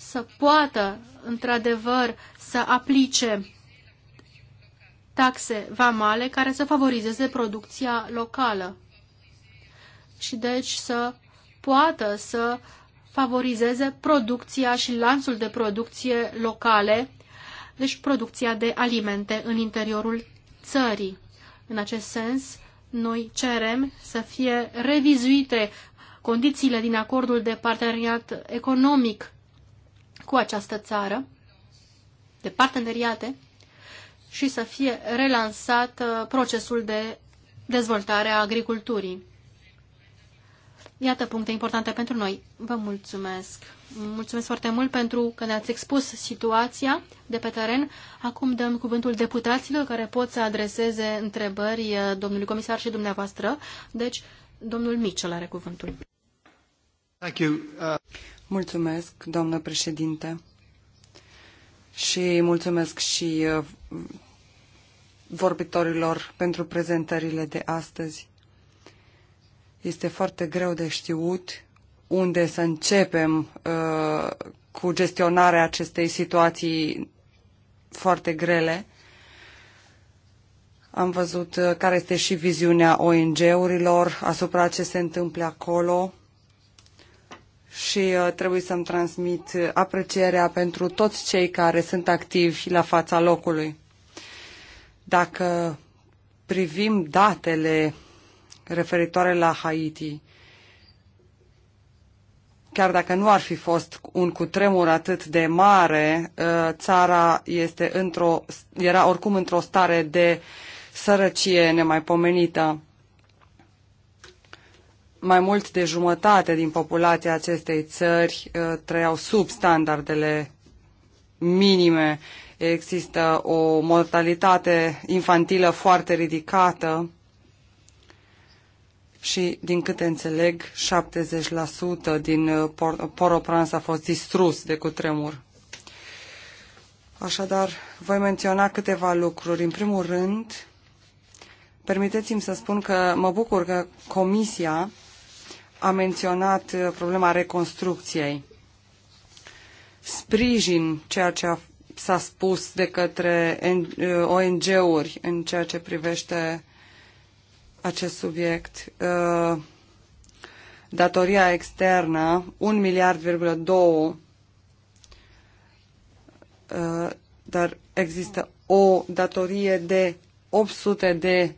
să poată, într-adevăr, să aplice taxe vamale care să favorizeze producția locală și deci să poată să favorizeze producția și lanțul de producție locale, deci producția de alimente în interiorul țării. În acest sens, noi cerem să fie revizuite condițiile din acordul de parteneriat economic cu această țară de parteneriate și să fie relansat uh, procesul de dezvoltare a agriculturii. Iată puncte importante pentru noi. Vă mulțumesc. Mulțumesc foarte mult pentru că ne-ați expus situația de pe teren. Acum dăm cuvântul deputaților care pot să adreseze întrebări uh, domnului comisar și dumneavoastră. Deci, domnul Mitchell are cuvântul. Uh, mulțumesc, doamnă președinte. Și mulțumesc și uh, vorbitorilor pentru prezentările de astăzi. Este foarte greu de știut unde să începem uh, cu gestionarea acestei situații foarte grele. Am văzut uh, care este și viziunea ONG-urilor asupra ce se întâmplă acolo și uh, trebuie să-mi transmit aprecierea pentru toți cei care sunt activi la fața locului. Dacă privim datele referitoare la Haiti, chiar dacă nu ar fi fost un cutremur atât de mare, uh, țara este într-o, era oricum într-o stare de sărăcie nemaipomenită mai mult de jumătate din populația acestei țări uh, trăiau sub standardele minime. Există o mortalitate infantilă foarte ridicată și, din câte înțeleg, 70% din uh, Poroprans uh, a fost distrus de cutremur. Așadar, voi menționa câteva lucruri. În primul rând, permiteți-mi să spun că mă bucur că Comisia a menționat uh, problema reconstrucției. Sprijin ceea ce s-a spus de către uh, ONG-uri în ceea ce privește acest subiect. Uh, datoria externă, 1 miliard, dar există o datorie de 800 de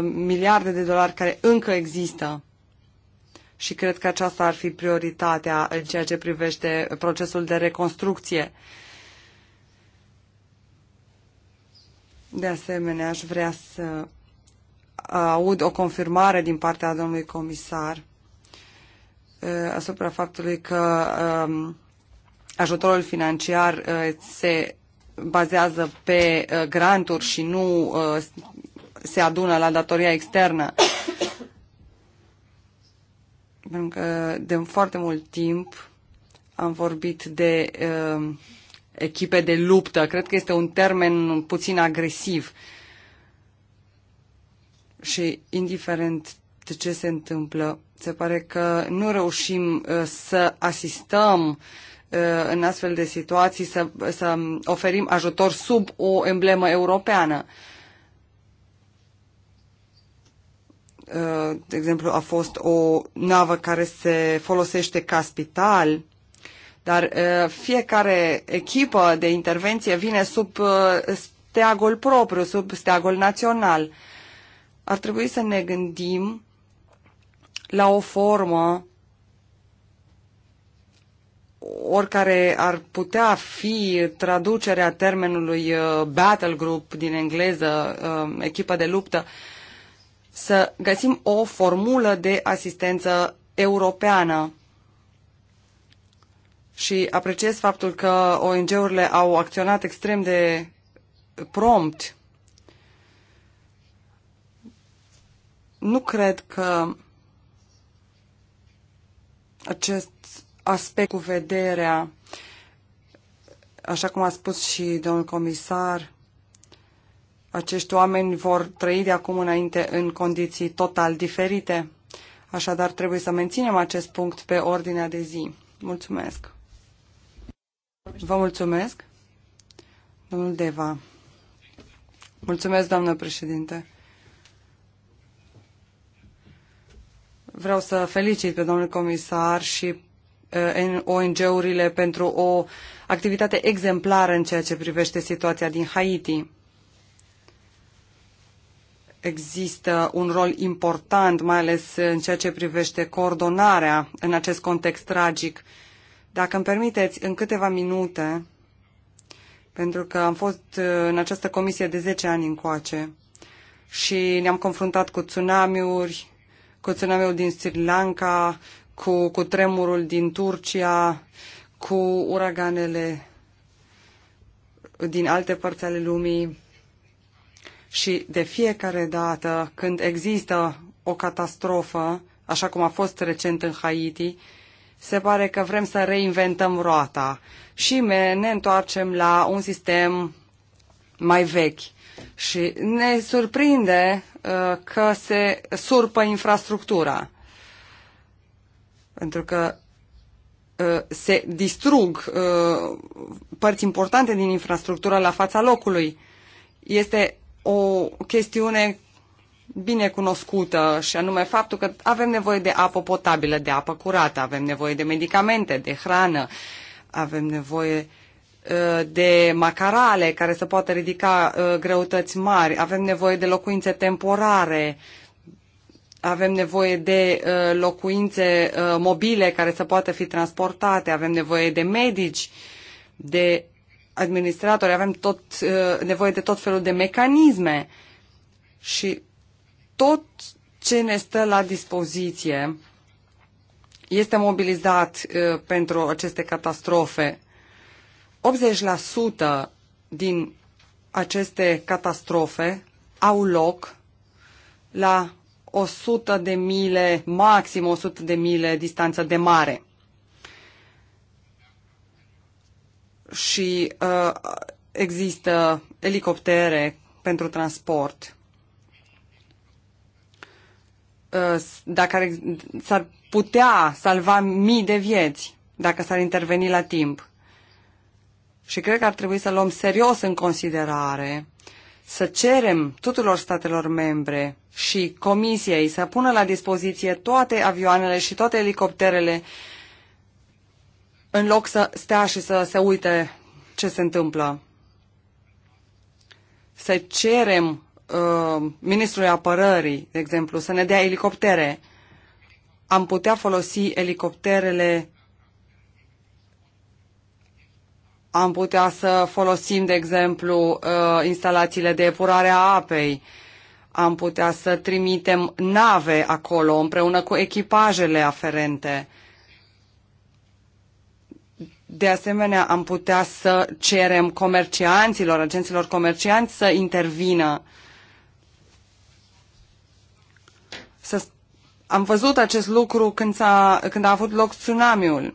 miliarde de dolari care încă există și cred că aceasta ar fi prioritatea în ceea ce privește procesul de reconstrucție. De asemenea, aș vrea să aud o confirmare din partea domnului comisar uh, asupra faptului că um, ajutorul financiar uh, se bazează pe uh, granturi și nu se adună la datoria externă. Pentru că de foarte mult timp am vorbit de uh, echipe de luptă. Cred că este un termen puțin agresiv. Și indiferent de ce se întâmplă, se pare că nu reușim uh, să asistăm uh, în astfel de situații, să, să oferim ajutor sub o emblemă europeană. Uh, Uh, de exemplu, a fost o navă care se folosește ca spital, dar uh, fiecare echipă de intervenție vine sub uh, steagul propriu, sub steagul național. Ar trebui să ne gândim la o formă oricare ar putea fi traducerea termenului battle group din engleză, echipă de luptă, să găsim o formulă de asistență europeană. Și apreciez faptul că ONG-urile au acționat extrem de prompt. Nu cred că acest aspect cu vederea, așa cum a spus și domnul comisar, acești oameni vor trăi de acum înainte în condiții total diferite. Așadar, trebuie să menținem acest punct pe ordinea de zi. Mulțumesc! Vă mulțumesc! Domnul Deva. Mulțumesc, doamnă președinte. Vreau să felicit pe domnul comisar și eh, ONG-urile pentru o activitate exemplară în ceea ce privește situația din Haiti există un rol important, mai ales în ceea ce privește coordonarea în acest context tragic. Dacă îmi permiteți, în câteva minute, pentru că am fost uh, în această comisie de 10 ani încoace și ne-am confruntat cu tsunamiuri, cu tsunamiul din Sri Lanka, cu, cu tremurul din Turcia, cu uraganele din alte părți ale lumii și de fiecare dată când există o catastrofă, așa cum a fost recent în Haiti, se pare că vrem să reinventăm roata și ne întoarcem la un sistem mai vechi. Și ne surprinde uh, că se surpă infrastructura. Pentru că uh, se distrug uh, părți importante din infrastructura la fața locului. Este o chestiune bine cunoscută și anume faptul că avem nevoie de apă potabilă, de apă curată, avem nevoie de medicamente, de hrană, avem nevoie ă, de macarale care să poată ridica ă, greutăți mari, avem nevoie de locuințe temporare, avem nevoie de ă, locuințe mobile care să poată fi transportate, avem nevoie de medici, de administratori, avem tot, uh, nevoie de tot felul de mecanisme și tot ce ne stă la dispoziție este mobilizat uh, pentru aceste catastrofe. 80% din aceste catastrofe au loc la 100 de mile, maxim 100 de mile distanță de mare. și uh, există elicoptere pentru transport. Uh, dacă s-ar putea salva mii de vieți dacă s-ar interveni la timp. Și cred că ar trebui să luăm serios în considerare să cerem tuturor statelor membre și comisiei să pună la dispoziție toate avioanele și toate elicopterele uh, în loc să stea și să se uite ce se întâmplă. Să cerem uh, ministrului apărării, de exemplu, să ne dea elicoptere. Am putea folosi elicopterele am putea să folosim, de exemplu, uh, instalațiile de epurare a apei, am putea să trimitem nave acolo împreună cu echipajele aferente. De asemenea, am putea să cerem comercianților, agenților comercianți să intervină. Să... Am văzut acest lucru când a, când a avut loc tsunamiul.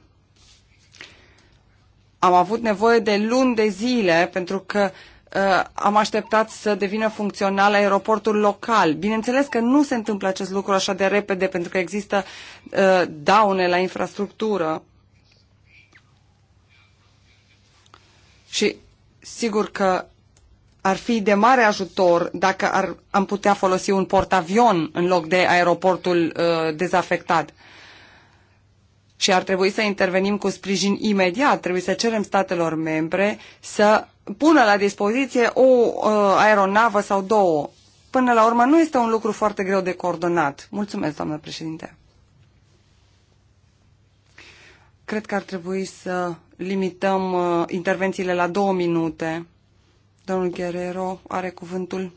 Am avut nevoie de luni de zile pentru că uh, am așteptat să devină funcțional aeroportul local. Bineînțeles că nu se întâmplă acest lucru așa de repede pentru că există uh, daune la infrastructură. Și sigur că ar fi de mare ajutor dacă ar, am putea folosi un portavion în loc de aeroportul uh, dezafectat. Și ar trebui să intervenim cu sprijin imediat. Trebuie să cerem statelor membre să pună la dispoziție o uh, aeronavă sau două. Până la urmă nu este un lucru foarte greu de coordonat. Mulțumesc, doamnă președinte. cred că ar trebui să limităm uh, intervențiile la două minute. Domnul Guerrero are cuvântul.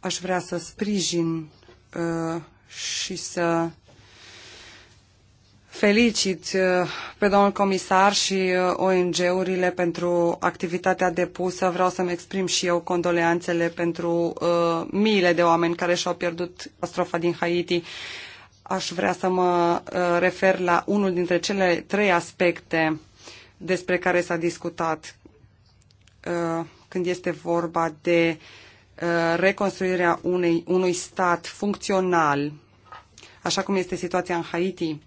Aș vrea să sprijin uh, și să felicit uh, pe domnul comisar și uh, ONG-urile pentru activitatea depusă. Vreau să-mi exprim și eu condoleanțele pentru uh, miile de oameni care și-au pierdut catastrofa din Haiti. Aș vrea să mă uh, refer la unul dintre cele trei aspecte despre care s-a discutat uh, când este vorba de uh, reconstruirea unei, unui stat funcțional, așa cum este situația în Haiti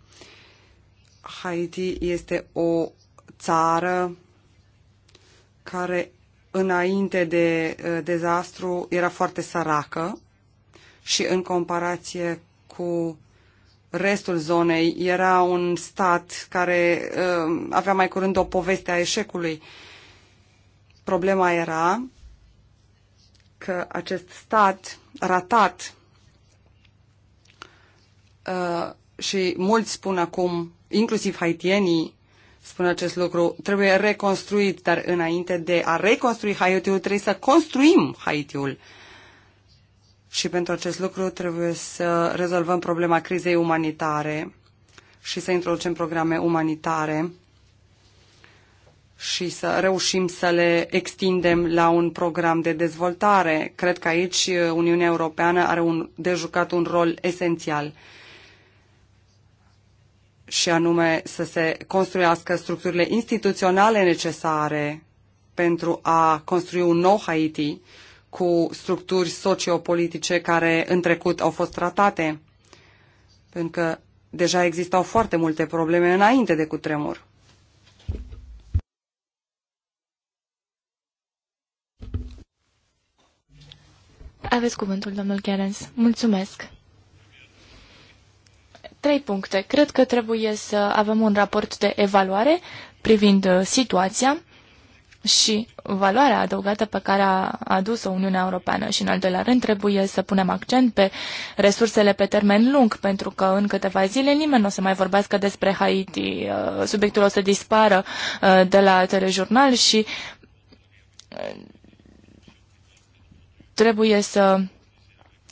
Haiti este o țară care înainte de uh, dezastru era foarte săracă și în comparație cu restul zonei era un stat care uh, avea mai curând o poveste a eșecului. Problema era că acest stat ratat uh, și mulți spun acum inclusiv haitienii spun acest lucru, trebuie reconstruit, dar înainte de a reconstrui Haitiul, trebuie să construim Haitiul. Și pentru acest lucru trebuie să rezolvăm problema crizei umanitare și să introducem programe umanitare și să reușim să le extindem la un program de dezvoltare. Cred că aici Uniunea Europeană are un, de jucat un rol esențial și anume să se construiască structurile instituționale necesare pentru a construi un nou Haiti cu structuri sociopolitice care în trecut au fost tratate, pentru că deja existau foarte multe probleme înainte de cutremur. Aveți cuvântul, domnul Gerens. Mulțumesc. Trei puncte. Cred că trebuie să avem un raport de evaluare privind uh, situația și valoarea adăugată pe care a adus-o Uniunea Europeană și, în al doilea rând, trebuie să punem accent pe resursele pe termen lung, pentru că în câteva zile nimeni nu o să mai vorbească despre Haiti. Uh, subiectul o să dispară uh, de la telejurnal și trebuie să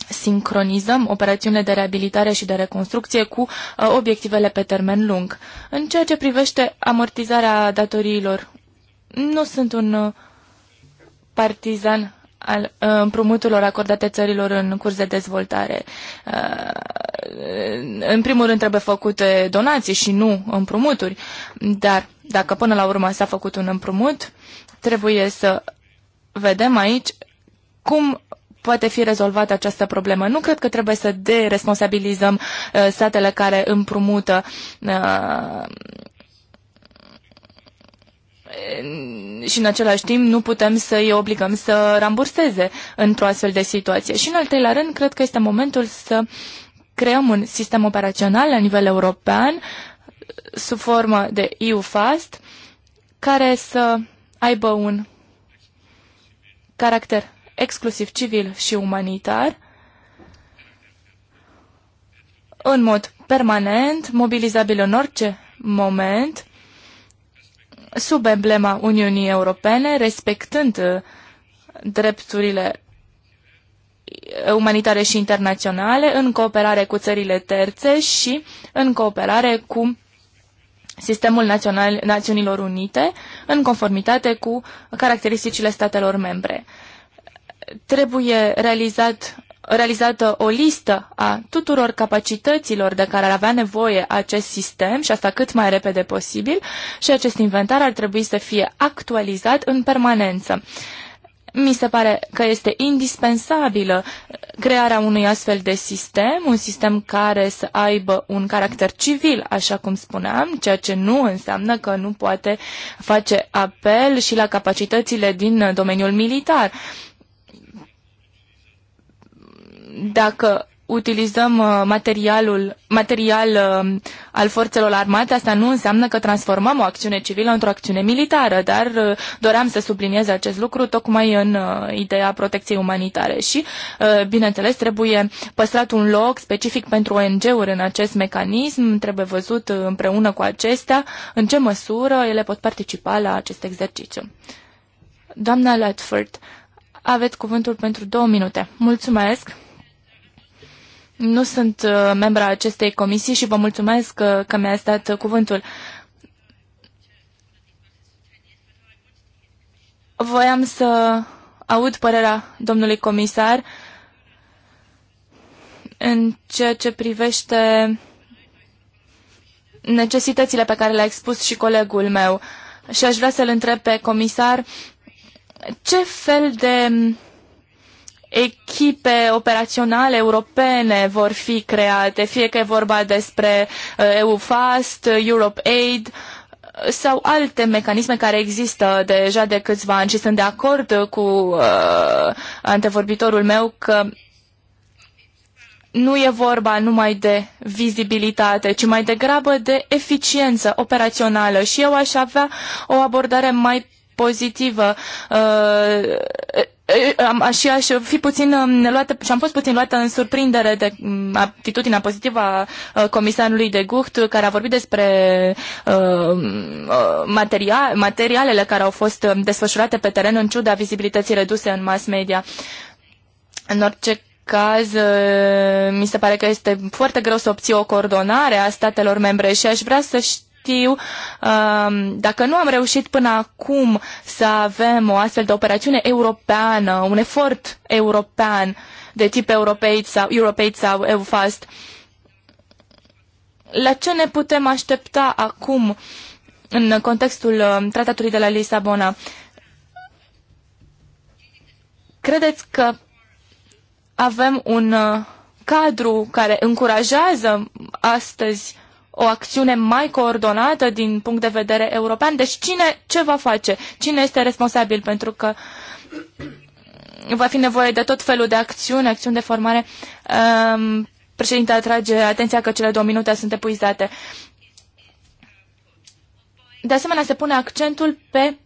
sincronizăm operațiunile de reabilitare și de reconstrucție cu uh, obiectivele pe termen lung. În ceea ce privește amortizarea datoriilor, nu sunt un uh, partizan al uh, împrumuturilor acordate țărilor în curs de dezvoltare. În primul rând trebuie făcute donații și nu împrumuturi, dar dacă până la urmă s-a făcut un împrumut, trebuie să vedem aici cum poate fi rezolvată această problemă. Nu cred că trebuie să deresponsabilizăm uh, statele care împrumută uh, și în același timp nu putem să îi obligăm să ramburseze într-o astfel de situație. Și în al treilea rând, cred că este momentul să creăm un sistem operațional la nivel european sub formă de EU-FAST care să aibă un caracter exclusiv civil și umanitar, în mod permanent, mobilizabil în orice moment, sub emblema Uniunii Europene, respectând uh, drepturile uh, umanitare și internaționale, în cooperare cu țările terțe și în cooperare cu sistemul național, Națiunilor Unite, în conformitate cu caracteristicile statelor membre trebuie realizat, realizată o listă a tuturor capacităților de care ar avea nevoie acest sistem și asta cât mai repede posibil și acest inventar ar trebui să fie actualizat în permanență. Mi se pare că este indispensabilă crearea unui astfel de sistem, un sistem care să aibă un caracter civil, așa cum spuneam, ceea ce nu înseamnă că nu poate face apel și la capacitățile din domeniul militar dacă utilizăm uh, materialul, material uh, al forțelor armate, asta nu înseamnă că transformăm o acțiune civilă într-o acțiune militară, dar uh, doream să subliniez acest lucru tocmai în ideea protecției umanitare și, bineînțeles, trebuie păstrat un loc specific pentru ONG-uri în acest mecanism, trebuie văzut împreună cu acestea în ce măsură ele pot participa la acest exercițiu. Doamna Ledford, aveți cuvântul pentru două minute. Mulțumesc! Nu sunt uh, membra acestei comisii și vă mulțumesc că, uh, că mi-ați dat uh, cuvântul. Voiam să aud părerea domnului comisar în ceea ce privește necesitățile pe care le-a expus și colegul meu. Și aș vrea să-l întreb pe comisar ce fel de echipe operaționale europene vor fi create, fie că e vorba despre uh, EUFAST, Europe Aid uh, sau alte mecanisme care există deja de câțiva ani și sunt de acord cu uh, antevorbitorul meu că nu e vorba numai de vizibilitate, ci mai degrabă de eficiență operațională și eu aș avea o abordare mai pozitivă. Uh, și aș fi puțin um, luată, și am fost puțin luată în surprindere de mm, atitudinea pozitivă a uh, comisarului de Gucht, care a vorbit despre uh, uh, materia, materialele care au fost um, desfășurate pe teren în ciuda vizibilității reduse în mass media. În orice caz, mi se pare că este foarte greu să obții o coordonare a statelor membre și aș vrea să știu știu um, dacă nu am reușit până acum să avem o astfel de operațiune europeană, un efort european de tip europeit sau, europeit sau EUFAST. La ce ne putem aștepta acum în contextul um, tratatului de la Lisabona? Credeți că avem un uh, cadru care încurajează astăzi o acțiune mai coordonată din punct de vedere european. Deci cine ce va face? Cine este responsabil? Pentru că va fi nevoie de tot felul de acțiuni, acțiuni de formare. Um, președinte atrage atenția că cele două minute sunt epuizate. De asemenea, se pune accentul pe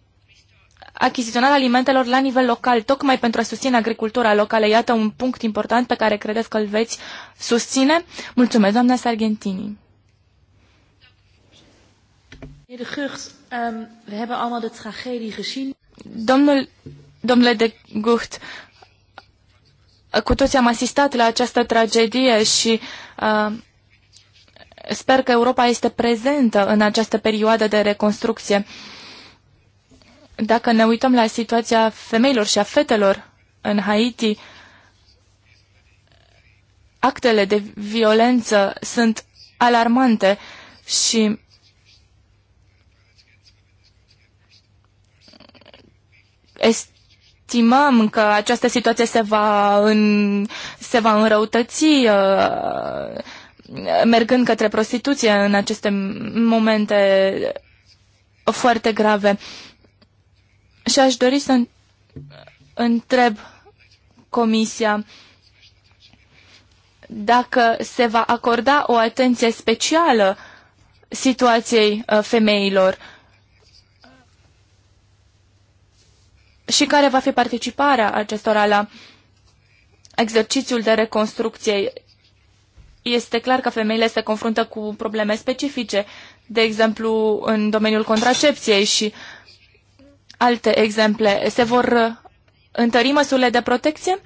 achiziționarea alimentelor la nivel local, tocmai pentru a susține agricultura locală. Iată un punct important pe care credeți că îl veți susține. Mulțumesc, doamna Sargentini. De Gucht, um, we hebben allemaal de tragedie gezien. Domnul, domnule de Gucht, cu toți am asistat la această tragedie și uh, sper că Europa este prezentă în această perioadă de reconstrucție. Dacă ne uităm la situația femeilor și a fetelor în Haiti, actele de violență sunt alarmante și estimăm că această situație se va, în, se va înrăutăți uh, mergând către prostituție în aceste momente foarte grave. Și aș dori să întreb Comisia dacă se va acorda o atenție specială situației uh, femeilor și care va fi participarea acestora la exercițiul de reconstrucție. Este clar că femeile se confruntă cu probleme specifice, de exemplu în domeniul contracepției și alte exemple. Se vor întări măsurile de protecție?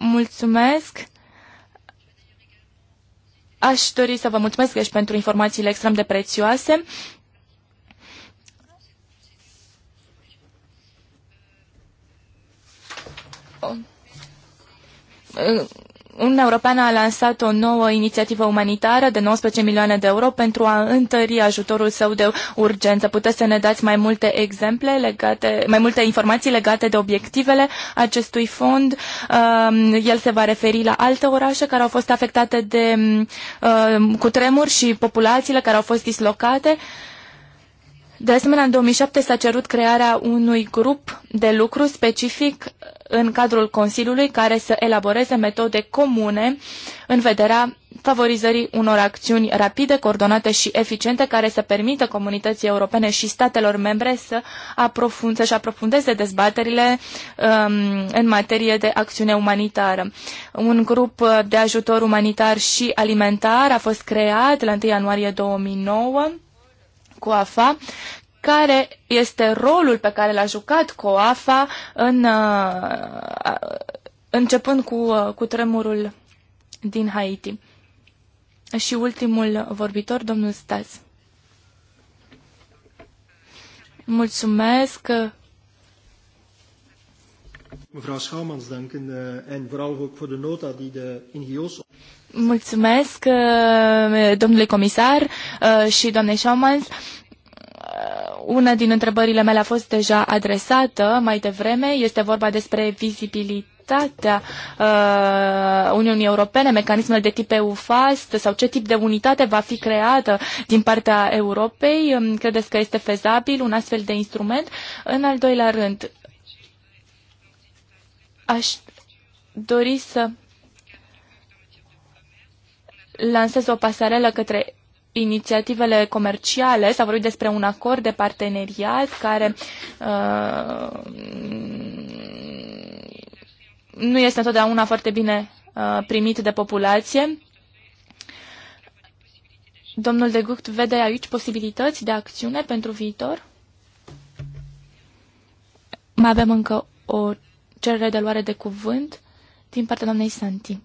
Mulțumesc! Aș dori să vă mulțumesc și pentru informațiile extrem de prețioase. Uniunea Europeană a lansat o nouă inițiativă umanitară de 19 milioane de euro pentru a întări ajutorul său de urgență. Puteți să ne dați mai multe exemple legate, mai multe informații legate de obiectivele acestui fond. Um, el se va referi la alte orașe care au fost afectate de um, cutremur și populațiile care au fost dislocate. De asemenea, în 2007 s-a cerut crearea unui grup de lucru specific în cadrul Consiliului care să elaboreze metode comune în vederea favorizării unor acțiuni rapide, coordonate și eficiente care să permită comunității europene și statelor membre să aprofund, să-și aprofundeze dezbaterile um, în materie de acțiune umanitară. Un grup de ajutor umanitar și alimentar a fost creat la 1 ianuarie 2009 COAFA, care este rolul pe care l-a jucat COAFA în, uh, începând cu, uh, cu tremurul din Haiti. Și ultimul vorbitor, domnul Stas. Mulțumesc mevrouw Schouwmans danken eh, en vooral ook voor de nota die de NGO's... Mulțumesc, eh, domnule comisar eh, și doamnei Schaumanns. Una din întrebările mele a fost deja adresată mai devreme. Este vorba despre vizibilitatea Uniunii Europene, mecanismele de tip EU-FAST sau ce tip de unitate va fi creată din partea Europei? Credeți că este fezabil un astfel de instrument? În al doilea rând, aș dori să lansez o pasarelă către inițiativele comerciale, s-a vorbit despre un acord de parteneriat care uh, nu este întotdeauna foarte bine uh, primit de populație. Domnul de Gucht vede aici posibilități de acțiune pentru viitor? Mai avem încă o cerere de luare de cuvânt din partea doamnei Santi.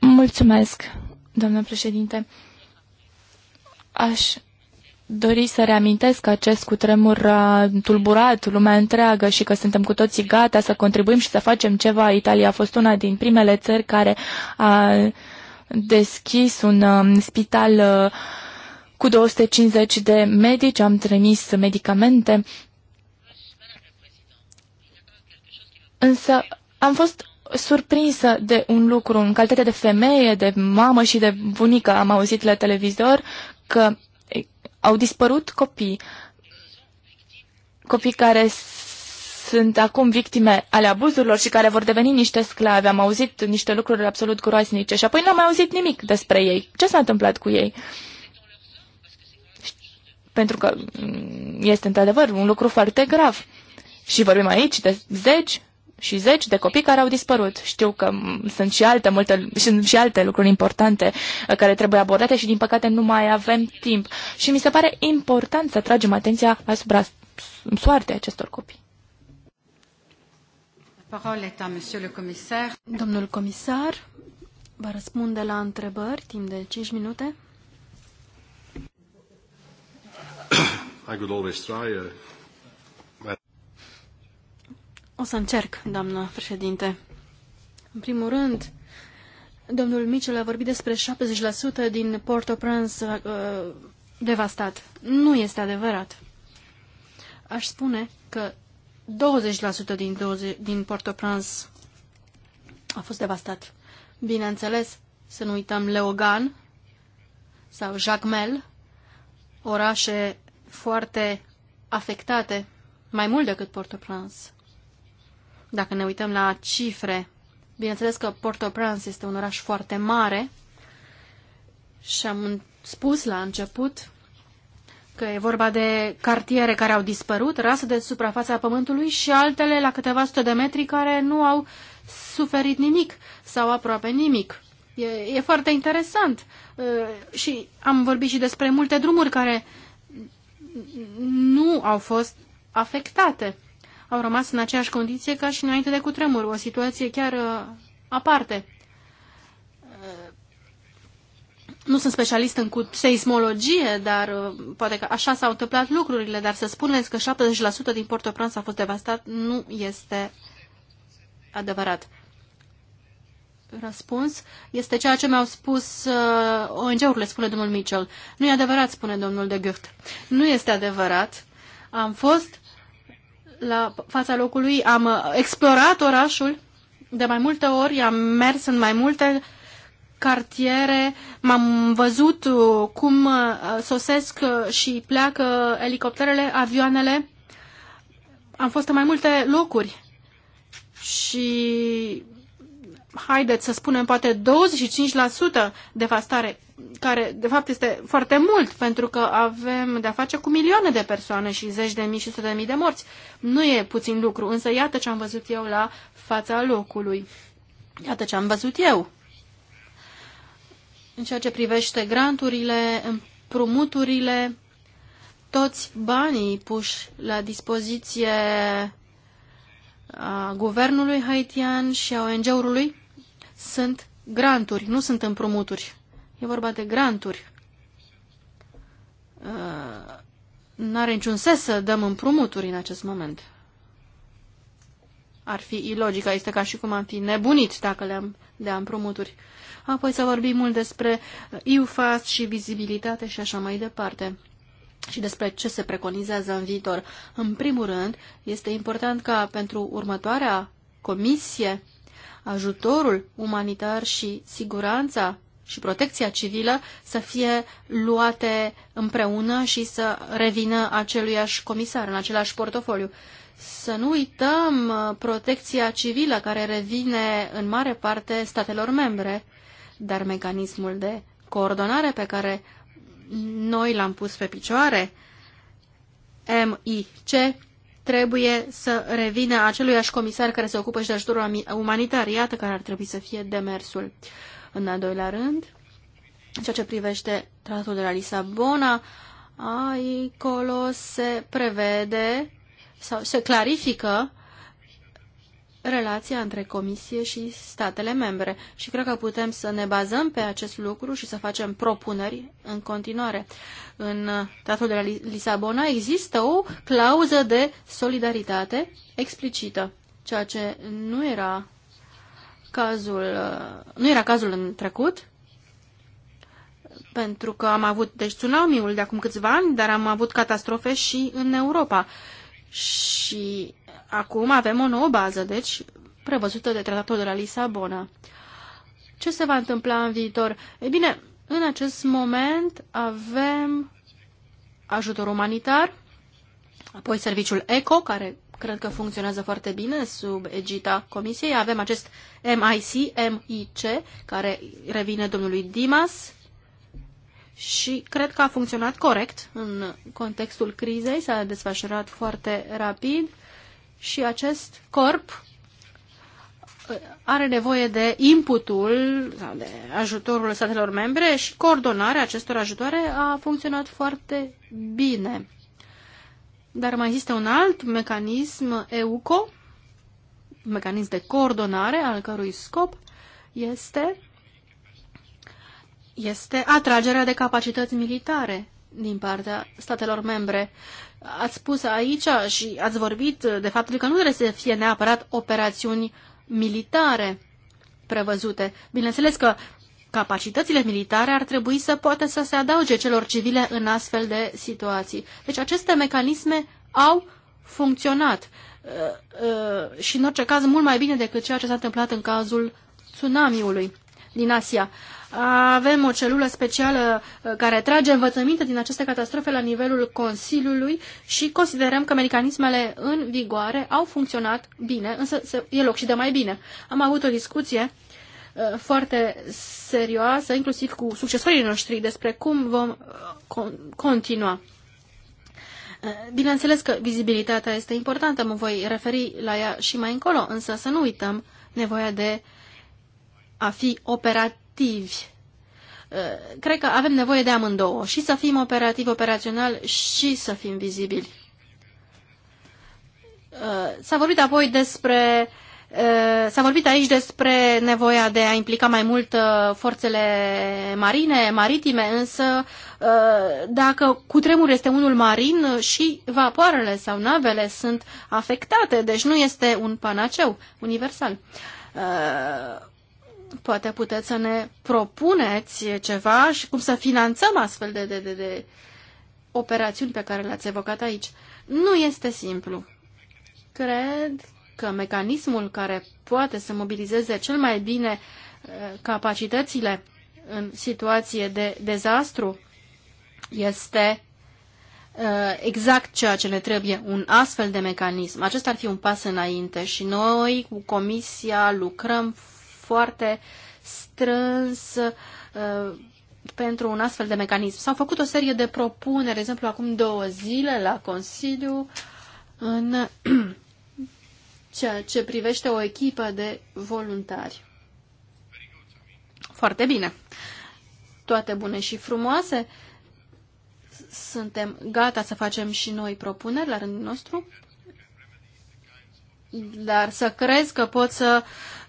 Mulțumesc, doamnă președinte. Aș dori să reamintesc că acest cutremur a uh, tulburat lumea întreagă și că suntem cu toții gata să contribuim și să facem ceva. Italia a fost una din primele țări care a deschis un um, spital uh, cu 250 de medici, am trimis medicamente. Însă am fost surprinsă de un lucru în calitate de femeie, de mamă și de bunică. Am auzit la televizor că au dispărut copii, copii care sunt acum victime ale abuzurilor și care vor deveni niște sclave. Am auzit niște lucruri absolut groaznice și apoi n-am mai auzit nimic despre ei. Ce s-a întâmplat cu ei? Pentru că mm, este într-adevăr un lucru foarte grav. Și vorbim aici de zeci și zeci de copii care au dispărut. Știu că sunt și alte, multe, sunt și alte lucruri importante uh, care trebuie abordate și din păcate nu mai avem timp. Și mi se pare important să tragem atenția asupra soartei acestor copii. Domnul comisar, va răspunde la întrebări timp de 5 minute. I could always try. Uh... O să încerc, doamnă președinte. În primul rând, domnul Mitchell a vorbit despre 70% din Port-au-Prince uh, devastat. Nu este adevărat. Aș spune că 20% din, 20, din Port-au-Prince a fost devastat. Bineînțeles, să nu uităm Leogan sau Jacmel, orașe foarte afectate, mai mult decât Port-au-Prince dacă ne uităm la cifre, bineînțeles că Port-au-Prince este un oraș foarte mare și am spus la început că e vorba de cartiere care au dispărut, rase de suprafața pământului și altele la câteva sute de metri care nu au suferit nimic sau aproape nimic. E, e foarte interesant e, și am vorbit și despre multe drumuri care nu au fost afectate au rămas în aceeași condiție ca și înainte de cutremur, o situație chiar uh, aparte. Uh, nu sunt specialist în seismologie, dar uh, poate că așa s-au întâmplat lucrurile, dar să spuneți că 70% din Port-au-Prince a fost devastat nu este adevărat. Răspuns este ceea ce mi-au spus uh, ONG-urile, spune domnul Mitchell. Nu e adevărat, spune domnul de Gucht. Nu este adevărat. Am fost la fața locului, am explorat orașul de mai multe ori, am mers în mai multe cartiere, m-am văzut uh, cum uh, sosesc uh, și pleacă elicopterele, avioanele. Am fost în mai multe locuri și haideți să spunem poate 25% devastare care de fapt este foarte mult, pentru că avem de-a face cu milioane de persoane și zeci de mii și sute de mii de morți. Nu e puțin lucru, însă iată ce am văzut eu la fața locului. Iată ce am văzut eu. În ceea ce privește granturile, împrumuturile, toți banii puși la dispoziție a guvernului haitian și a ONG-ului sunt granturi, nu sunt împrumuturi. E vorba de granturi. Uh, n-are niciun sens să dăm împrumuturi în acest moment. Ar fi ilogica, este ca și cum am fi nebunit dacă le-am dea împrumuturi. Apoi să vorbim mult despre IUFAS și vizibilitate și așa mai departe și despre ce se preconizează în viitor. În primul rând, este important ca pentru următoarea comisie ajutorul umanitar și siguranța și protecția civilă să fie luate împreună și să revină aceluiași comisar în același portofoliu. Să nu uităm uh, protecția civilă care revine în mare parte statelor membre, dar mecanismul de coordonare pe care noi l-am pus pe picioare, MIC, trebuie să revină aceluiași comisar care se ocupă și de ajutorul umanitar. Iată care ar trebui să fie demersul. În al doilea rând, ceea ce privește tratatul de la Lisabona, acolo se prevede sau se clarifică relația între Comisie și statele membre și cred că putem să ne bazăm pe acest lucru și să facem propuneri în continuare. În Tratatul de la Lisabona există o clauză de solidaritate explicită, ceea ce nu era cazul, uh, nu era cazul în trecut, pentru că am avut, deci, tsunamiul de acum câțiva ani, dar am avut catastrofe și în Europa. Și acum avem o nouă bază, deci, prevăzută de tratatul de la Lisabona. Ce se va întâmpla în viitor? Ei bine, în acest moment avem ajutor umanitar, apoi serviciul ECO, care cred că funcționează foarte bine sub egita Comisiei. Avem acest MIC, MIC, care revine domnului Dimas și cred că a funcționat corect în contextul crizei, s-a desfășurat foarte rapid și acest corp uh, are nevoie de inputul sau de ajutorul statelor membre și coordonarea acestor ajutoare a funcționat foarte bine. Dar mai există un alt mecanism EUCO, mecanism de coordonare, al cărui scop este, este atragerea de capacități militare din partea statelor membre. Ați spus aici și ați vorbit de faptul că nu trebuie să fie neapărat operațiuni militare prevăzute. Bineînțeles că Capacitățile militare ar trebui să poată să se adauge celor civile în astfel de situații. Deci aceste mecanisme au funcționat uh, uh, și în orice caz mult mai bine decât ceea ce s-a întâmplat în cazul tsunamiului din Asia. Avem o celulă specială uh, care trage învățăminte din aceste catastrofe la nivelul Consiliului și considerăm că mecanismele în vigoare au funcționat bine, însă e loc și de mai bine. Am avut o discuție Uh, foarte serioasă, inclusiv cu succesorii noștri, despre cum vom uh, continua. Uh, bineînțeles că vizibilitatea este importantă, mă voi referi la ea și mai încolo, însă să nu uităm nevoia de a fi operativi. Cred că avem nevoie de amândouă, și să fim operativi, operațional și să fim vizibili. S-a vorbit apoi despre Eh, s-a vorbit aici despre nevoia de a implica mai mult eh, forțele marine, maritime, însă eh, dacă cutremur este unul marin și vapoarele sau navele sunt afectate, deci nu este un panaceu universal. Poate puteți să ne propuneți ceva și cum să finanțăm astfel de, de, de, de operațiuni pe care le-ați evocat aici. Nu este simplu. Cred că mecanismul care poate să mobilizeze cel mai bine uh, capacitățile în situație de dezastru este uh, exact ceea ce ne trebuie, un astfel de mecanism. Acesta ar fi un pas înainte și noi cu Comisia lucrăm foarte strâns uh, pentru un astfel de mecanism. S-au făcut o serie de propuneri, de exemplu, acum două zile la Consiliu în ceea ce privește o echipă de voluntari. Foarte bine. Toate bune și frumoase. Suntem gata să facem și noi propuneri la rândul nostru, dar să crezi că poți să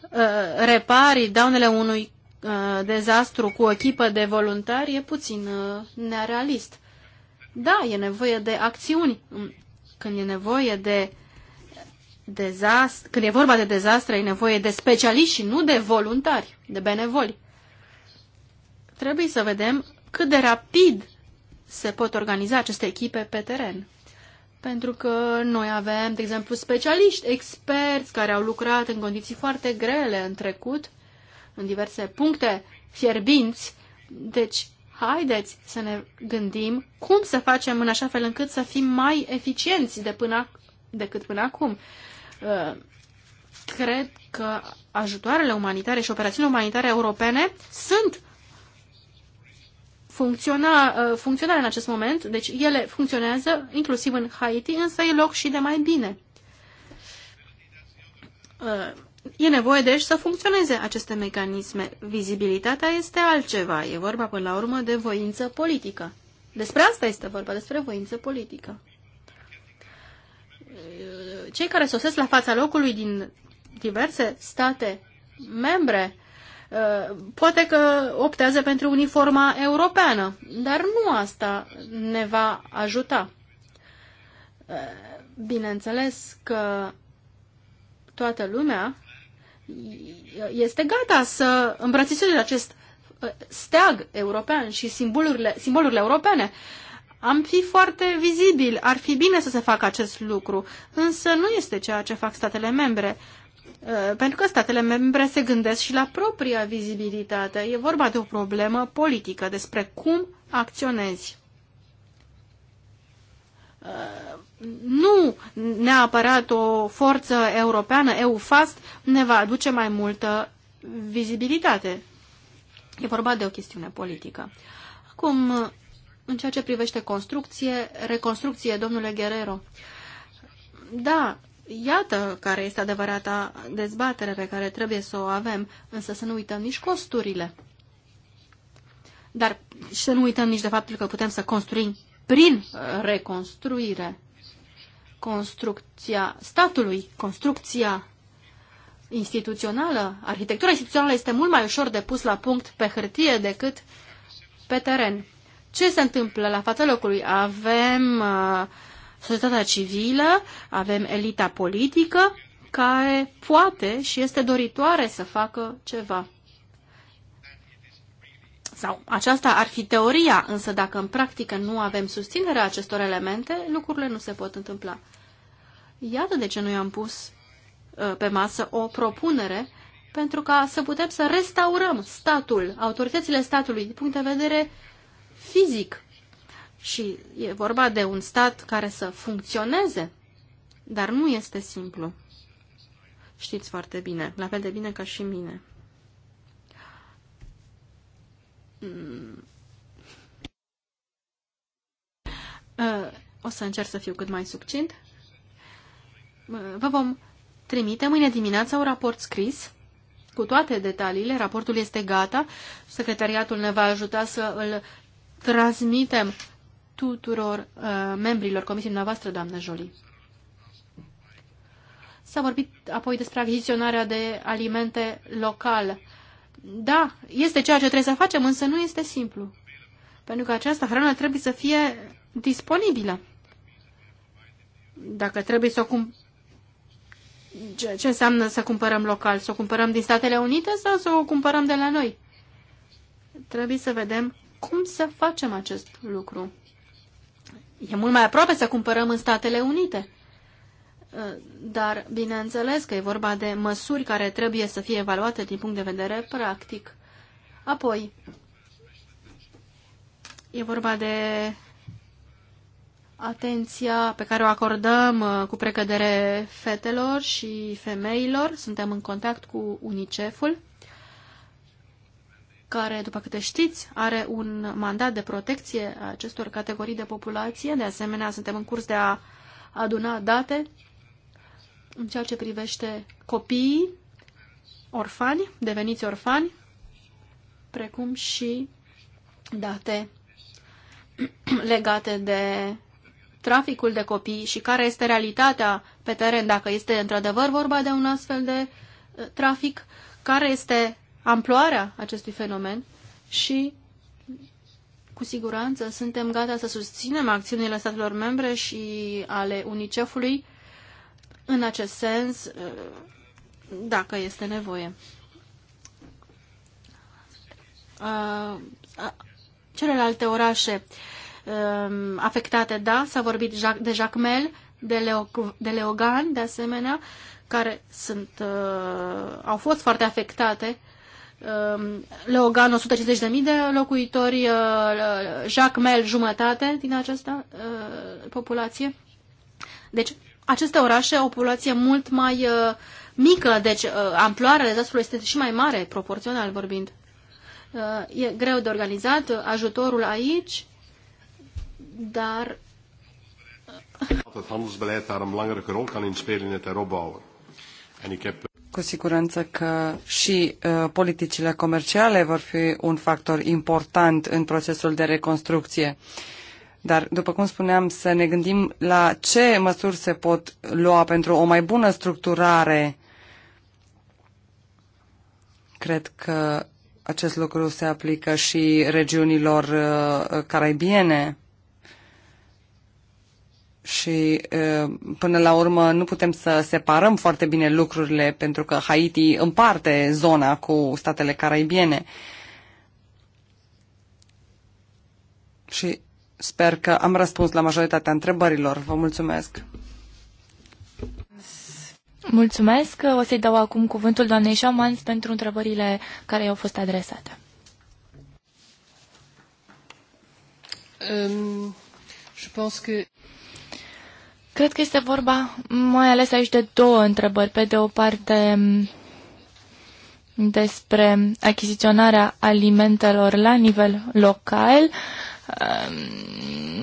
uh, repari daunele unui uh, dezastru cu o echipă de voluntari e puțin uh, nerealist. Da, e nevoie de acțiuni. Când e nevoie de uh, dezast- când e vorba de dezastre, e nevoie de specialiști și nu de voluntari, de benevoli. Trebuie să vedem cât de rapid se pot organiza aceste echipe pe teren. Pentru că noi avem, de exemplu, specialiști, experți care au lucrat în condiții foarte grele în trecut, în diverse puncte fierbinți. Deci, haideți să ne gândim cum să facem în așa fel încât să fim mai eficienți de până, decât până acum. Uh, cred că ajutoarele umanitare și operațiunile umanitare europene sunt funcționa, uh, funcționale în acest moment, deci ele funcționează inclusiv în Haiti, însă e loc și de mai bine. Uh, e nevoie, deci, să funcționeze aceste mecanisme. Vizibilitatea este altceva. E vorba, până la urmă, de voință politică. Despre asta este vorba, despre voință politică cei care sosesc la fața locului din diverse state membre uh, poate că optează pentru uniforma europeană, dar nu asta ne va ajuta. Uh, bineînțeles că toată lumea este gata să îmbrățișeze acest uh, steag european și simbolurile, simbolurile europene, am fi foarte vizibil, ar fi bine să se facă acest lucru, însă nu este ceea ce fac statele membre, uh, pentru că statele membre se gândesc și la propria vizibilitate. E vorba de o problemă politică, despre cum acționezi. Uh, nu neapărat o forță europeană, EUFAST, ne va aduce mai multă vizibilitate. E vorba de o chestiune politică. Acum, în ceea ce privește construcție, reconstrucție, domnule Guerrero, da, iată care este adevărata dezbatere pe care trebuie să o avem, însă să nu uităm nici costurile. Dar și să nu uităm nici de faptul că putem să construim prin uh, reconstruire construcția statului, construcția instituțională, arhitectura instituțională este mult mai ușor de pus la punct pe hârtie decât pe teren. Ce se întâmplă la fața locului? Avem uh, societatea civilă, avem elita politică care poate și este doritoare să facă ceva. Sau aceasta ar fi teoria, însă dacă în practică nu avem susținerea acestor elemente, lucrurile nu se pot întâmpla. Iată de ce noi am pus uh, pe masă o propunere pentru ca să putem să restaurăm statul, autoritățile statului, din punct de vedere fizic și e vorba de un stat care să funcționeze, dar nu este simplu. Știți foarte bine, la fel de bine ca și mine. Mm. Uh, o să încerc să fiu cât mai succint. Uh, vă vom trimite mâine dimineața un raport scris cu toate detaliile. Raportul este gata. Secretariatul ne va ajuta să îl transmitem tuturor uh, membrilor comisiei noastre, doamnă Jolie. S-a vorbit apoi despre achiziționarea de alimente local. Da, este ceea ce trebuie să facem, însă nu este simplu. Pentru că această hrană trebuie să fie disponibilă. Dacă trebuie să o cum... Ce, ce înseamnă să cumpărăm local? Să o cumpărăm din Statele Unite sau să o cumpărăm de la noi? Trebuie să vedem cum să facem acest lucru? E mult mai aproape să cumpărăm în Statele Unite. Dar, bineînțeles că e vorba de măsuri care trebuie să fie evaluate din punct de vedere practic. Apoi, e vorba de atenția pe care o acordăm uh, cu precădere fetelor și femeilor. Suntem în contact cu UNICEF-ul care, după câte știți, are un mandat de protecție a acestor categorii de populație. De asemenea, suntem în curs de a aduna date în ceea ce privește copiii, orfani, deveniți orfani, precum și date legate de traficul de copii și care este realitatea pe teren, dacă este într-adevăr vorba de un astfel de uh, trafic, care este amploarea acestui fenomen și cu siguranță suntem gata să susținem acțiunile statelor membre și ale UNICEF-ului în acest sens uh, dacă este nevoie. Uh, celelalte orașe um, afectate, da, s-a vorbit de Jacmel, de, Leo, de Leogan, de asemenea, care sunt, uh, au fost foarte afectate Um, Leogan 150.000 de locuitori, uh, Jacques Mel jumătate din această uh, populație. Deci aceste orașe au o populație mult mai uh, mică, deci amploarea dezastrului este și mai mare, proporțional vorbind. E greu de organizat ajutorul aici, dar... Het handelsbeleid daar een belangrijke rol kan inspelen in het heropbouwen. En ik heb... Cu siguranță că și uh, politicile comerciale vor fi un factor important în procesul de reconstrucție. Dar, după cum spuneam, să ne gândim la ce măsuri se pot lua pentru o mai bună structurare. Cred că acest lucru se aplică și regiunilor uh, caraibiene și până la urmă nu putem să separăm foarte bine lucrurile pentru că Haiti împarte zona cu statele caraibiene. Și sper că am răspuns la majoritatea întrebărilor. Vă mulțumesc! Mulțumesc! O să-i dau acum cuvântul doamnei Șamans pentru întrebările care i-au fost adresate. Um, je pense que... Cred că este vorba mai ales aici de două întrebări. Pe de o parte, despre achiziționarea alimentelor la nivel local. Ehm,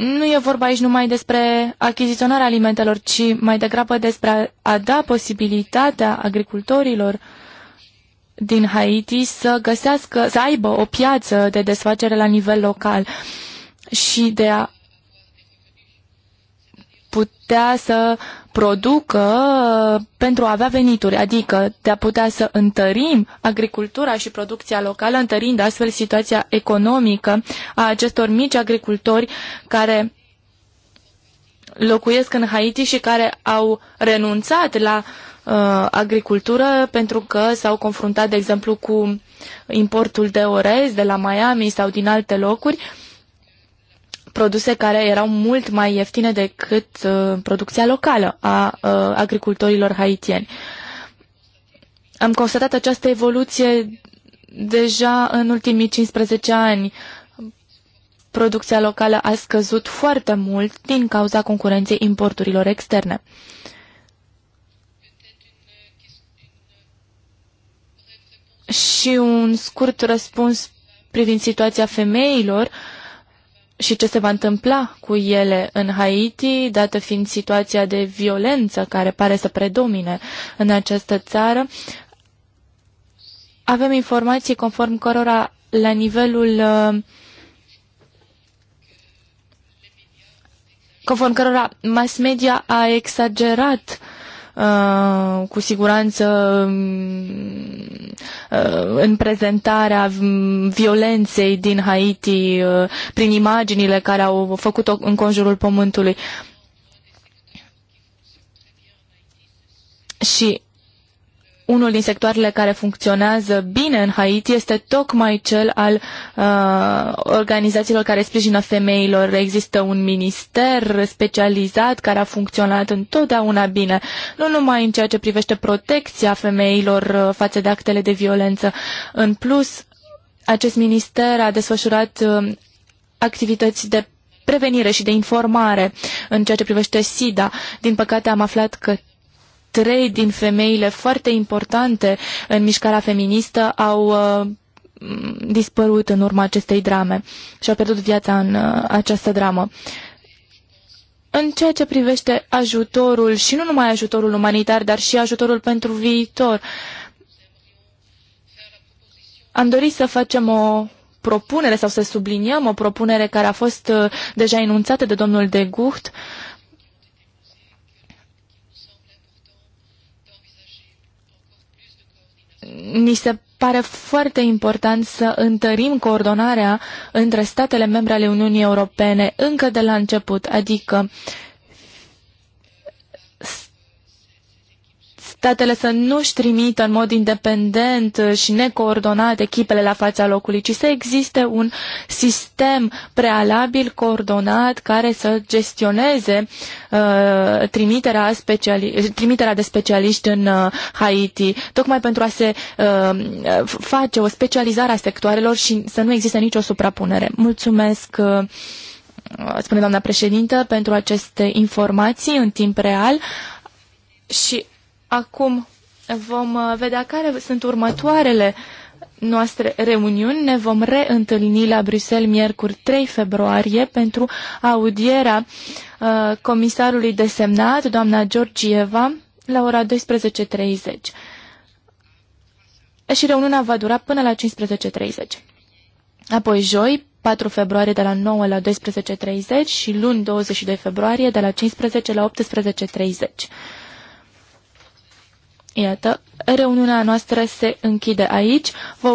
nu e vorba aici numai despre achiziționarea alimentelor, ci mai degrabă despre a da posibilitatea agricultorilor din Haiti să găsească, să aibă o piață de desfacere la nivel local și de a putea să producă uh, pentru a avea venituri, adică de a putea să întărim agricultura și producția locală, întărind astfel situația economică a acestor mici agricultori care locuiesc în Haiti și care au renunțat la uh, agricultură pentru că s-au confruntat, de exemplu, cu importul de orez de la Miami sau din alte locuri. Uh, produse care erau mult mai ieftine decât uh, producția locală a uh, agricultorilor haitieni. Am constatat această evoluție deja în ultimii 15 ani. Producția locală a scăzut foarte mult din cauza concurenței importurilor externe. Și un scurt răspuns privind situația femeilor uh, și ce se va întâmpla cu ele în Haiti, dată fiind situația de violență care pare să predomine în această țară. Avem informații conform cărora la nivelul uh, conform cărora mass media a exagerat uh, Uh, cu siguranță um, uh, în prezentarea um, violenței din Haiti uh, prin imaginile care au făcut-o în conjurul pământului. Și unul din sectoarele care funcționează bine în Haiti este tocmai cel al uh, organizațiilor care sprijină femeilor. Există un minister specializat care a funcționat întotdeauna bine, nu numai în ceea ce privește protecția femeilor uh, față de actele de violență. În plus, acest minister a desfășurat uh, activități de prevenire și de informare în ceea ce privește SIDA. Din păcate am aflat că trei din femeile foarte importante în mișcarea feministă au uh, dispărut în urma acestei drame și au pierdut viața în uh, această dramă. În ceea ce privește ajutorul și nu numai ajutorul umanitar, dar și ajutorul pentru viitor, am dorit să facem o propunere sau să subliniem o propunere care a fost uh, deja enunțată de domnul de Gucht, uh, ni se pare foarte important să întărim coordonarea între statele membre ale Uniunii Europene încă de la început, adică uh, statele să nu-și trimită în mod independent uh, și necoordonat echipele la fața locului, ci să existe un sistem prealabil, coordonat, care să gestioneze uh, trimiterea, speciali- trimiterea de specialiști în uh, Haiti, tocmai pentru a se uh, face o specializare a sectoarelor și să nu existe nicio suprapunere. Mulțumesc! Uh, spune doamna președintă, pentru aceste informații în timp real și Acum vom uh, vedea care sunt următoarele noastre reuniuni. Ne vom reîntâlni la Bruxelles miercuri 3 februarie pentru audierea uh, comisarului desemnat, doamna Georgieva, la ora 12.30. Și reuniunea va dura până la 15.30. Apoi joi, 4 februarie de la 9 la 12.30 și luni 22 februarie de la 15 la 18.30. Iată, reuniunea noastră se închide aici. Vă